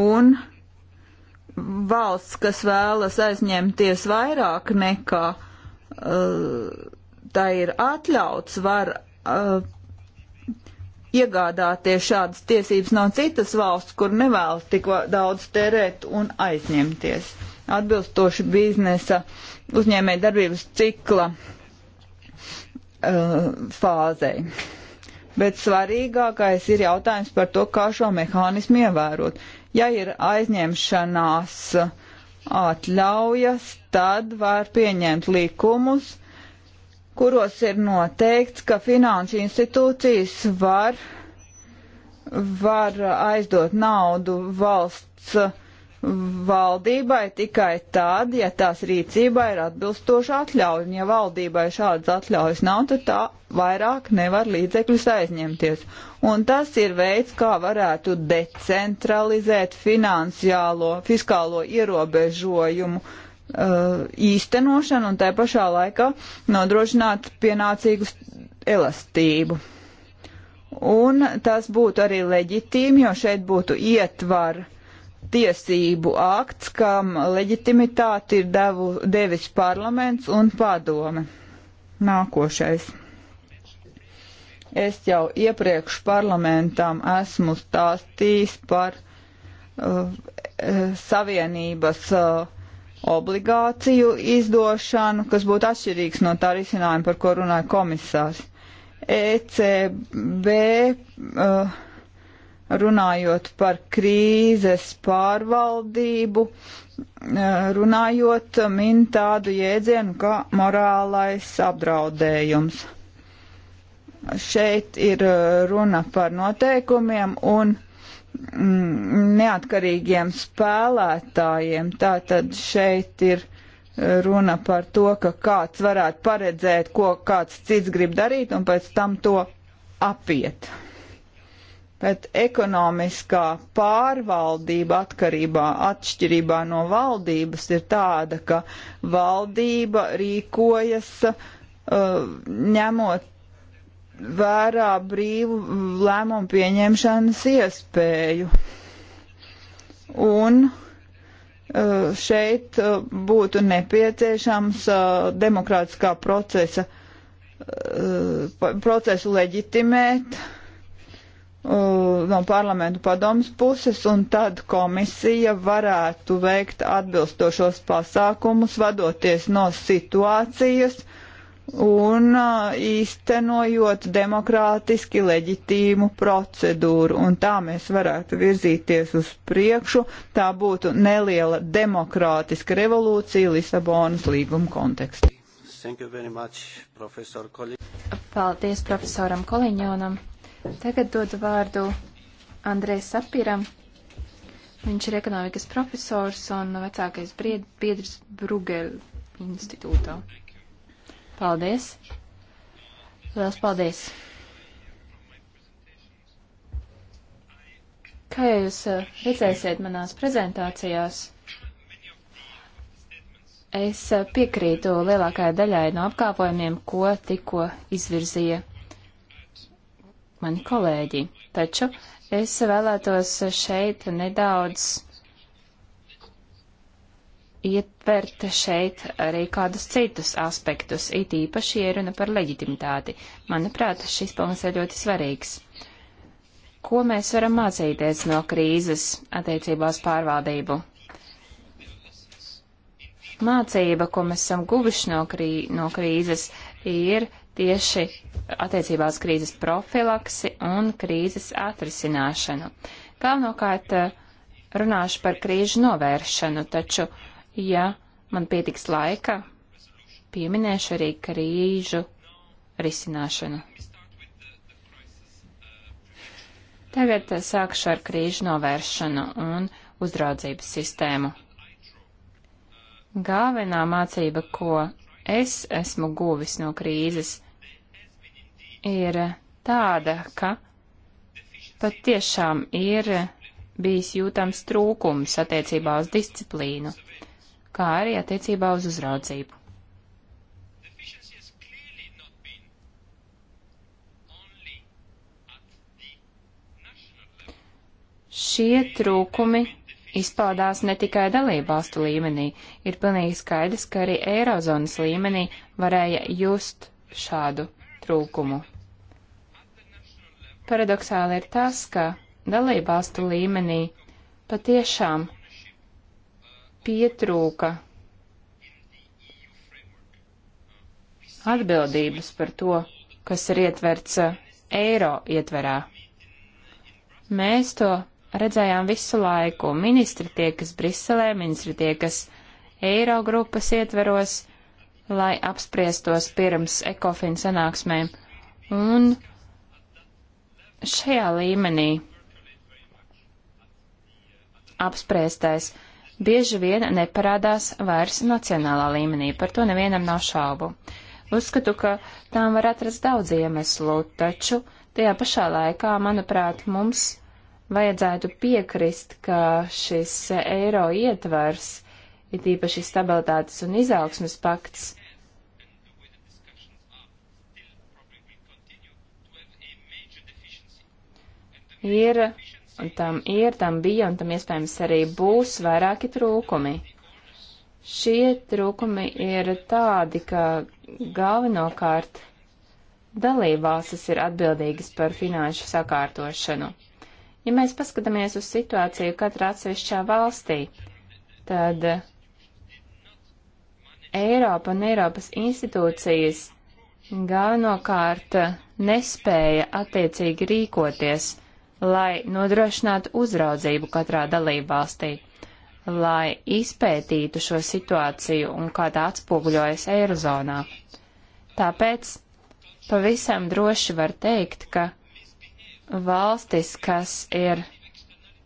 Un uh, valsts, kas vēlas aizņemties vairāk nekā uh, tā ir atļauts, var uh, iegādāties šādas tiesības no citas valsts, kur nevēlas tik daudz terēt un aizņemties. Atbilstoši biznesa uzņēmē darbības cikla uh, fāzei. Bet svarīgākais ir jautājums par to, kā šo mehānismu ievērot. Uh, Ja ir aizņemšanās atļaujas, tad var pieņemt likumus, kuros ir noteikts, ka finanšu institūcijas var, var aizdot naudu valsts valdībai tikai tad, ja tās rīcībā ir atbilstoša atļauja. Un ja valdībai šādas atļaujas nav, tad tā vairāk nevar līdzekļus aizņemties. Un tas ir veids, kā varētu decentralizēt finansiālo, fiskālo ierobežojumu uh, īstenošanu un tai pašā laikā nodrošināt pienācīgu elastību. Un tas būtu arī leģitīmi, jo šeit būtu ietvar uh, tiesību akts, kam leģitimitāti ir devu, devis parlaments un padome. Nākošais. Es jau iepriekš parlamentam esmu stāstījis par uh, savienības uh, obligāciju izdošanu, kas būtu atšķirīgs no tā risinājuma, par ko runāja komisārs. ECB uh, runājot par krīzes pārvaldību, eh, runājot min tādu jēdzienu kā morālais apdraudējums. Šeit ir eh, runa par noteikumiem un mm, neatkarīgiem spēlētājiem. Tātad šeit ir eh, runa par to, ka kāds varētu paredzēt, ko kāds cits grib darīt un pēc tam to apiet bet ekonomiskā pārvaldība atkarībā atšķirībā no valdības ir tāda, ka valdība rīkojas uh, ņemot vērā brīvu lēmumu pieņemšanas iespēju. Un uh, šeit uh, būtu nepieciešams uh, demokrātiskā procesa, procesu leģitimēt, no parlamentu padomas puses, un tad komisija varētu veikt atbilstošos pasākumus, vadoties no situācijas un īstenojot demokrātiski leģitīmu procedūru. Un tā mēs varētu virzīties uz priekšu. Tā būtu neliela demokrātiska revolūcija Lisabonas līguma kontekstā. Paldies profesoram Koliņonam. Tagad dodu vārdu Andrejs Sapiram. Viņš ir ekonomikas profesors un vecākais biedrs Brugel institūtā. Paldies! Lielas paldies! Kā jūs eh, redzēsiet manās prezentācijās, es eh, piekrītu lielākajai daļai no apkāpojumiem, ko tikko izvirzīja mani kolēģi, taču es vēlētos šeit nedaudz ietvert šeit arī kādus citus aspektus, it īpaši ieruna par leģitimitāti. Manuprāt, šis punkts ir ļoti svarīgs. Ko mēs varam mācīties no krīzes attiecībās pārvaldību? Mācība, ko mēs esam guvuši no, krī, no krīzes, ir tieši attiecībā uz krīzes profilaksi un krīzes atrisināšanu. Galvenokārt eh, runāšu par krīžu novēršanu, taču, ja man pietiks laika, pieminēšu arī krīžu risināšanu. Tagad eh, sākšu ar krīžu novēršanu un uzraudzības sistēmu. Galvenā mācība, ko es esmu guvis no krīzes, ir tāda, ka pat tiešām ir bijis jūtams trūkums attiecībā uz disciplīnu, kā arī attiecībā uz uzraudzību. Šie trūkumi izpaudās ne tikai dalībvalstu līmenī, ir pilnīgi skaidrs, ka arī Eirozonas līmenī varēja just šādu trūkumu. Paradoxāli ir tas, ka dalībvalstu līmenī patiešām pietrūka atbildības par to, kas ir ietverts uh, eiro ietverā. Mēs to redzējām visu laiku. Ministri tie, kas Briselē, ministri tie, kas eiro grupas ietveros, lai apspriestos pirms ekofin sanāksmēm. Un šajā līmenī apspriestais bieži vien neparādās vairs nacionālā līmenī, par to nevienam nav šaubu. Uzskatu, ka tām var atrast daudz iemeslu, taču tajā pašā laikā, manuprāt, mums vajadzētu piekrist, ka šis eiro ietvars, it īpaši stabilitātes un izaugsmes pakts, ir, un tam ir, tam bija, un tam iespējams arī būs vairāki trūkumi. Šie trūkumi ir tādi, ka galvenokārt dalībvalstis ir atbildīgas par finanšu sakārtošanu. Ja mēs paskatāmies uz situāciju katrā atsevišķā valstī, tad Eiropa un Eiropas institūcijas galvenokārt nespēja attiecīgi rīkoties lai nodrošinātu uzraudzību katrā dalībvalstī, lai izpētītu šo situāciju un kā tā atspoguļojas Eirozonā. Tāpēc pavisam droši var teikt, ka valstis, kas ir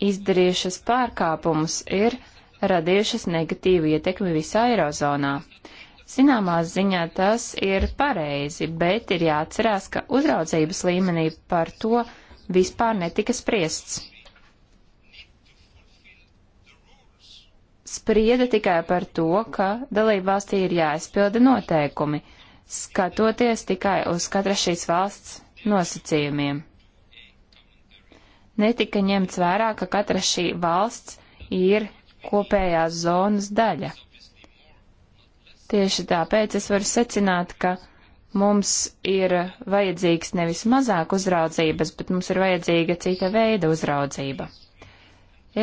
izdarījušas pārkāpumus, ir radījušas negatīvu ietekmi visā Eirozonā. Zināmā ziņā tas ir pareizi, bet ir jāatcerās, ka uzraudzības līmenī par to, vispār netika spriests. Sprieda tikai par to, ka dalībvalstī ir jāizpilda noteikumi, skatoties tikai uz katra šīs valsts nosacījumiem. Netika ņemts vērā, ka katra šī valsts ir kopējās zonas daļa. Tieši tāpēc es varu secināt, ka Mums ir vajadzīgs nevis mazāk uzraudzības, bet mums ir vajadzīga cita veida uzraudzība.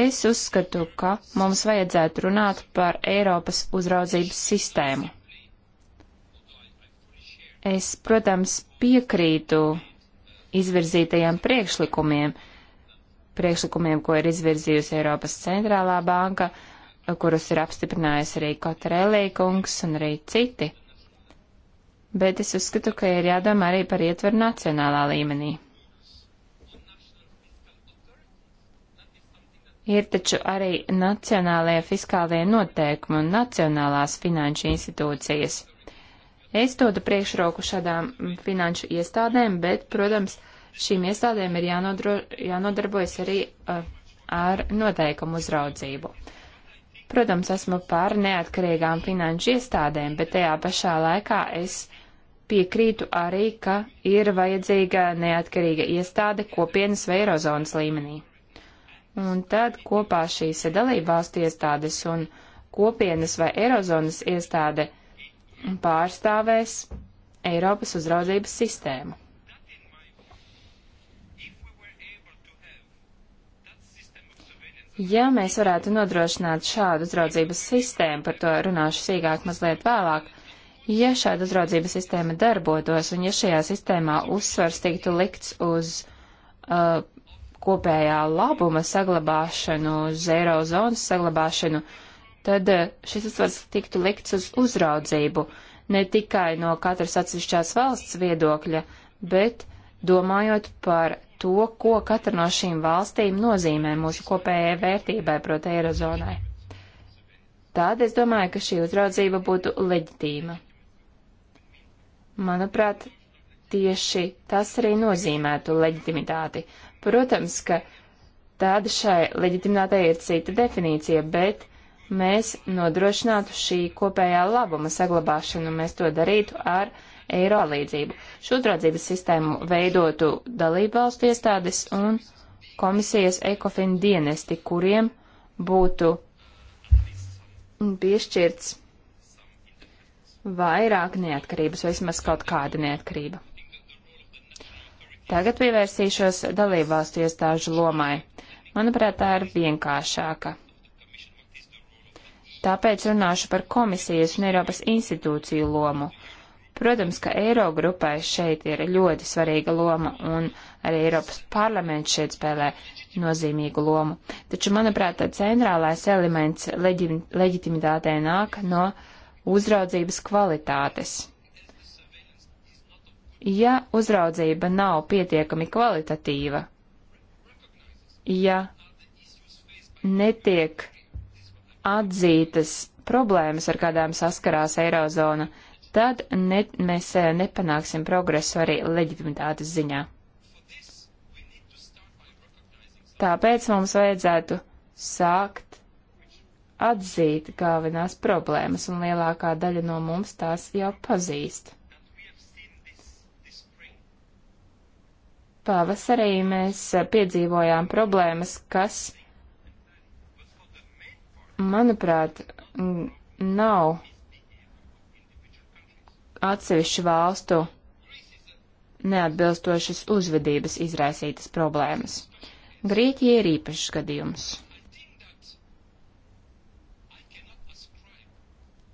Es uzskatu, ka mums vajadzētu runāt par Eiropas uzraudzības sistēmu. Es, protams, piekrītu izvirzītajiem priekšlikumiem, priekšlikumiem, ko ir izvirzījusi Eiropas centrālā banka, kurus ir apstiprinājis arī Kotrēlīkungs un arī citi bet es uzskatu, ka ir jādomā arī par ietveru nacionālā līmenī. Ir taču arī nacionālajie fiskālie noteikumi un nacionālās finanšu institūcijas. Es dodu priekšroku šādām finanšu iestādēm, bet, protams, šīm iestādēm ir jānodro, jānodarbojas arī uh, ar noteikumu uzraudzību. Protams, esmu par neatkarīgām finanšu iestādēm, bet tajā pašā laikā es piekrītu arī, ka ir vajadzīga neatkarīga iestāde kopienas vai eirozonas līmenī. Un tad kopā šīs dalībvalstu iestādes un kopienas vai eirozonas iestāde pārstāvēs Eiropas uzraudzības sistēmu. Ja mēs varētu nodrošināt šādu uzraudzības sistēmu, par to runāšu sīkāk mazliet vēlāk, Ja šāda uzraudzības sistēma darbotos un ja šajā sistēmā uzsvars tiktu likts uz uh, kopējā labuma saglabāšanu, uz eirozonas saglabāšanu, tad uh, šis uzsvars tiktu likts uz uzraudzību ne tikai no katras atsevišķās valsts viedokļa, bet domājot par to, ko katra no šīm valstīm nozīmē mūsu kopējai vērtībai, proti, eirozonai. Tāda es domāju, ka šī uzraudzība būtu leģitīma. Manuprāt, tieši tas arī nozīmētu leģitimitāti. Protams, ka tāda šai leģitimitātei ir cita definīcija, bet mēs nodrošinātu šī kopējā labuma saglabāšanu, mēs to darītu ar eiro līdzību. Šūtrādzības sistēmu veidotu dalībvalstu iestādes un komisijas ekofin dienesti, kuriem būtu piešķirts vairāk neatkarības, vismaz kaut kāda neatkarība. Tagad pievērsīšos dalībvalstu iestāžu lomai. Manuprāt, tā ir vienkāršāka. Tāpēc runāšu par komisijas un Eiropas institūciju lomu. Protams, ka Eirogrupai šeit ir ļoti svarīga loma un arī Eiropas parlaments šeit spēlē nozīmīgu lomu. Taču, manuprāt, centrālais elements leģi leģitimitātei nāk no uh, uzraudzības kvalitātes. Ja uzraudzība nav pietiekami kvalitatīva, ja netiek atzītas problēmas, ar kādām saskarās Eirozona, tad ne, mēs eh, nepanāksim progresu arī leģitimitātes ziņā. Tāpēc mums vajadzētu sākt atzīt galvenās problēmas, un lielākā daļa no mums tās jau pazīst. Pavasarī mēs piedzīvojām problēmas, kas, manuprāt, nav atsevišķu valstu neatbilstošas uzvedības izraisītas problēmas. Grieķija ir īpašs gadījums.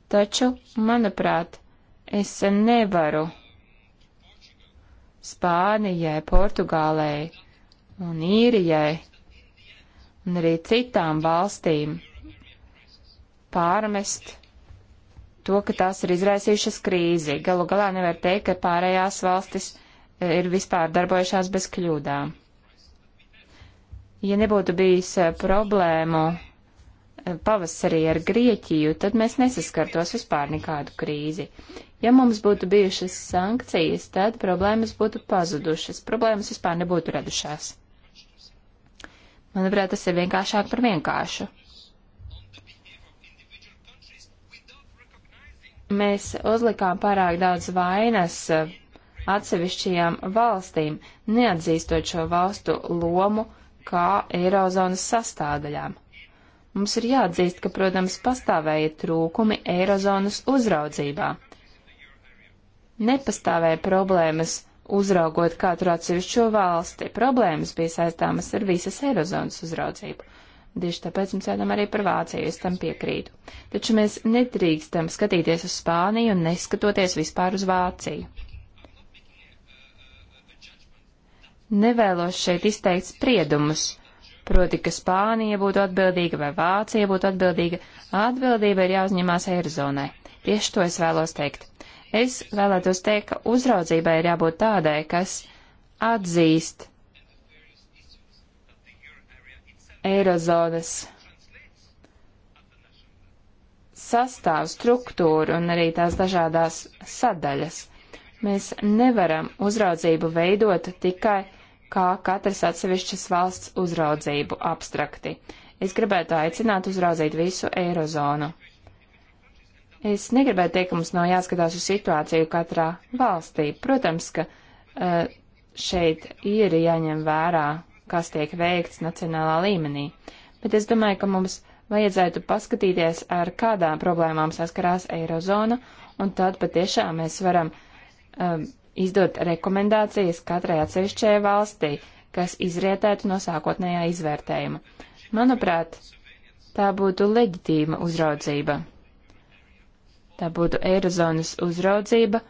Taču, manuprāt, es nevaru Spānijai, Portugālei un Īrijai un arī citām valstīm pārmest to, ka tās ir izraisījušas krīzi. Galu galā nevar teikt, ka pārējās valstis e, ir vispār darbojušās bez kļūdām. Ja nebūtu bijis e, problēmu Eh, pavasarī ar Grieķiju, tad mēs nesaskartos vispār nekādu krīzi. Ja mums būtu bijušas sankcijas, tad problēmas būtu pazudušas, problēmas vispār nebūtu radušās. Manuprāt, tas ir vienkāršāk par vienkāršu. Mēs uzlikām pārāk daudz vainas eh, atsevišķajām valstīm, neatzīstot šo valstu lomu kā Eirozonas sastāvdaļām. Mums ir jāatzīst, ka, protams, pastāvēja trūkumi Eirozonas uzraudzībā. Nepastāvēja problēmas uzraugot katru atsevišķo valsti. Problēmas bija saistāmas ar visas Eirozonas uzraudzību. Tieši tāpēc mums jādam arī par Vāciju, es tam piekrītu. Taču mēs nedrīkstam skatīties uz Spāniju un neskatoties vispār uz Vāciju. Nevēlos šeit izteikt spriedumus proti, ka Spānija būtu atbildīga vai Vācija būtu atbildīga, atbildība ir jāuzņemās Eirozonai. Tieši to es vēlos teikt. Es vēlētos teikt, ka uzraudzībai ir jābūt tādai, kas atzīst Eirozonas sastāvu struktūru un arī tās dažādās sadaļas. Mēs nevaram uzraudzību veidot tikai kā katras atsevišķas valsts uzraudzību abstrakti. Es gribētu aicināt uzraudzīt visu eirozonu. Es negribētu teikt, ka mums nav jāskatās uz situāciju katrā valstī. Protams, ka eh, šeit ir jāņem vērā, kas tiek veikts nacionālā līmenī, bet es domāju, ka mums vajadzētu paskatīties, ar kādām problēmām saskarās eirozona, un tad patiešām mēs varam um, izdot rekomendācijas katrai atsevišķajai valstī, kas izrietētu no sākotnējā izvērtējuma. Manuprāt, tā būtu leģitīma uzraudzība. Tā būtu Eirozonas uzraudzība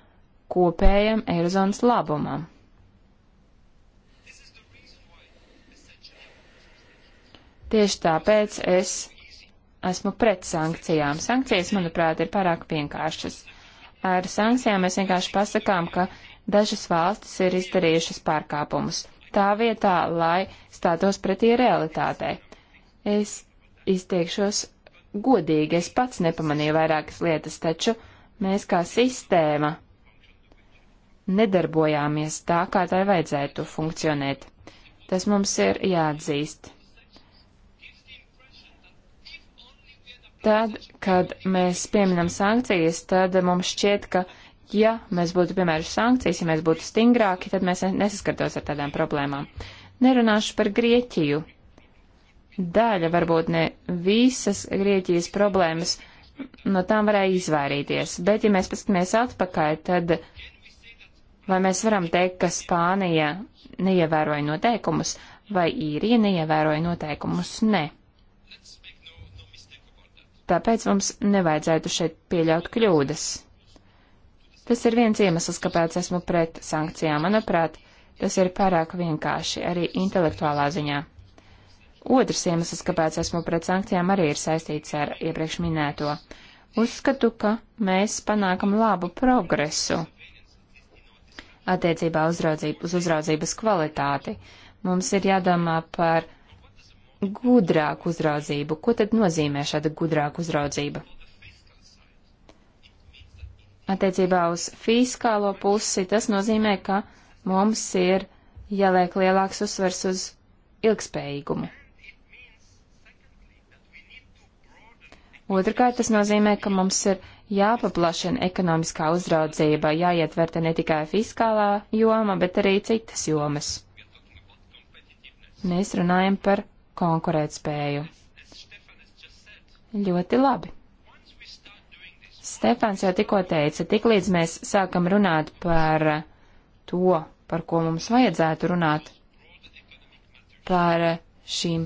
kopējam Eirozonas labumam. Tieši tāpēc es esmu pret sankcijām. Sankcijas, manuprāt, ir pārāk vienkāršas. Ar sankcijām mēs vienkārši pasakām, ka Dažas valstis ir izdarījušas pārkāpumus tā vietā, lai stātos pretī realitātei. Es izteikšos godīgi, es pats nepamanīju vairākas lietas, taču mēs kā sistēma nedarbojāmies tā, kā tai vajadzētu funkcionēt. Tas mums ir jāatzīst. Tad, kad mēs pieminam sankcijas, tad mums šķiet, ka ja mēs būtu, piemēram, sankcijas, ja mēs būtu stingrāki, tad mēs nesaskartos ar tādām problēmām. Nerunāšu par Grieķiju. Daļa, varbūt ne visas Grieķijas problēmas, no tām varēja izvairīties. Bet, ja mēs paskatāmies atpakaļ, tad vai mēs varam teikt, ka Spānija neievēroja noteikumus, vai īrija neievēroja noteikumus? Nē. Tāpēc mums nevajadzētu šeit pieļaut kļūdas. Tas ir viens iemesls, kāpēc esmu pret sankcijām. Manuprāt, tas ir pārāk vienkārši arī intelektuālā ziņā. Otrs iemesls, kāpēc esmu pret sankcijām, arī ir saistīts ar iepriekš minēto. Uzskatu, ka mēs panākam labu progresu attiecībā uzraudzību, uz uzraudzības kvalitāti. Mums ir jādomā par gudrāku uzraudzību. Ko tad nozīmē šāda gudrāka uzraudzība? Attiecībā uz fiskālo pusi tas nozīmē, ka mums ir jāliek lielāks uzsvers uz ilgspējīgumu. Otrakārt, tas nozīmē, ka mums ir jāpaplašina ekonomiskā uzraudzība, jāietverta ne tikai fiskālā joma, bet arī citas jomas. Mēs runājam par konkurētspēju. Ļoti labi. Stefāns jau tikko teica, tiklīdz mēs sākam runāt par to, par ko mums vajadzētu runāt, par šīm,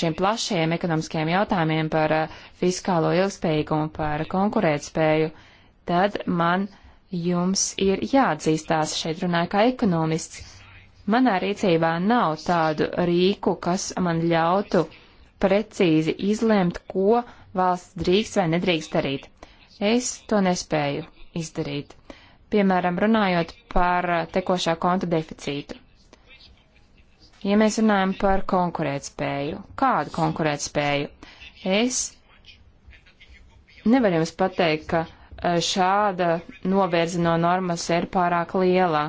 šiem plašajiem ekonomiskajiem jautājumiem, par fiskālo ilgspējīgumu, par konkurētspēju, tad man jums ir jāatzīstās, šeit runāju kā ekonomists. Manā rīcībā nav tādu rīku, kas man ļautu precīzi izlemt, ko valsts drīkst vai nedrīkst darīt. Es to nespēju izdarīt. Piemēram, runājot par tekošā konta deficītu. Ja mēs runājam par konkurētspēju, kādu konkurētspēju? Es nevaru jums pateikt, ka e, šāda novērza no normas ir pārāk liela.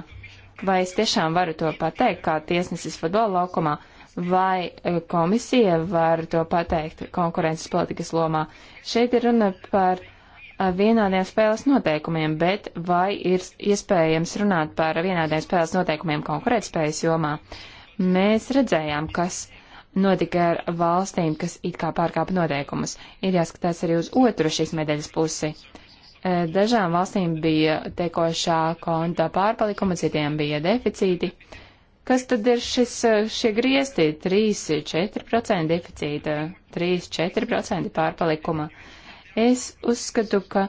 Vai es tiešām varu to pateikt kā tiesnesis futbola laukumā, vai e, komisija var to pateikt konkurences politikas lomā? Šeit ir runa par Eh, vienādiem spēles noteikumiem, bet vai ir iespējams runāt par vienādiem spēles noteikumiem konkurētspējas jomā? Mēs redzējām, kas notika ar valstīm, kas it kā pārkāpa noteikumus. Ir jāskatās arī uz otru šīs medaļas pusi. Eh, dažām valstīm bija tekošā konta pārpalikuma, citiem bija deficīti. Kas tad ir šis, eh, šie griezti 3-4% deficīta, 3-4% pārpalikuma? Uh, Es uzskatu, ka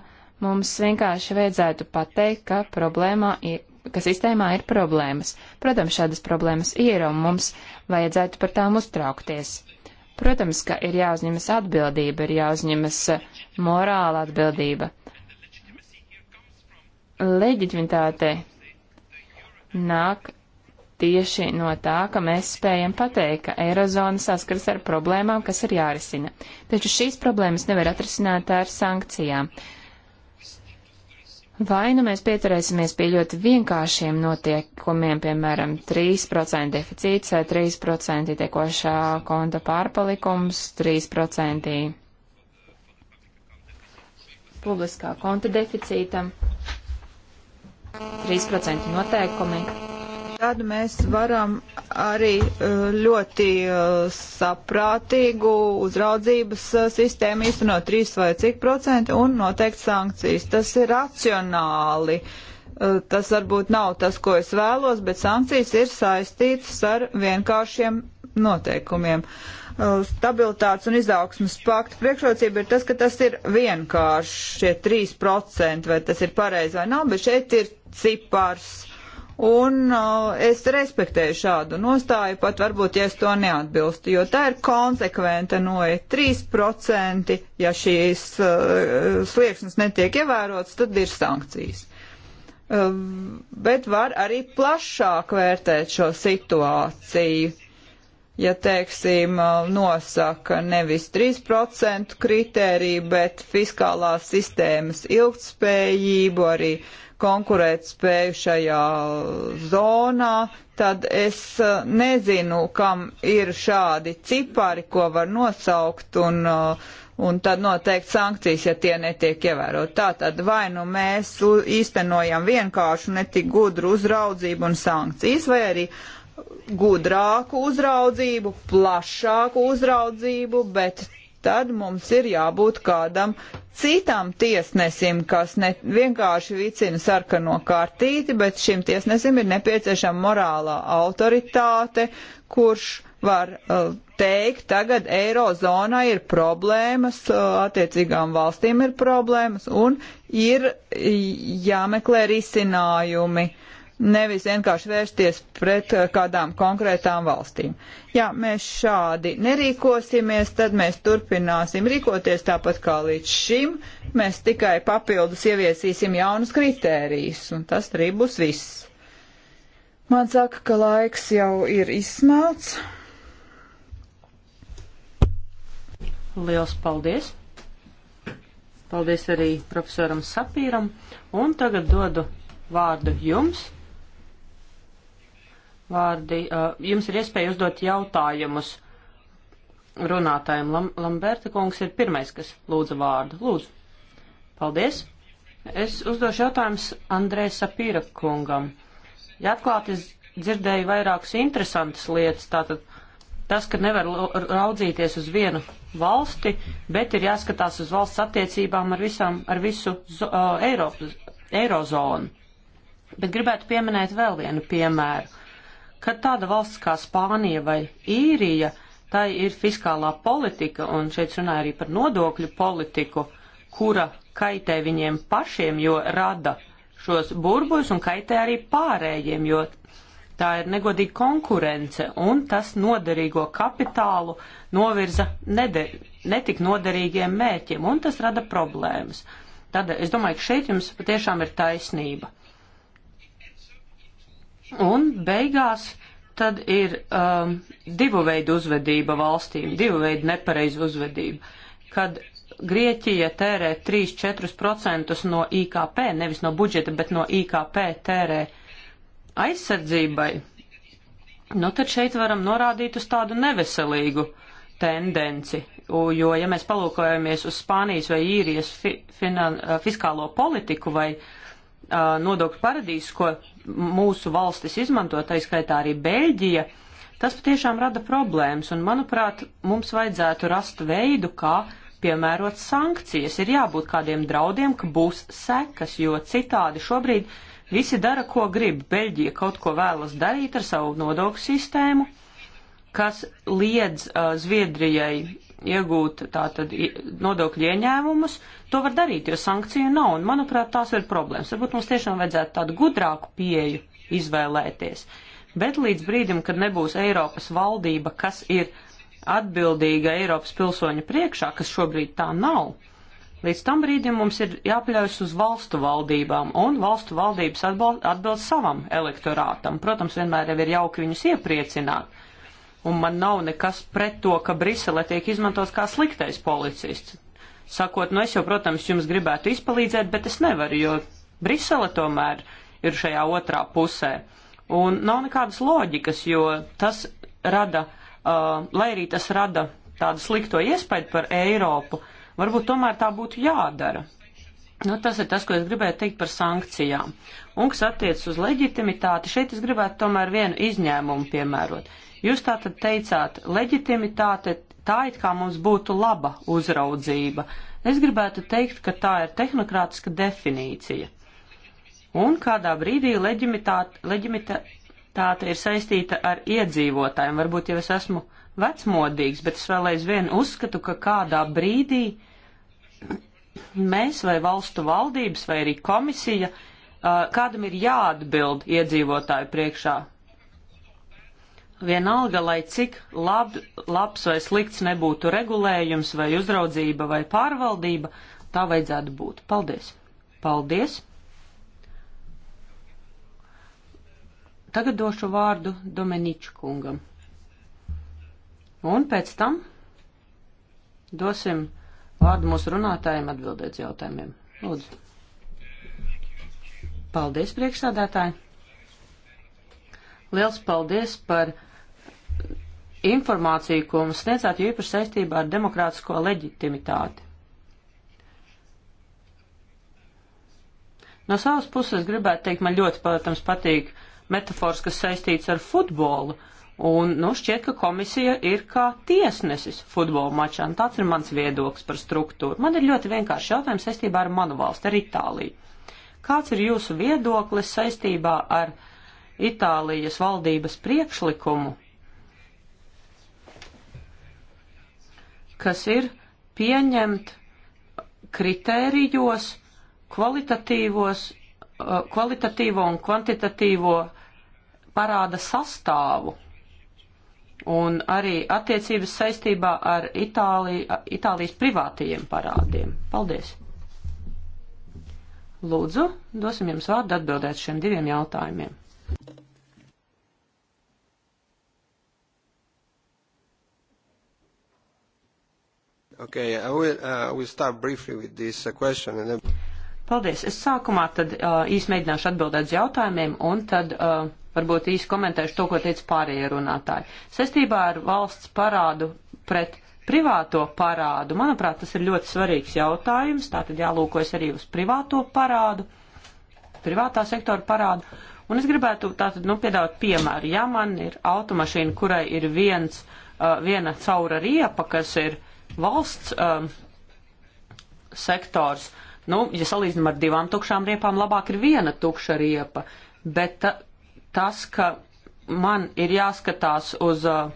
mums vienkārši vajadzētu pateikt, ka problēmā ir ka sistēmā ir problēmas. Protams, šādas problēmas ir un mums vajadzētu par tām uztraukties. Protams, ka ir jāuzņemas atbildība, ir jāuzņemas morāla atbildība. Leģitimitāte nāk tieši no tā, ka mēs spējam pateikt, ka Eirozona saskaras ar problēmām, kas ir jārisina. Taču šīs problēmas nevar atrisināt ar sankcijām. Vai nu mēs pieturēsimies pie ļoti vienkāršiem notiekumiem, piemēram, 3% deficīts, 3% tekošā konta pārpalikums, 3% publiskā konta deficītam, 3% noteikumi tad mēs varam arī uh, ļoti uh, saprātīgu uzraudzības uh, sistēmu īstenot 3 vai cik procenti un noteikt sankcijas. Tas ir racionāli. Tas varbūt nav tas, ko es vēlos, bet sankcijas ir saistītas ar vienkāršiem noteikumiem. Stabilitātes un izaugsmas pakta priekšrocība ir tas, ka tas ir vienkārši šie 3%, vai tas ir pareizi vai nav, bet šeit ir cipars Un uh, es respektēju šādu nostāju, pat varbūt, ja es to neatbilstu, jo tā ir konsekventa noja. 3%, ja šīs uh, slieksnes netiek ievērotas, tad ir sankcijas. Uh, bet var arī plašāk vērtēt šo situāciju. Ja, teiksim, uh, nosaka nevis 3% kritēriju, bet fiskālās sistēmas ilgtspējību arī uh, konkurētspēju šajā zonā, tad es eh, nezinu, kam ir šādi cipari, ko var nosaukt un, eh, un tad noteikti sankcijas, ja tie netiek ievērot. Tātad vai nu mēs īstenojam vienkāršu netik gudru uzraudzību un sankcijas, vai arī gudrāku uzraudzību, plašāku uzraudzību, bet tad mums ir jābūt kādam citam tiesnesim, kas ne vienkārši vicina sarkano kārtīti, bet šim tiesnesim ir nepieciešama morālā autoritāte, kurš var uh, teikt, tagad Eirozonā ir problēmas, uh, attiecīgām valstīm ir problēmas un ir jāmeklē risinājumi. Uh, nevis vienkārši vērsties pret eh, kādām konkrētām valstīm. Ja mēs šādi nerīkosimies, tad mēs turpināsim rīkoties tāpat kā līdz šim. Mēs tikai papildus ieviesīsim jaunus kritērijus, un tas arī būs viss. Man saka, ka laiks jau ir izsmelts. Liels paldies! Paldies arī profesoram Sapīram, un tagad dodu vārdu jums vārdi. Uh, jums ir iespēja uzdot jautājumus runātājiem. Lam Lamberta kungs ir pirmais, kas lūdza vārdu. Lūdzu. Paldies. Es uzdošu jautājumus Andrēja Sapīra kungam. Ja atklāti es dzirdēju vairākas interesantas lietas, tātad tas, ka nevar raudzīties uz vienu valsti, bet ir jāskatās uz valsts attiecībām ar, visam, ar visu zo, uh, Eiropas, Eirozonu. Bet gribētu pieminēt vēl vienu piemēru ka tāda valsts kā Spānija vai Īrija, tai ir fiskālā politika, un šeit runāja arī par nodokļu politiku, kura kaitē viņiem pašiem, jo rada šos burbuļus un kaitē arī pārējiem, jo tā ir negodīga konkurence, un tas noderīgo kapitālu novirza nede, netik noderīgiem mērķiem, un tas rada problēmas. Tad es domāju, ka šeit jums patiešām ir taisnība. Un beigās tad ir um, divu veidu uzvedība valstīm, divu veidu nepareizu uzvedību, kad Grieķija tērē 3-4% no IKP, nevis no budžeta, bet no IKP tērē aizsardzībai, nu tad šeit varam norādīt uz tādu neveselīgu tendenci, jo, ja mēs palūkojamies uz Spānijas vai īrijas fi, finan, fiskālo politiku vai uh, nodokļu paradīsu, ko mūsu valstis izmanto, tā izskaitā arī Bēļģija, tas patiešām rada problēmas, un manuprāt, mums vajadzētu rast veidu, kā piemērot sankcijas. Ir jābūt kādiem draudiem, ka būs sekas, jo citādi šobrīd visi dara, ko grib. Beļģija kaut ko vēlas darīt ar savu nodokļu sistēmu, kas liedz uh, Zviedrijai iegūt tātad nodokļu ieņēmumus, to var darīt, jo sankciju nav, un manuprāt, tās ir problēmas. Varbūt mums tiešām vajadzētu tādu gudrāku pieju izvēlēties. Bet līdz brīdim, kad nebūs Eiropas valdība, kas ir atbildīga Eiropas pilsoņu priekšā, kas šobrīd tā nav, līdz tam brīdim mums ir jāpaļaujas uz valstu valdībām, un valstu valdības atbild, atbild savam elektorātam. Protams, vienmēr jau ir jauki viņus iepriecināt un man nav nekas pret to, ka Brisele tiek izmantots kā sliktais policists. Sakot, nu es jau, protams, jums gribētu izpalīdzēt, bet es nevaru, jo Brisele tomēr ir šajā otrā pusē. Un nav nekādas loģikas, jo tas rada, uh, lai arī tas rada tādu slikto iespēju par Eiropu, varbūt tomēr tā būtu jādara. Nu, tas ir tas, ko es gribēju teikt par sankcijām. Un kas attiec uz leģitimitāti, šeit es gribētu tomēr vienu izņēmumu piemērot. Uh, Jūs tātad teicāt, leģitimitāte tā it kā mums būtu laba uzraudzība. Es gribētu teikt, ka tā ir tehnokrātiska definīcija. Un kādā brīdī leģimitāte, leģimitāte ir saistīta ar iedzīvotājiem. Varbūt jau es esmu vecmodīgs, bet es vēl aizvien uzskatu, ka kādā brīdī mēs vai valstu valdības vai arī komisija uh, kādam ir jāatbild iedzīvotāju priekšā vienalga, lai cik lab, labs vai slikts nebūtu regulējums vai uzraudzība vai pārvaldība, tā vajadzētu būt. Paldies! Paldies! Tagad došu vārdu Domeniču kungam. Un pēc tam dosim vārdu mūsu runātājiem atbildēt jautājumiem. Lūdzu. Paldies, priekšsādātāji! Liels paldies par informāciju, ko mums sniedzāt, jo īpaši saistībā ar demokrātisko leģitimitāti. No savas puses gribētu teikt, man ļoti, protams, patīk metafors, kas saistīts ar futbolu. Un, nu, šķiet, ka komisija ir kā tiesnesis futbola mačā, un tāds ir mans viedoklis par struktūru. Man ir ļoti vienkārši jautājums saistībā ar manu valsti, ar Itāliju. Kāds ir jūsu viedoklis saistībā ar Itālijas valdības priekšlikumu kas ir pieņemt kritērijos kvalitatīvos, uh, kvalitatīvo un kvantitatīvo parāda sastāvu un arī attiecības saistībā ar Itāliju, Itālijas privātajiem parādiem. Paldies! Lūdzu, dosim jums vārdu atbildēt šiem diviem jautājumiem. Okay, I will, uh, will start briefly with this uh, question and then... Paldies. Es sākumā tad uh, īsi mēģināšu atbildēt uz jautājumiem un tad uh, varbūt īsi komentēšu to, ko teica pārējie runātāji. Sestībā ar valsts parādu pret privāto parādu, manuprāt, tas ir ļoti svarīgs jautājums, tātad jālūkojas arī uz privāto parādu, privātā sektora parādu. Un es gribētu tātad, nu, piedāvāt piemēru. Ja man ir automašīna, kurai ir viens, uh, viena caura riepa, kas ir uh, valsts um, sektors, nu, ja salīdzinām ar divām tukšām riepām, labāk ir viena tukša riepa, bet ta, uh, tas, ka man ir jāskatās uz uh,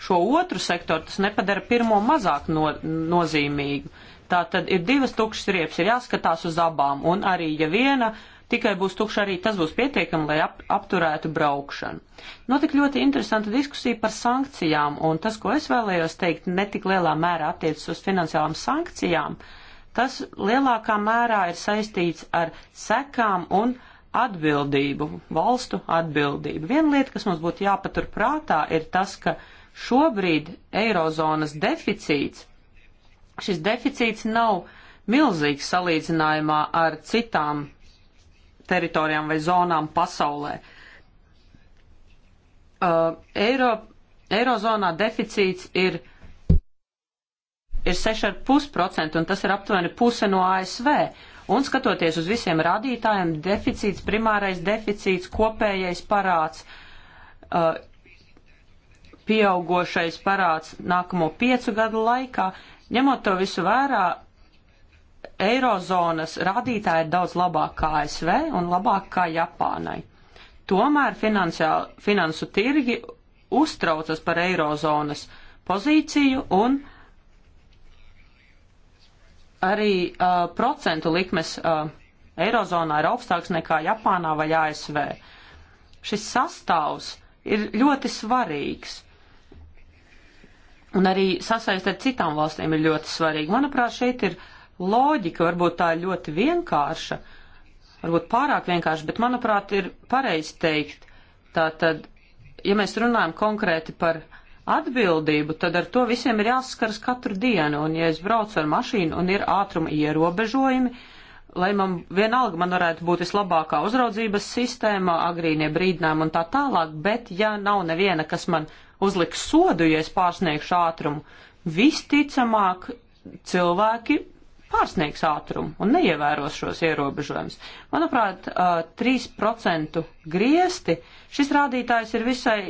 šo otru sektoru, tas nepadara pirmo mazāk no, nozīmīgu. Tā tad ir divas tukšas riepas, ir jāskatās uz abām, un arī, ja viena uh, tikai būs tukša arī tas būs pietiekami, lai ap, apturētu braukšanu. Notika nu, ļoti interesanta diskusija par sankcijām, un tas, ko es vēlējos teikt, netik lielā mērā attiecas uz finansiālām sankcijām, tas lielākā mērā ir saistīts ar sekām un atbildību, valstu atbildību. Viena lieta, kas mums būtu jāpatur prātā, ir tas, ka šobrīd eirozonas deficīts, šis deficīts nav milzīgs salīdzinājumā ar citām teritorijām vai zonām pasaulē. Uh, Eiro, Eirozonā deficīts ir, ir 6,5% un tas ir aptuveni puse no ASV. Un skatoties uz visiem rādītājiem, deficīts, primārais deficīts, kopējais parāds, uh, pieaugošais parāds nākamo piecu gadu laikā, ņemot to visu vērā, Eirozonas rādītāji ir daudz labāk kā ASV un labāk kā Japānai. Tomēr finansu tirgi uztraucas par Eirozonas pozīciju un arī uh, procentu likmes uh, Eirozonā ir augstāks nekā Japānā vai ASV. Šis sastāvs ir ļoti svarīgs. Un arī sasaist ar citām valstīm ir ļoti svarīgi. Manuprāt, šeit ir loģika, varbūt tā ir ļoti vienkārša, varbūt pārāk vienkārša, bet manuprāt ir pareizi teikt. Tātad, ja mēs runājam konkrēti par atbildību, tad ar to visiem ir jāsaskaras katru dienu, un ja es braucu ar mašīnu un ir ātruma ierobežojumi, lai man vienalga man varētu būt vislabākā uzraudzības sistēma, agrīnie brīdinājumi un tā tālāk, bet ja nav neviena, kas man uzliks sodu, ja es pārsniegšu ātrumu, visticamāk cilvēki pārsniegs ātrumu un neievēros šos ierobežojumus. Manuprāt, 3% griesti šis rādītājs ir visai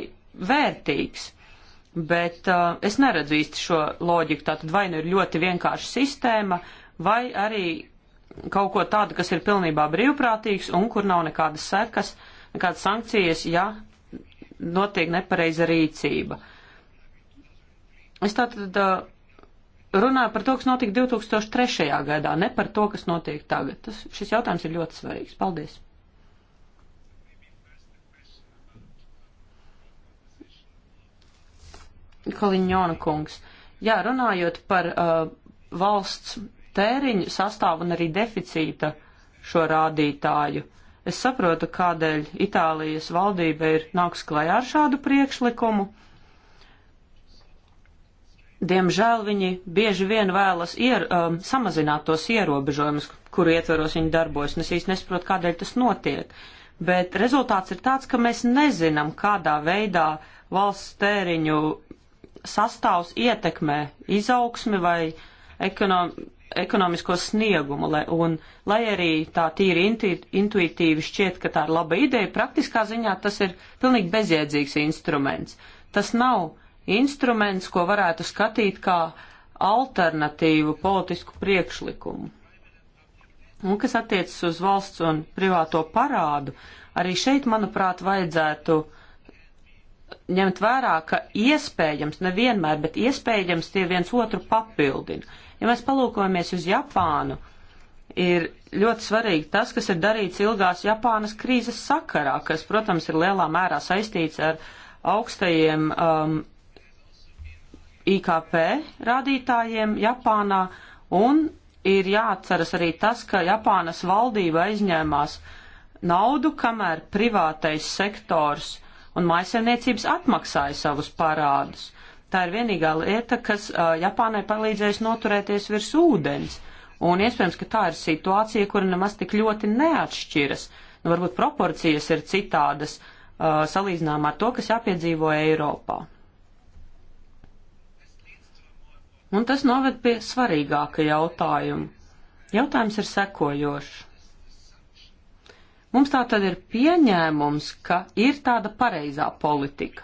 vērtīgs, bet es neredzu īsti šo loģiku. Tātad vai nu ir ļoti vienkārša sistēma, vai arī kaut ko tādu, kas ir pilnībā brīvprātīgs un kur nav nekādas sekas, nekādas sankcijas, ja notiek nepareiza rīcība. Es tātad runāju par to, kas notika 2003. gadā, ne par to, kas notiek tagad. Tas, šis jautājums ir ļoti svarīgs. Paldies! Kaliņona kungs. Jā, runājot par uh, valsts tēriņu sastāvu un arī deficīta šo rādītāju. Es saprotu, kādēļ Itālijas valdība ir nāks klajā ar šādu priekšlikumu. Uh, Diemžēl viņi bieži vien vēlas ier, um, samazināt tos ierobežojumus, kuru ietveros viņi darbojas, un es īsti nesaprotu, kādēļ tas notiek. Bet rezultāts ir tāds, ka mēs nezinām, kādā veidā valsts tēriņu sastāvs ietekmē izaugsmi vai ekonom, ekonomisko sniegumu, lai, un lai arī tā tīri intu, intuitīvi šķiet, ka tā ir laba ideja, praktiskā ziņā tas ir pilnīgi bezjēdzīgs instruments. Tas nav instruments, ko varētu skatīt kā alternatīvu politisku priekšlikumu. Un kas attiecas uz valsts un privāto parādu, arī šeit, manuprāt, vajadzētu ņemt vērā, ka iespējams, nevienmēr, bet iespējams tie viens otru papildina. Ja mēs palūkojamies uz Japānu, ir ļoti svarīgi tas, kas ir darīts ilgās Japānas krīzes sakarā, kas, protams, ir lielā mērā saistīts ar augstajiem um, IKP rādītājiem Japānā, un ir jāatceras arī tas, ka Japānas valdība aizņēmās naudu, kamēr privātais sektors un maisaimniecības atmaksāja savus parādus. Tā ir vienīgā lieta, kas uh, Japānai palīdzēs noturēties virs ūdens, un iespējams, ka tā ir situācija, kura nemaz tik ļoti neatšķiras. Nu, varbūt proporcijas ir citādas uh, salīdzinām ar to, kas jāpiedzīvo Eiropā. Un tas noved pie svarīgāka jautājuma. Jautājums ir sekojošs. Mums tā tad ir pieņēmums, ka ir tāda pareizā politika.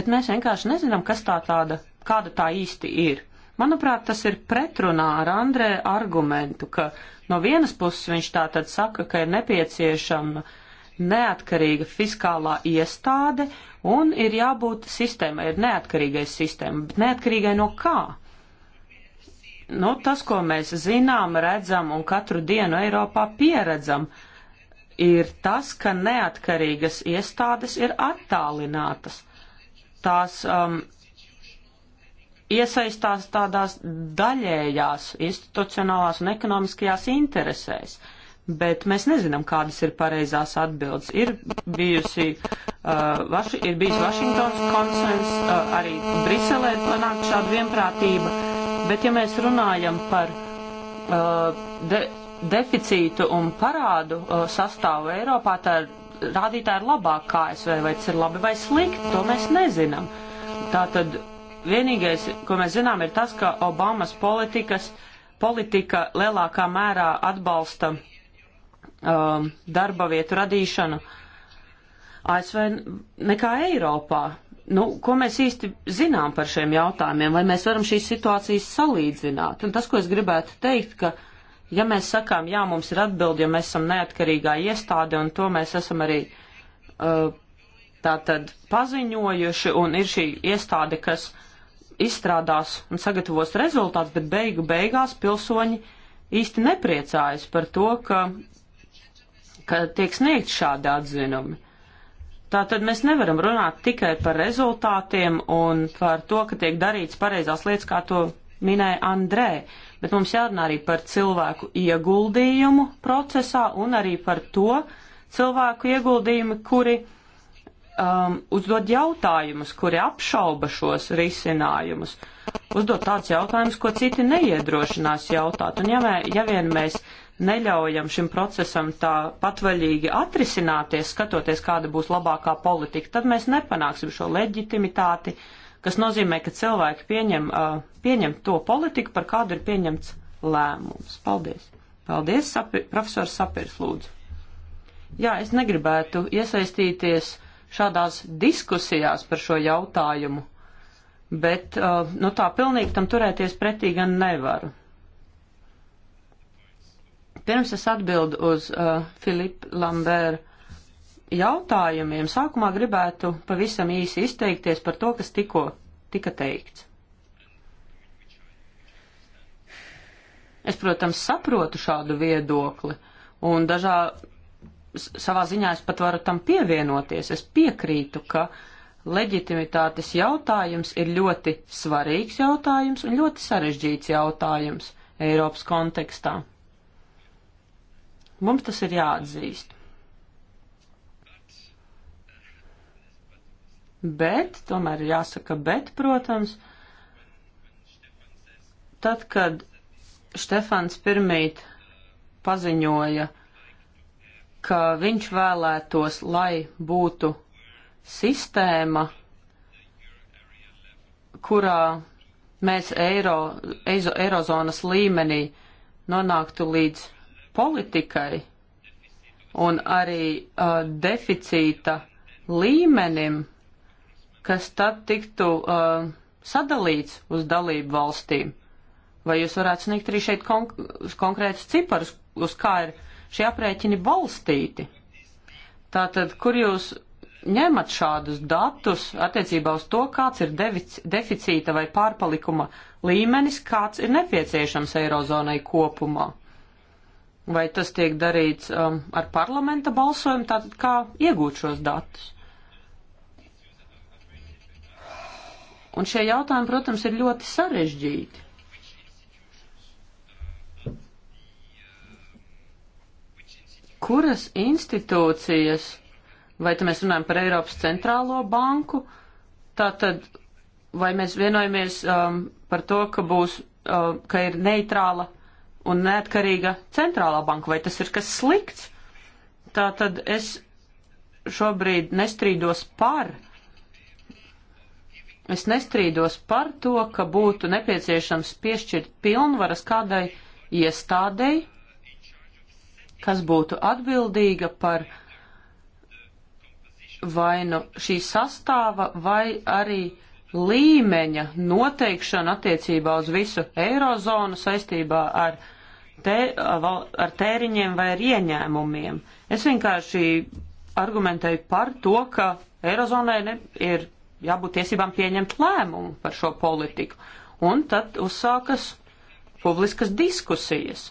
Bet mēs vienkārši nezinām, kas tā tāda, kāda tā īsti ir. Manuprāt, tas ir pretrunā ar Andrē argumentu, ka no vienas puses viņš tā tad saka, ka ir nepieciešama uh, neatkarīga fiskālā iestāde un ir jābūt sistēmai, ir neatkarīgai sistēmai, bet neatkarīgai no kā? Nu, tas, ko mēs zinām, redzam un katru dienu Eiropā pieredzam, ir tas, ka neatkarīgas iestādes ir attālinātas. Tās um, iesaistās tādās daļējās institucionālās un ekonomiskajās interesēs. Uh, bet mēs nezinām, kādas ir pareizās atbildes. Ir, bijusi, uh, vaši, ir bijis Vašingtons konsens, uh, arī Briselē panāk šāda vienprātība, bet ja mēs runājam par uh, de, deficītu un parādu uh, sastāvu Eiropā, tā ir rādītāji ir labāk KSV, vai tas ir labi vai slikti, to mēs nezinām. Tātad vienīgais, ko mēs zinām, ir tas, ka Obamas politikas, politika lielākā mērā atbalsta uh, um, darba vietu radīšanu ASV nekā Eiropā. Nu, ko mēs īsti zinām par šiem jautājumiem, vai mēs varam šīs situācijas salīdzināt? Un tas, ko es gribētu teikt, ka, ja mēs sakām, jā, mums ir atbildi, jo mēs esam neatkarīgā iestāde, un to mēs esam arī uh, tātad paziņojuši, un ir šī iestāde, kas izstrādās un sagatavos rezultātus, bet beigu beigās pilsoņi īsti nepriecājas par to, ka ka tiek sniegt šādi atzinumi. Tātad mēs nevaram runāt tikai par rezultātiem un par to, ka tiek darīts pareizās lietas, kā to minēja Andrē, bet mums jārunā arī par cilvēku ieguldījumu procesā un arī par to cilvēku ieguldījumu, kuri um, uzdod jautājumus, kuri apšauba šos risinājumus, uzdod tāds jautājums, ko citi neiedrošinās jautāt. Un ja, mē, ja vien mēs neļaujam šim procesam tā patvaļīgi atrisināties, skatoties, kāda būs labākā politika, tad mēs nepanāksim šo leģitimitāti, kas nozīmē, ka cilvēki pieņem, uh, pieņem to politiku, par kādu ir pieņemts lēmums. Paldies! Paldies, sapi, profesors Sapirs, lūdzu! Jā, es negribētu iesaistīties šādās diskusijās par šo jautājumu, bet uh, nu, tā pilnīgi tam turēties pretī gan nevaru Pirms es atbildu uz uh, Filipa Lambēra jautājumiem, sākumā gribētu pavisam īsi izteikties par to, kas tikko tika teikts. Es, protams, saprotu šādu viedokli, un dažā savā ziņā es pat varu tam pievienoties. Es piekrītu, ka leģitimitātes jautājums ir ļoti svarīgs jautājums un ļoti sarežģīts jautājums Eiropas kontekstā. Mums tas ir jāatzīst. Bet, tomēr ir jāsaka, bet, protams, tad, kad Štefans pirmīt paziņoja, ka viņš vēlētos, lai būtu sistēma, kurā mēs eiro, eizo, eirozonas līmenī nonāktu līdz politikai un arī uh, deficīta līmenim, kas tad tiktu uh, sadalīts uz dalību valstīm? Vai jūs varētu sniegt arī šeit konk konkrētus ciparus, uz kā ir šie aprēķini balstīti? Tātad, kur jūs ņemat šādus datus attiecībā uz to, kāds ir deficīta vai pārpalikuma līmenis, kāds ir nepieciešams Eirozonai kopumā? Vai tas tiek darīts um, ar parlamenta balsojumu, tātad kā iegūt šos datus? Un šie jautājumi, protams, ir ļoti sarežģīti. Kuras institūcijas, vai te mēs runājam par Eiropas centrālo banku, tātad vai mēs vienojamies um, par to, ka būs, um, ka ir neitrāla un neatkarīga centrālā banka, vai tas ir kas slikts? Tā tad es šobrīd nestrīdos par. Es nestrīdos par to, ka būtu nepieciešams piešķirt pilnvaras kādai iestādei, kas būtu atbildīga par vainu šī sastāva vai arī līmeņa noteikšanu attiecībā uz visu eirozonu saistībā ar tē, ar tēriņiem vai ar ieņēmumiem. Es vienkārši argumentēju par to, ka Eirozonai ne, ir jābūt tiesībām pieņemt lēmumu par šo politiku. Un tad uzsākas publiskas diskusijas.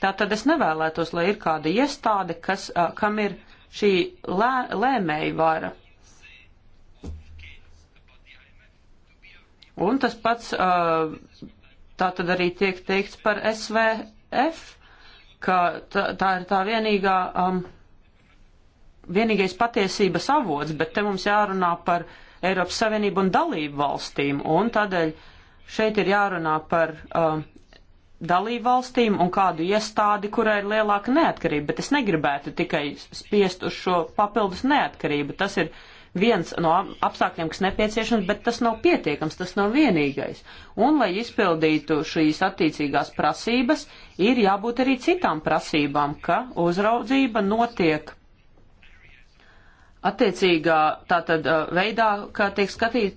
Tātad es nevēlētos, lai ir kāda iestāde, kas, kam ir šī lē, lēmēja vara. Un tas pats tā tad arī tiek teikts par SV, F, ka tā, tā ir tā vienīgā, um, vienīgais patiesības avots, bet te mums jārunā par Eiropas Savienību un dalību valstīm, un tādēļ šeit ir jārunā par um, dalību valstīm un kādu iestādi, kurai ir lielāka neatkarība, bet es negribētu tikai spiest uz šo papildus neatkarību. Tas ir uh, viens no apstākļiem, kas nepieciešams, bet tas nav pietiekams, tas nav vienīgais. Un, lai izpildītu šīs attiecīgās prasības, ir jābūt arī citām prasībām, ka uzraudzība notiek attiecīgā tātad uh, veidā, kā tiek skatīta,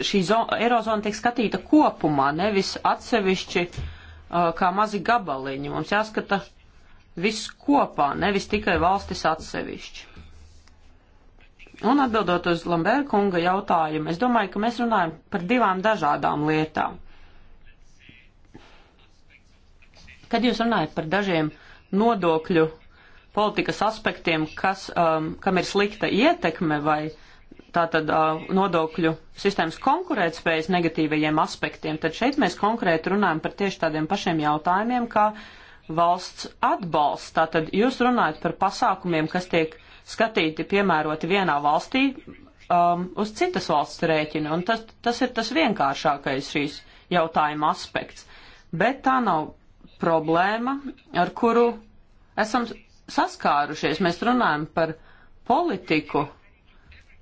šī eirozona tiek skatīta kopumā, nevis atsevišķi uh, kā mazi gabaliņi. Mums jāskata viss kopā, nevis tikai valstis atsevišķi. Un atbildot uz Lambēra kunga jautājumu, es domāju, ka mēs runājam par divām dažādām lietām. Kad jūs runājat par dažiem nodokļu politikas aspektiem, kas, um, kam ir slikta ietekme vai tātad uh, nodokļu sistēmas konkurētspējas negatīvajiem aspektiem, tad šeit mēs konkrēti runājam par tieši tādiem pašiem jautājumiem, kā valsts atbalsts. Tātad jūs runājat par pasākumiem, kas tiek uh, skatīti, piemēroti vienā valstī um, uz citas valsts rēķina, un tas, tas ir tas vienkāršākais šīs jautājuma aspekts. Bet tā nav problēma, ar kuru esam saskārušies. Mēs runājam par politiku,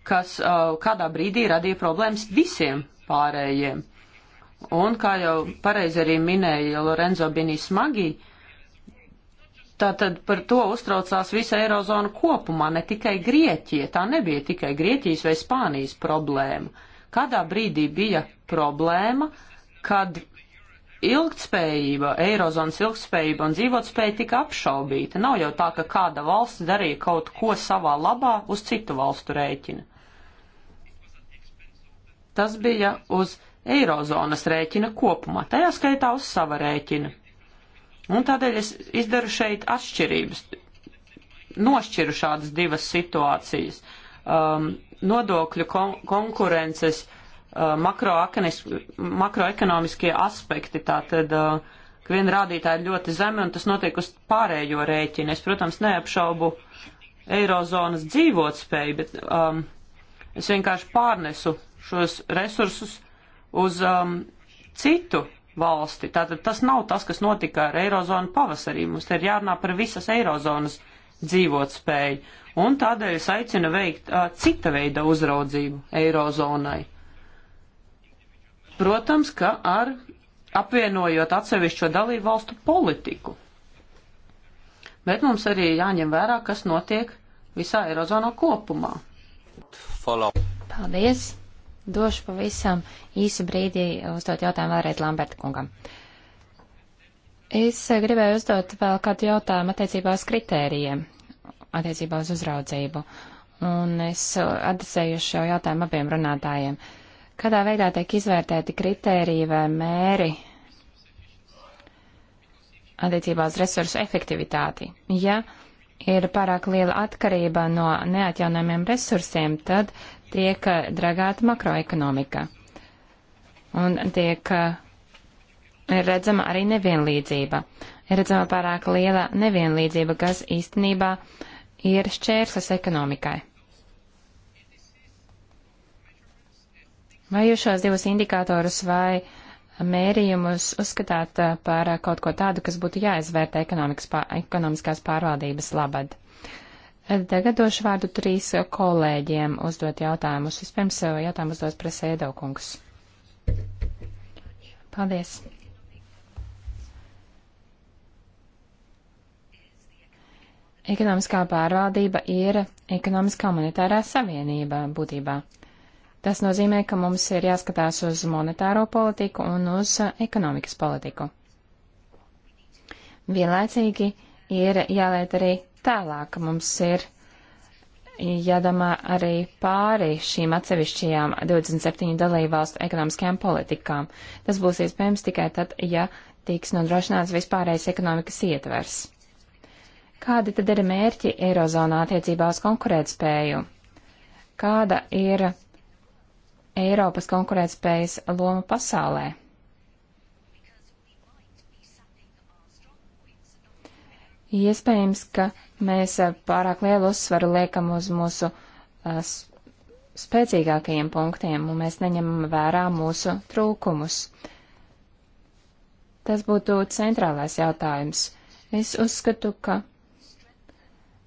kas uh, kādā brīdī radīja problēmas visiem pārējiem. Un, kā jau pareizi arī minēja Lorenzo Binismagi, uh, Tātad par to uztraucās visa Eirozona kopumā, ne tikai Grieķija. Tā nebija tikai Grieķijas vai Spānijas problēma. Kādā brīdī bija problēma, kad ilgtspējība, Eirozonas ilgtspējība un dzīvotspēja tika apšaubīta. Nav jau tā, ka kāda valsts darīja kaut ko savā labā uz citu valstu rēķina. Tas bija uz Eirozonas rēķina kopumā, tajā skaitā uz sava rēķina. Un tādēļ es izdaru šeit atšķirības, nošķiru šādas divas situācijas. Um, nodokļu kon konkurences uh, makroekonomiskie aspekti, tātad, uh, ka viena rādītāja ir ļoti zeme un tas notiek uz pārējo rēķinu. Es, protams, neapšaubu eirozonas dzīvotspēju, bet um, es vienkārši pārnesu šos resursus uz um, citu valsti. Tātad tas nav tas, kas notika ar Eirozonu pavasarī. Mums te ir jārunā par visas Eirozonas dzīvotspēju. Un tādēļ es aicinu veikt uh, cita veida uzraudzību Eirozonai. Protams, ka ar apvienojot atsevišķo dalību valstu politiku. Bet mums arī jāņem vērā, kas notiek visā Eirozonā kopumā. Follow. Paldies! Došu pavisam īsu brīdi uzdot jautājumu vēlreiz Lamberta kungam. Es eh, gribēju uzdot vēl kādu jautājumu attiecībā uz kritērijiem, attiecībā uz uzraudzību. Un es eh, adresēju šo jautājumu abiem runātājiem. Kādā veidā tiek izvērtēti kritēriji vai mēri attiecībā uz resursu efektivitāti? Ja ir pārāk liela atkarība no neatjaunojumiem resursiem, tad tiek eh, dragāta makroekonomika. Un tiek ir eh, redzama arī nevienlīdzība. Ir redzama pārāk liela nevienlīdzība, kas īstenībā ir šķērslis ekonomikai. Vai jūs šos divus indikātorus vai mērījumus uzskatāt eh, par kaut ko tādu, kas būtu jāizvērtē ekonomiskās pārvaldības labad? Tagad došu vārdu trīs kolēģiem uzdot jautājumus. Vispirms eh, jautājumu uzdos presēdo kungs. Paldies. Ekonomiskā pārvaldība ir ekonomiskā monetārā savienība būtībā. Tas nozīmē, ka mums ir jāskatās uz monetāro politiku un uz ekonomikas politiku. Vienlaicīgi ir jāliet arī Tālāk mums ir jādomā arī pāri šīm atsevišķajām 27 dalībvalstu ekonomiskajām politikām. Tas būs iespējams tikai tad, ja tiks nodrošināts vispārējais ekonomikas ietvers. Kādi tad ir mērķi Eirozonā attiecībā uz konkurētspēju? Kāda ir Eiropas konkurētspējas loma pasaulē? Iespējams, ka mēs eh, pārāk lielu uzsvaru liekam uz mūsu eh, spēcīgākajiem punktiem, un mēs neņemam vērā mūsu trūkumus. Tas būtu centrālais jautājums. Es uzskatu, ka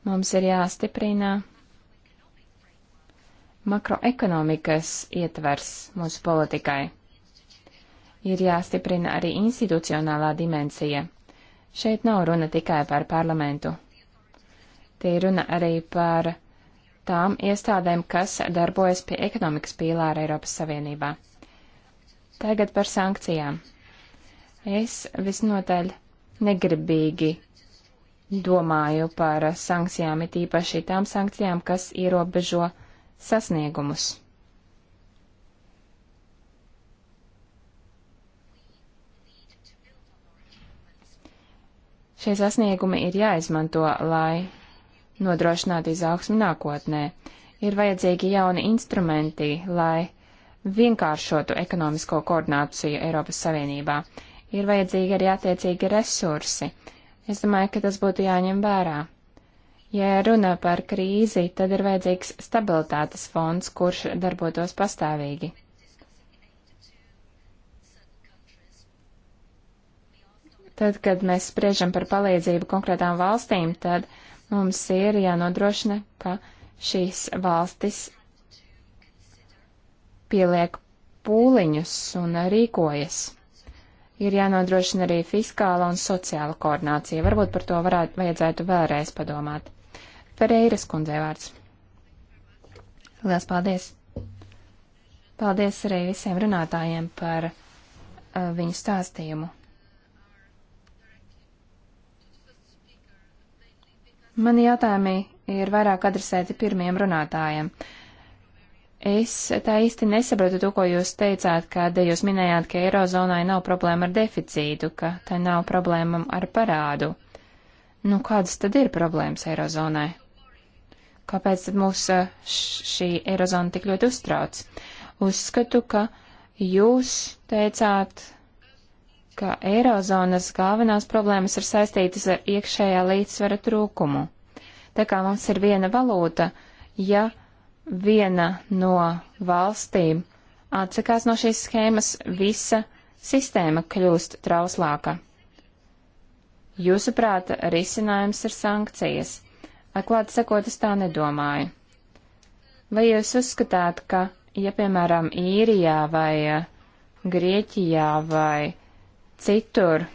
mums ir jāstiprina makroekonomikas ietvers mūsu politikai. Ir jāstiprina arī institucionālā dimensija. Šeit nav runa tikai par parlamentu. Tie runa arī par tām iestādēm, kas darbojas pie ekonomikas pīlāra Eiropas Savienībā. Tagad par sankcijām. Es visnotaļ negribīgi domāju par sankcijām, it īpaši tām sankcijām, kas ierobežo sasniegumus. Šie sasniegumi ir jāizmanto, lai nodrošinātu izaugsmu nākotnē. Ir vajadzīgi jauni instrumenti, lai vienkāršotu ekonomisko koordināciju Eiropas Savienībā. Ir vajadzīgi arī attiecīgi resursi. Es domāju, ka tas būtu jāņem vērā. Ja runa par krīzi, tad ir vajadzīgs stabilitātes fonds, kurš darbotos pastāvīgi. Tad, kad mēs spriežam par palīdzību konkrētām valstīm, tad mums ir jānodrošina, ka šīs valstis pieliek pūliņus un rīkojas. Ir jānodrošina arī fiskāla un sociāla koordinācija. Varbūt par to varētu, vajadzētu vēlreiz padomāt. Pereiras kundzei vārds. Lielas paldies! Paldies arī visiem runātājiem par uh, viņu stāstījumu. Mani jautājumi ir vairāk adresēti pirmiem runātājiem. Es tā īsti nesapratu to, ko jūs teicāt, kad jūs minējāt, ka Eirozonai nav problēma ar deficītu, ka tai nav problēma ar parādu. Nu, kādas tad ir problēmas Eirozonai? Kāpēc tad mūs šī Eirozona tik ļoti uztrauc? Uzskatu, ka jūs teicāt, ka Eirozonas galvenās problēmas ir saistītas ar iekšējā līdzsvara trūkumu. Tā kā mums ir viena valūta, ja viena no valstīm atsakās no šīs schēmas, visa sistēma kļūst trauslāka. Jūsuprāt, risinājums ir sankcijas. Atklāt sakot, es tā nedomāju. Vai jūs uzskatāt, ka, ja piemēram Īrijā vai eh, Grieķijā vai citur.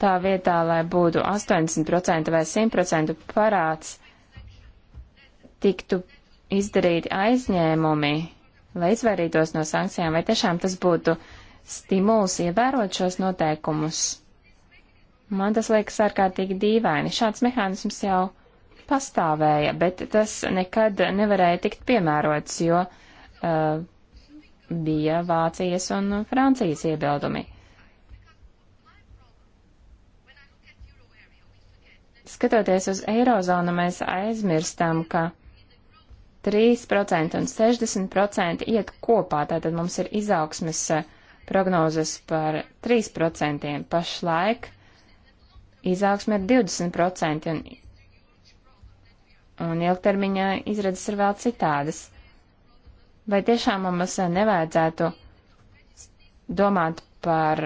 Tā vietā, lai būtu 80% vai 100% parāds, tiktu izdarīti aizņēmumi, lai izvairītos no sankcijām, vai tiešām tas būtu stimuls ievērot šos noteikumus. Man tas liekas ārkārtīgi dīvaini. Šāds mehānisms jau pastāvēja, bet tas nekad nevarēja tikt piemērots, jo uh, bija Vācijas un Francijas iebildumi. Skatoties uz eirozonu, mēs aizmirstam, ka 3% un 60% iet kopā, tātad mums ir izaugsmes eh, prognozes par 3%. Pašlaik izaugsme ir 20% un, un ilgtermiņā izredzes ir vēl citādas. Vai tiešām mums nevajadzētu domāt par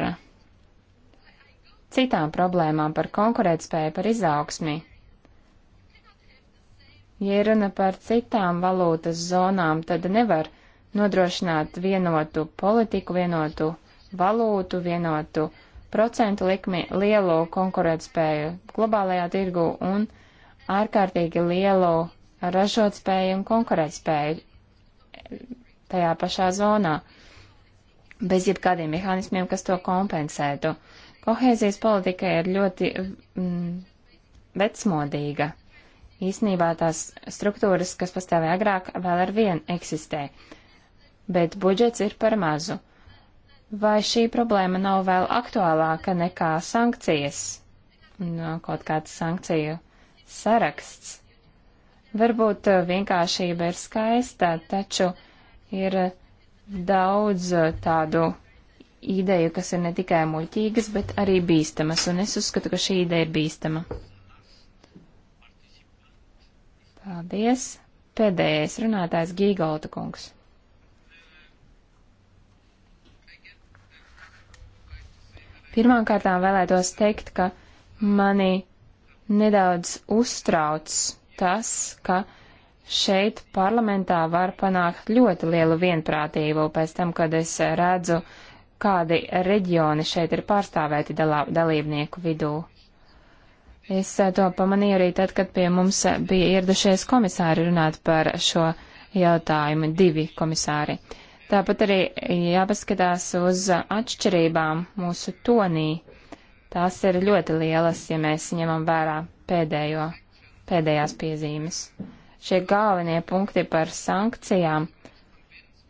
citām problēmām, par konkurētspēju, par izaugsmi? Ja runa par citām valūtas zonām, tad nevar nodrošināt vienotu politiku, vienotu valūtu, vienotu procentu likmi, lielu konkurētspēju globālajā tirgu un ārkārtīgi lielu ražotspēju un konkurētspēju tajā pašā zonā, bez jebkādiem mehānismiem, kas to kompensētu. Kohēzijas politika ir ļoti mm, vecmodīga. Īsnībā tās struktūras, kas pastāvēja agrāk, vēl ar vienu eksistē, bet budžets ir par mazu. Vai šī problēma nav vēl aktuālāka nekā sankcijas? No nu, kaut kāds sankciju saraksts. Varbūt eh, vienkāršība ir skaista, taču ir eh, daudz eh, tādu ideju, kas ir ne tikai muļķīgas, bet arī bīstamas, un es uzskatu, ka šī ideja ir bīstama. Paldies. Pēdējais runātājs Gīgolta kungs. Pirmkārtām vēlētos teikt, ka mani nedaudz uztrauc tas, ka šeit parlamentā var panākt ļoti lielu vienprātību pēc tam, kad es redzu, kādi reģioni šeit ir pārstāvēti dalā, dalībnieku vidū. Es eh, to pamanīju arī tad, kad pie mums bija ieradušies komisāri runāt par šo jautājumu, divi komisāri. Tāpat arī jāpaskatās uz atšķirībām mūsu tonī. Tās ir ļoti lielas, ja mēs ņemam vērā pēdējo pēdējās piezīmes. Šie galvenie punkti par sankcijām.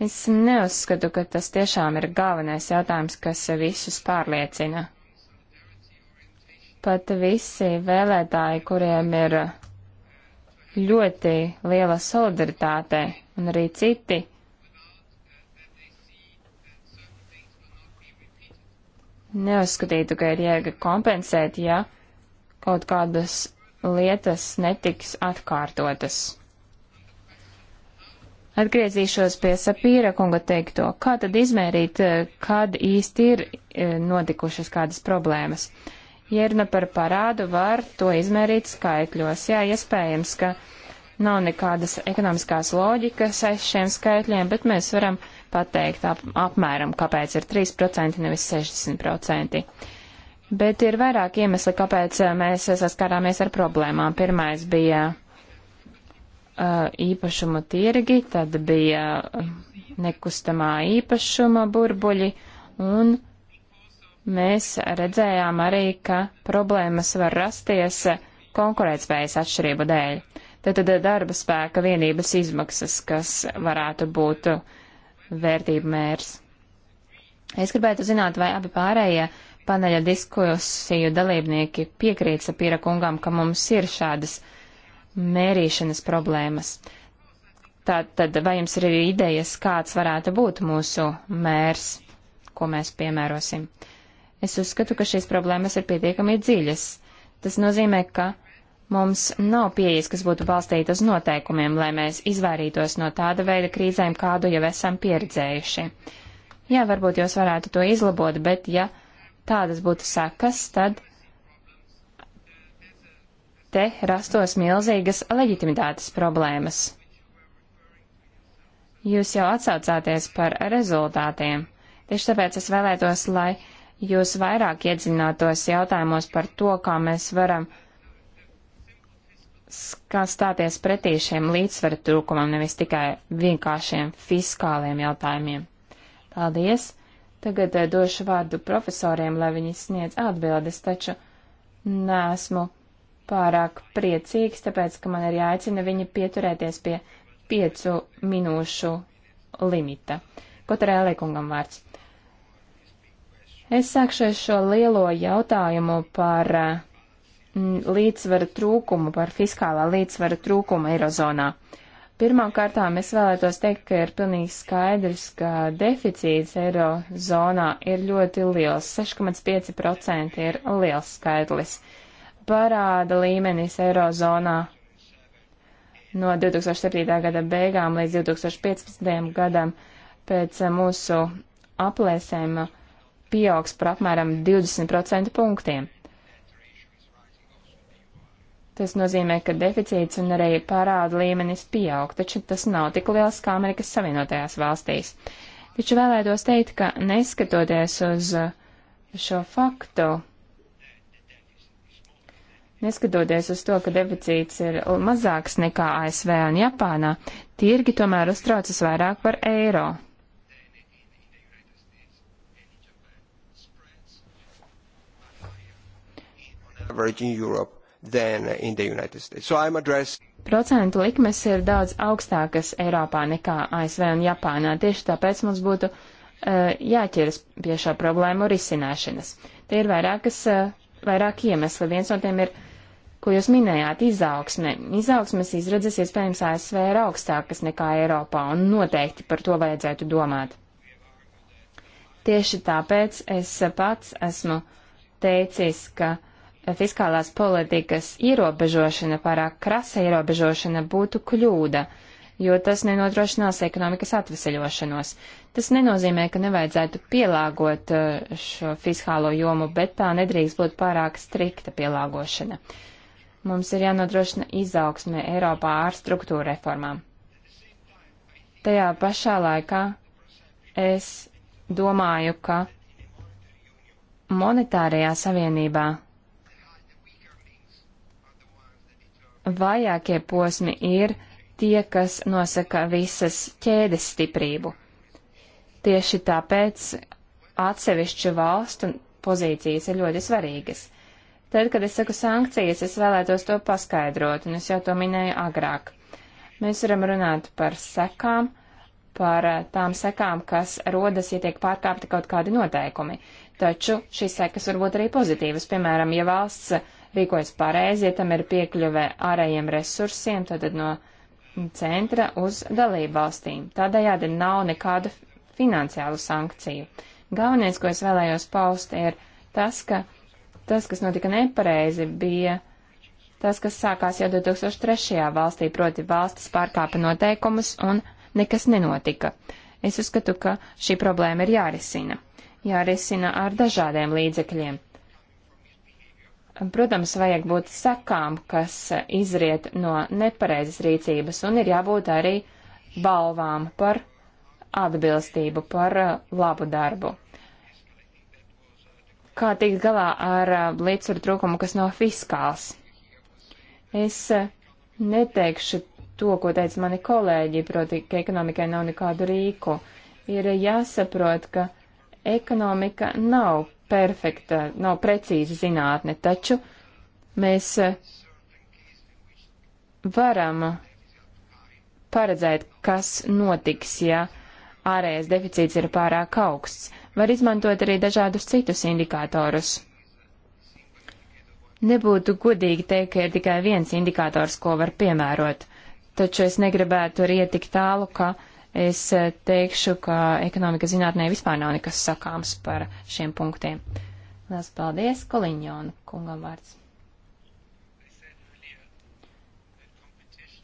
Es neuzskatu, ka tas tiešām ir galvenais jautājums, kas visus pārliecina. Pat visi vēlētāji, kuriem ir ļoti liela solidaritāte un arī citi, neuzskatītu, ka ir jēga kompensēt, ja kaut kādas lietas netiks atkārtotas. Atgriezīšos pie Sapīra kunga teikto, kā tad izmērīt, e, kad īsti ir e, notikušas kādas problēmas. Ja runa par parādu, var to izmērīt skaitļos. Jā, iespējams, ka nav nekādas ekonomiskās loģikas aiz šiem skaitļiem, bet mēs varam pateikt ap, apmēram, kāpēc ir 3% nevis 60%. Bet ir vairāk iemesli, kāpēc eh, mēs saskārāmies ar problēmām. Pirmais bija uh, īpašuma tirgi, tad bija eh, nekustamā īpašuma burbuļi, un mēs redzējām arī, ka problēmas var rasties konkurētspējas atšķirību dēļ. Tad, tad darba spēka vienības izmaksas, kas varētu būt vērtību mērs. Es gribētu zināt, vai abi pārējie. Ja paneļa diskusiju dalībnieki piekrīt Sapīra kungam, ka mums ir šādas mērīšanas problēmas. Tātad, vai jums ir idejas, kāds varētu būt mūsu mērs, ko mēs piemērosim? Es uzskatu, ka šīs problēmas ir pietiekami dziļas. Tas nozīmē, ka mums nav pieejas, kas būtu balstīta uz noteikumiem, lai mēs izvairītos no tāda veida krīzēm, kādu jau esam pieredzējuši. Jā, varbūt jūs varētu to izlabot, bet ja tādas būtu sekas, tad te rastos milzīgas leģitimitātes problēmas. Jūs jau atsaucāties par rezultātiem. Tieši tāpēc es vēlētos, lai jūs vairāk iedziļinātos jautājumos par to, kā mēs varam kā stāties pretī šiem līdzsveru trūkumam, nevis tikai vienkāršiem fiskāliem jautājumiem. Paldies! Tagad eh, došu vārdu profesoriem, lai viņi sniedz atbildes, taču nesmu pārāk priecīgs, tāpēc, ka man ir jāicina viņi pieturēties pie piecu minūšu limita. Kotarēlī kungam vārds. Es sākšu ar šo lielo jautājumu par eh, līdzsvara trūkumu, par fiskālā līdzsvara trūkumu Eirozonā. Uh, Pirmkārtām es vēlētos teikt, ka ir pilnīgi skaidrs, ka deficīts eirozonā ir ļoti liels. 6,5% ir liels skaidrs. Parāda līmenis eirozonā no 2007. gada beigām līdz 2015. gadam pēc eh, mūsu aplēsēm pieaugs par apmēram 20% punktiem. Tas nozīmē, ka deficīts un arī parādu līmenis pieaug, taču tas nav tik liels kā Amerikas Savienotajās valstīs. Taču vēlētos teikt, ka neskatoties uz uh, šo faktu, neskatoties uz to, ka deficīts ir mazāks nekā ASV un Japānā, tirgi tomēr uztraucas vairāk par eiro. average in Europe than in the United States. So I'm addressing procentu likmes ir daudz augstākas Eiropā nekā ASV un Japānā. Tieši tāpēc mums būtu uh, jāķeras pie šā problēmu risināšanas. Te ir vairākas, uh, vairāk iemesli. Viens no tiem ir, ko jūs minējāt, izaugsme. Izaugsmes izredzes iespējams ASV ir augstākas nekā Eiropā un noteikti par to vajadzētu domāt. Tieši tāpēc es pats esmu teicis, ka uh, fiskālās politikas ierobežošana, pārāk krasa ierobežošana būtu kļūda, jo tas nenodrošinās ekonomikas atveseļošanos. Tas nenozīmē, ka nevajadzētu pielāgot eh, šo fiskālo jomu, bet tā nedrīkst būt pārāk strikta pielāgošana. Mums ir jānodrošina izaugsme Eiropā ar struktūra reformām. Tajā pašā laikā es domāju, ka monetārajā savienībā vājākie posmi ir tie, kas nosaka visas ķēdes stiprību. Tieši tāpēc atsevišķu valstu pozīcijas ir ļoti svarīgas. Tad, kad es saku sankcijas, es vēlētos to paskaidrot, un es jau to minēju agrāk. Mēs varam runāt par sekām, par eh, tām sekām, kas rodas, ja tiek pārkāpti kaut kādi noteikumi. Taču šīs sekas var būt arī pozitīvas. Piemēram, ja valsts rīkojas pareizi, ja tam ir piekļuve ārējiem resursiem, tad no centra uz dalību valstīm. Tādējādi nav nekādu finansiālu sankciju. Galvenais, ko es vēlējos paust, ir tas, ka tas, kas notika nepareizi, bija tas, kas sākās jau 2003. valstī, proti valstis pārkāpa noteikumus un nekas nenotika. Es uzskatu, ka šī problēma ir jārisina. Jārisina ar dažādiem līdzekļiem. Protams, vajag būt sekām, kas izriet no nepareizas rīcības, un ir jābūt arī balvām par atbilstību, par uh, labu darbu. Kā tikt galā ar uh, līdzsvaru trūkumu, kas nav fiskāls? Es uh, neteikšu to, ko teica mani kolēģi, proti, ka ekonomikai nav nekādu rīku. Ir jāsaprot, ka ekonomika nav perfekta, nav precīza zinātne, taču mēs eh, varam paredzēt, kas notiks, ja ārējais deficīts ir pārāk augsts. Var izmantot arī dažādus citus indikātorus. Nebūtu godīgi teikt, ka ir tikai viens indikators, ko var piemērot, taču es negribētu arī iet tik tālu, ka uh, es eh, teikšu, ka ekonomika zinātnē vispār nav nekas sakāms par šiem punktiem. Lielas paldies, Koliņona kungam vārds.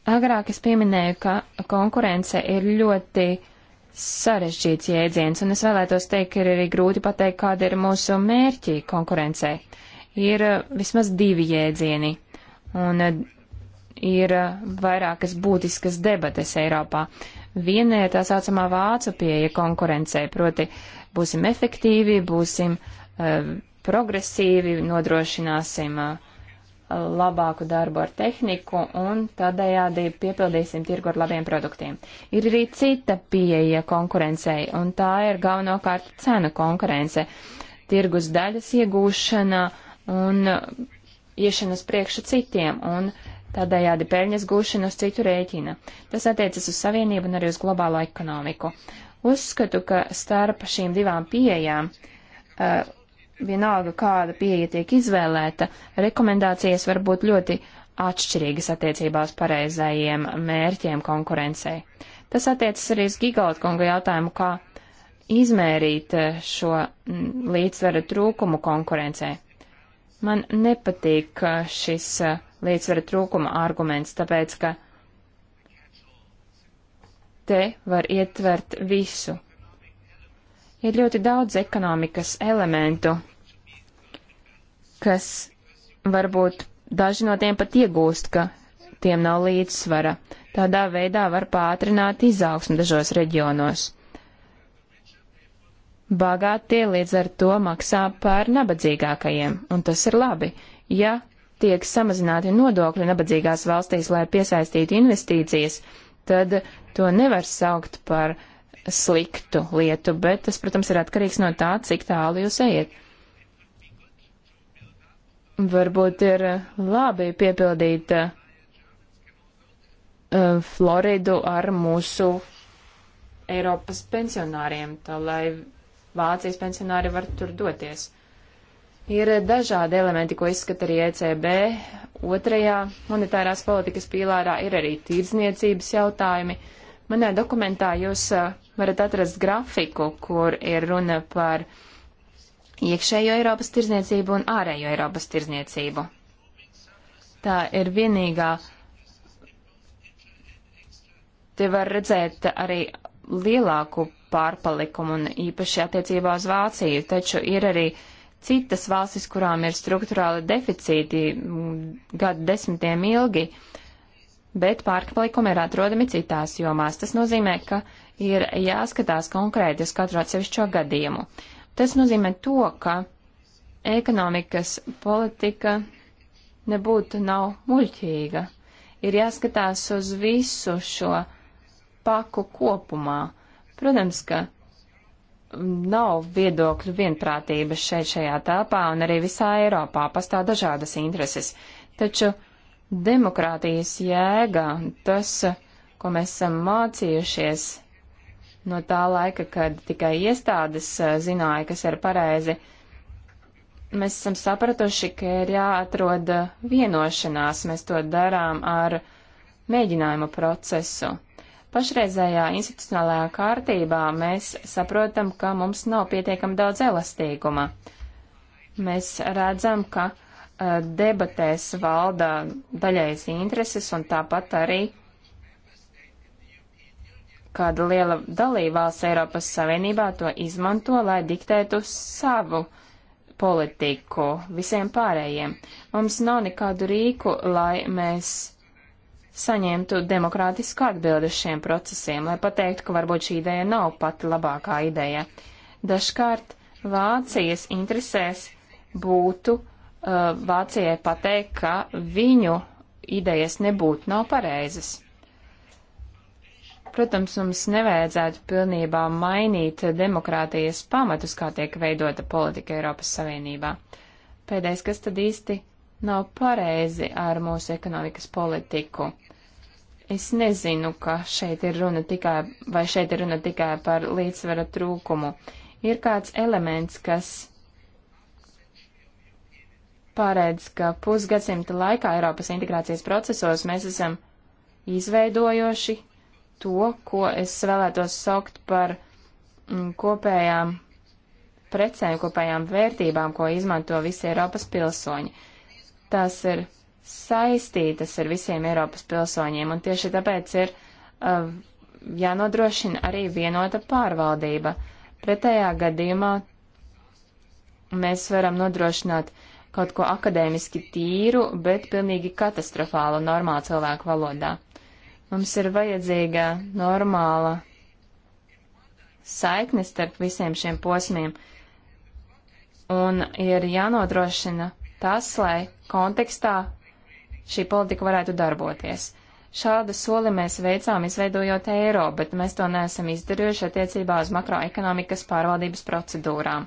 Agrāk es pieminēju, ka konkurence ir ļoti sarežģīts jēdziens, un es vēlētos teikt, ka ir arī grūti pateikt, kāda ir mūsu mērķi konkurencē. Ir eh, vismaz divi jēdzieni, un eh, ir vairākas būtiskas debates Eiropā. Viena ir tā saucamā vācu pieeja konkurencei, proti būsim efektīvi, būsim uh, progresīvi, nodrošināsim uh, labāku darbu ar tehniku un tādējādi piepildīsim tirgu ar labiem produktiem. Ir arī cita pieeja konkurencei, un tā ir galvenokārt cenu konkurence, tirgus daļas iegūšana un eh, iešanas priekšu citiem un uh, tādējādi peļņas gūšanu uz citu rēķina. Tas attiecas uz savienību un arī uz globālo ekonomiku. Uzskatu, ka starp šīm divām pieejām, uh, vienalga kāda pieeja tiek izvēlēta, rekomendācijas var būt ļoti atšķirīgas attiecībā uz pareizajiem mērķiem konkurencei. Tas attiecas arī uz gigaltkonga jautājumu, kā izmērīt eh, šo mm, līdzsvera trūkumu konkurencē. Man nepatīk eh, šis līdzsvera trūkuma arguments, tāpēc ka te var ietvert visu. Ir ļoti daudz ekonomikas elementu, kas varbūt daži no tiem pat iegūst, ka tiem nav līdzsvara. Tādā veidā var pātrināt izaugsmu dažos reģionos. Bagātie līdz ar to maksā par nabadzīgākajiem, un tas ir labi. Ja tiek samazināti nodokļi nabadzīgās valstīs, lai piesaistītu investīcijas, tad to nevar saukt par sliktu lietu, bet tas, protams, ir atkarīgs no tā, cik tālu jūs ejat. Varbūt ir eh, labi piepildīt uh, Floridu ar mūsu Eiropas pensionāriem, tā lai Vācijas pensionāri var tur doties. Ir dažādi elementi, ko izskata arī ECB. Otrajā monetārās politikas pīlārā ir arī tirdzniecības jautājumi. Manā dokumentā jūs uh, varat atrast grafiku, kur ir runa par iekšējo Eiropas tirzniecību un ārējo Eiropas tirzniecību. Tā ir vienīgā. Te var redzēt arī lielāku pārpalikumu un īpaši attiecībā uz Vāciju, taču ir arī uh, citas valstis, kurām ir struktūrāli deficīti mm, gadu desmitiem ilgi, bet pārpalikumi ir atrodami citās jomās. Tas nozīmē, ka ir jāskatās konkrēti uz katru atsevišķo gadījumu. Tas nozīmē to, ka ekonomikas politika nebūtu nav muļķīga. Ir jāskatās uz visu šo paku kopumā. Protams, ka nav viedokļu vienprātības šeit šajā telpā un arī visā Eiropā pastāv dažādas intereses. Taču demokrātijas jēga, tas, ko mēs esam mācījušies no tā laika, kad tikai iestādes eh, zināja, kas ir pareizi, mēs esam sapratuši, ka ir jāatrod eh, vienošanās. Mēs to darām ar mēģinājumu procesu. Pašreizējā institucionālajā kārtībā mēs saprotam, ka mums nav pietiekami daudz elastīguma. Mēs redzam, ka uh, debatēs valda daļais intereses un tāpat arī kāda liela dalībvalsts Eiropas Savienībā to izmanto, lai diktētu savu politiku visiem pārējiem. Mums nav nekādu rīku, lai mēs saņemtu demokrātisku atbildi uz šiem procesiem, lai pateiktu, ka varbūt šī ideja nav pati labākā ideja. Dažkārt Vācijas interesēs būtu uh, Vācijai pateikt, ka viņu idejas nebūtu nav pareizas. Protams, mums nevajadzētu pilnībā mainīt demokrātijas pamatus, kā tiek veidota politika Eiropas Savienībā. Pēdējais, kas tad īsti nav pareizi ar mūsu ekonomikas politiku. Es nezinu, ka šeit ir runa tikai, vai šeit ir runa tikai par līdzsvara trūkumu. Ir kāds elements, kas pārēdz, ka pusgadsimta laikā Eiropas integrācijas procesos mēs esam izveidojoši to, ko es vēlētos saukt par mm, kopējām precēm, kopējām vērtībām, ko izmanto visi Eiropas pilsoņi. Tas ir saistītas ar visiem Eiropas pilsoņiem, un tieši tāpēc ir uh, jānodrošina arī vienota pārvaldība. Pretējā gadījumā mēs varam nodrošināt kaut ko akadēmiski tīru, bet pilnīgi katastrofālu normālu cilvēku valodā. Mums ir vajadzīga normāla saikne starp visiem šiem posmiem, un ir jānodrošina tas, lai kontekstā šī politika varētu darboties. Šādu soli mēs veicām izveidojot eiro, bet mēs to neesam izdarījuši attiecībā uz makroekonomikas pārvaldības procedūrām.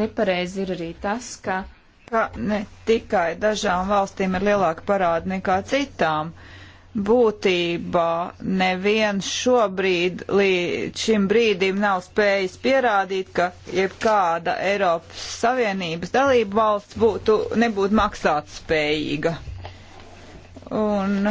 Nepareizi ir arī tas, ka ka ne tikai dažām valstīm ir lielāka parāda nekā citām būtībā neviens šobrīd līdz šim brīdim nav spējis pierādīt, ka jebkāda Eiropas Savienības dalība valsts būtu, nebūtu maksāt spējīga. Un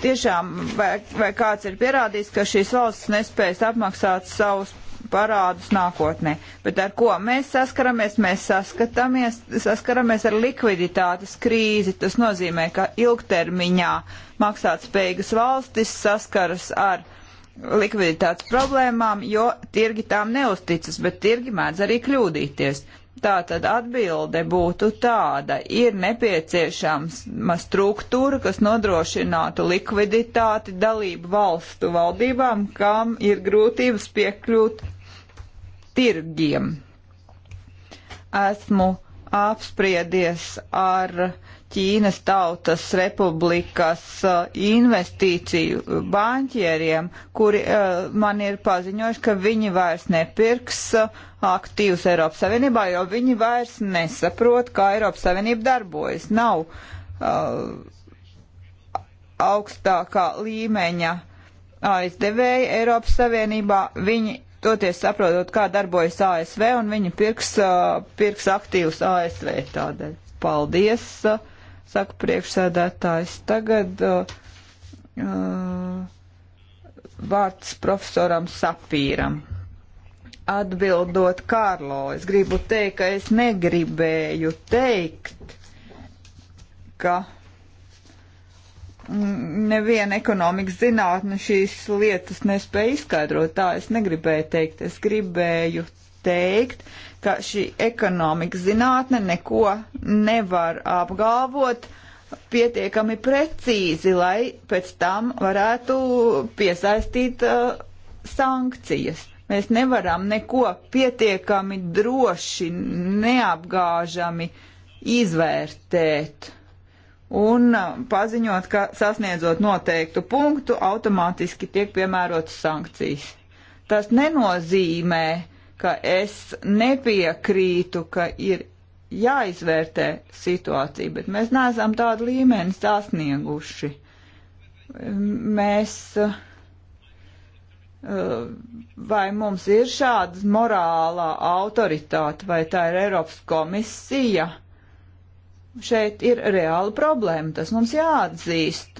tiešām vai, vai kāds ir pierādījis, ka šīs valsts nespējas apmaksāt savus parādus nākotnē. Bet ar ko mēs saskaramies? Mēs saskatāmies, saskaramies ar likviditātes krīzi. Tas nozīmē, ka ilgtermiņā maksātspējīgas valstis saskaras ar likviditātes problēmām, jo tirgi tām neusticas, bet tirgi mēdz arī kļūdīties. Tātad atbilde būtu tāda, ir nepieciešama struktūra, kas nodrošinātu likviditāti dalību valstu valdībām, kam ir grūtības piekļūt tirgiem. Esmu apspriedies ar Ķīnas Tautas Republikas eh, investīciju banķieriem, kuri eh, man ir paziņojuši, ka viņi vairs nepirks eh, aktīvus Eiropas Savienībā, jo viņi vairs nesaprot, kā Eiropas Savienība darbojas. Nav uh, augstākā līmeņa aizdevēja Eiropas Savienībā. Viņi toties saprotot, kā darbojas ASV, un viņi pirks, pirks aktīvus ASV tādēļ. Paldies, saka priekšsēdētājs. Tagad uh, vārds profesoram Sapīram. Atbildot Kārlo, es gribu teikt, ka es negribēju teikt, ka neviena ekonomikas zinātne šīs lietas nespēja izskaidrot. Tā es negribēju teikt. Es gribēju teikt, ka šī ekonomikas zinātne neko nevar apgalvot pietiekami precīzi, lai pēc tam varētu piesaistīt uh, sankcijas. Mēs nevaram neko pietiekami droši, neapgāžami izvērtēt un paziņot, ka sasniedzot noteiktu punktu, automātiski tiek piemērotas sankcijas. Tas nenozīmē, ka es nepiekrītu, ka ir jāizvērtē situācija, bet mēs neesam tādu līmeni sasnieguši. Mēs, eh, vai mums ir šādas morālā autoritāte, vai tā ir Eiropas komisija? šeit ir reāla problēma, tas mums jāatzīst.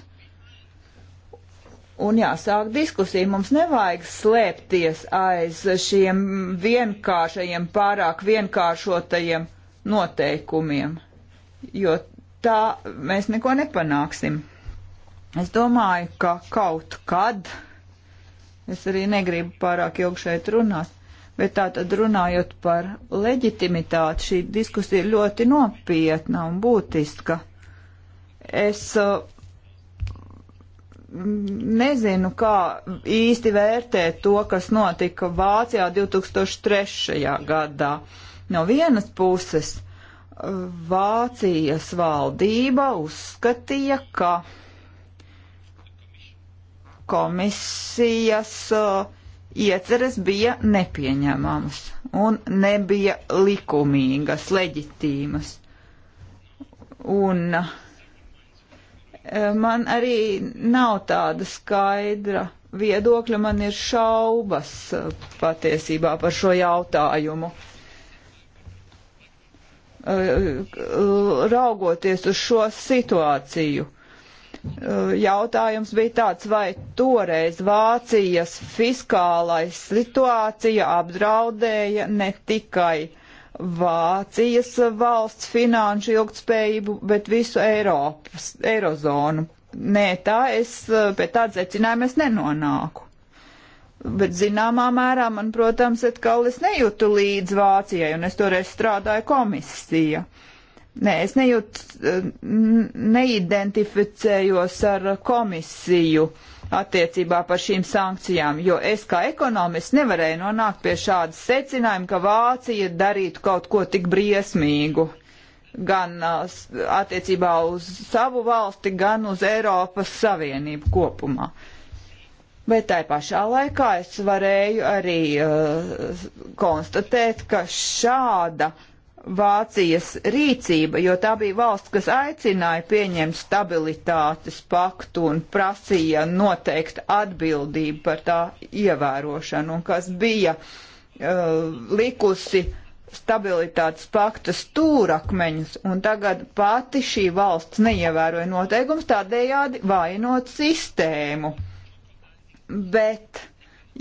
Un jāsāk diskusija, mums nevajag slēpties aiz šiem vienkāršajiem, pārāk vienkāršotajiem noteikumiem, jo tā mēs neko nepanāksim. Es domāju, ka kaut kad, es arī negribu pārāk ilgi šeit runāt, Bet tā tad runājot par leģitimitāti, šī diskusija ir ļoti nopietna un būtiska. Es uh, nezinu, kā īsti vērtēt to, kas notika Vācijā 2003. gadā. No vienas puses Vācijas valdība uzskatīja, ka komisijas uh, ieceres bija nepieņemamas un nebija likumīgas, leģitīmas. Un eh, man arī nav tāda skaidra viedokļa, man ir šaubas eh, patiesībā par šo jautājumu. Eh, raugoties uz šo situāciju, uh, Eh, jautājums bija tāds, vai toreiz Vācijas fiskālais situācija apdraudēja ne tikai Vācijas valsts finanšu ilgtspējību, bet visu Eiropas, Eirozonu. Nē, tā es eh, pie tāda secinājuma es nenonāku. Bet zināmā mērā man, protams, atkal es nejūtu līdz Vācijai, un es toreiz strādāju komisija. Uh, Nē, es nejūtu, eh, neidentificējos ar komisiju attiecībā par šīm sankcijām, jo es kā ekonomists nevarēju nonākt pie šādas secinājuma, ka Vācija darītu kaut ko tik briesmīgu gan eh, attiecībā uz savu valsti, gan uz Eiropas Savienību kopumā. Bet tai pašā laikā es varēju arī uh, konstatēt, ka šāda uh, Vācijas rīcība, jo tā bija valsts, kas aicināja pieņemt stabilitātes paktu un prasīja noteikt atbildību par tā ievērošanu, un kas bija uh, likusi stabilitātes pakta stūrakmeņus, un tagad pati šī valsts neievēroja noteikums, tādējādi vainot sistēmu. Bet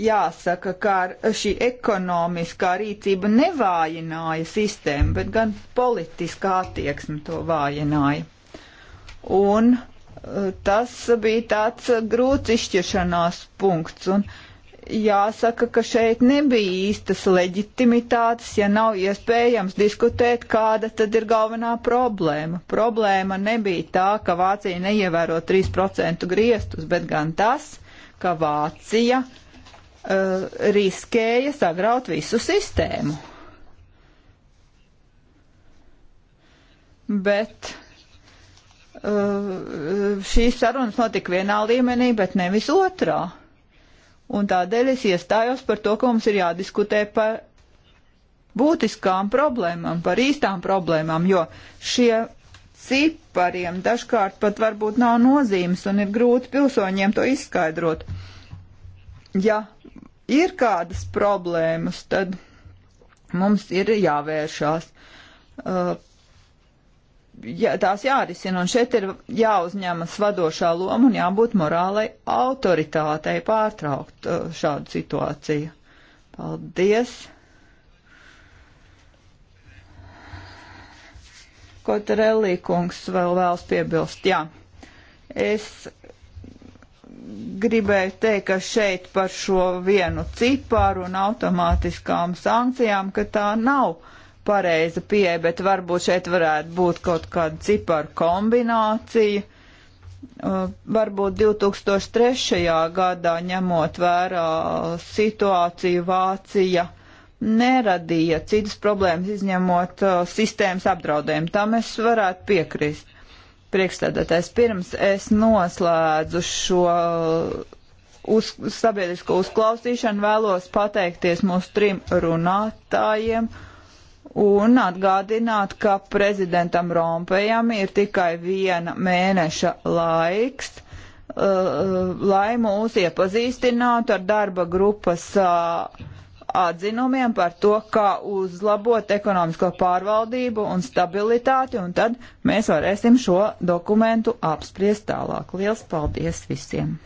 jāsaka, ka šī ekonomiskā rīcība nevājināja sistēmu, bet gan politiskā attieksme to vājināja. Un eh, tas bija tāds grūts izšķiršanās punkts. Un jāsaka, ka šeit nebija īstas leģitimitātes, ja nav iespējams diskutēt, kāda tad ir galvenā problēma. Problēma nebija tā, ka Vācija neievēro 3% griestus, bet gan tas, ka Vācija uh, riskēja sagraut visu sistēmu. Bet uh, šīs sarunas notika vienā līmenī, bet nevis otrā. Un tādēļ es iestājos par to, ka mums ir jādiskutē par būtiskām problēmām, par īstām problēmām, jo šie cipariem dažkārt pat varbūt nav nozīmes un ir grūti pilsoņiem to izskaidrot. Ja ir kādas problēmas, tad mums ir jāvēršās. Uh, jā, tās jārisina, un šeit ir jāuzņemas vadošā loma un jābūt morālai autoritātei pārtraukt uh, šādu situāciju. Paldies! Kotarelī kungs vēl vēlas piebilst, jā. Es gribēju teikt, ka šeit par šo vienu ciparu un automātiskām sankcijām, ka tā nav pareiza pieeja, bet varbūt šeit varētu būt kaut kāda ciparu kombinācija. Uh, varbūt 2003. gadā ņemot vērā situāciju Vācija neradīja citas problēmas izņemot uh, sistēmas apdraudējumu. Tam es varētu piekrist priekšstādātais. Pirms es noslēdzu šo uz, sabiedrisko uzklausīšanu, vēlos pateikties mūsu trim runātājiem un atgādināt, ka prezidentam Rompējam ir tikai viena mēneša laiks, uh, lai mūs iepazīstinātu ar darba grupas uh, atzinumiem par to, kā uzlabot ekonomisko pārvaldību un stabilitāti, un tad mēs varēsim šo dokumentu apspriest tālāk. Liels paldies visiem!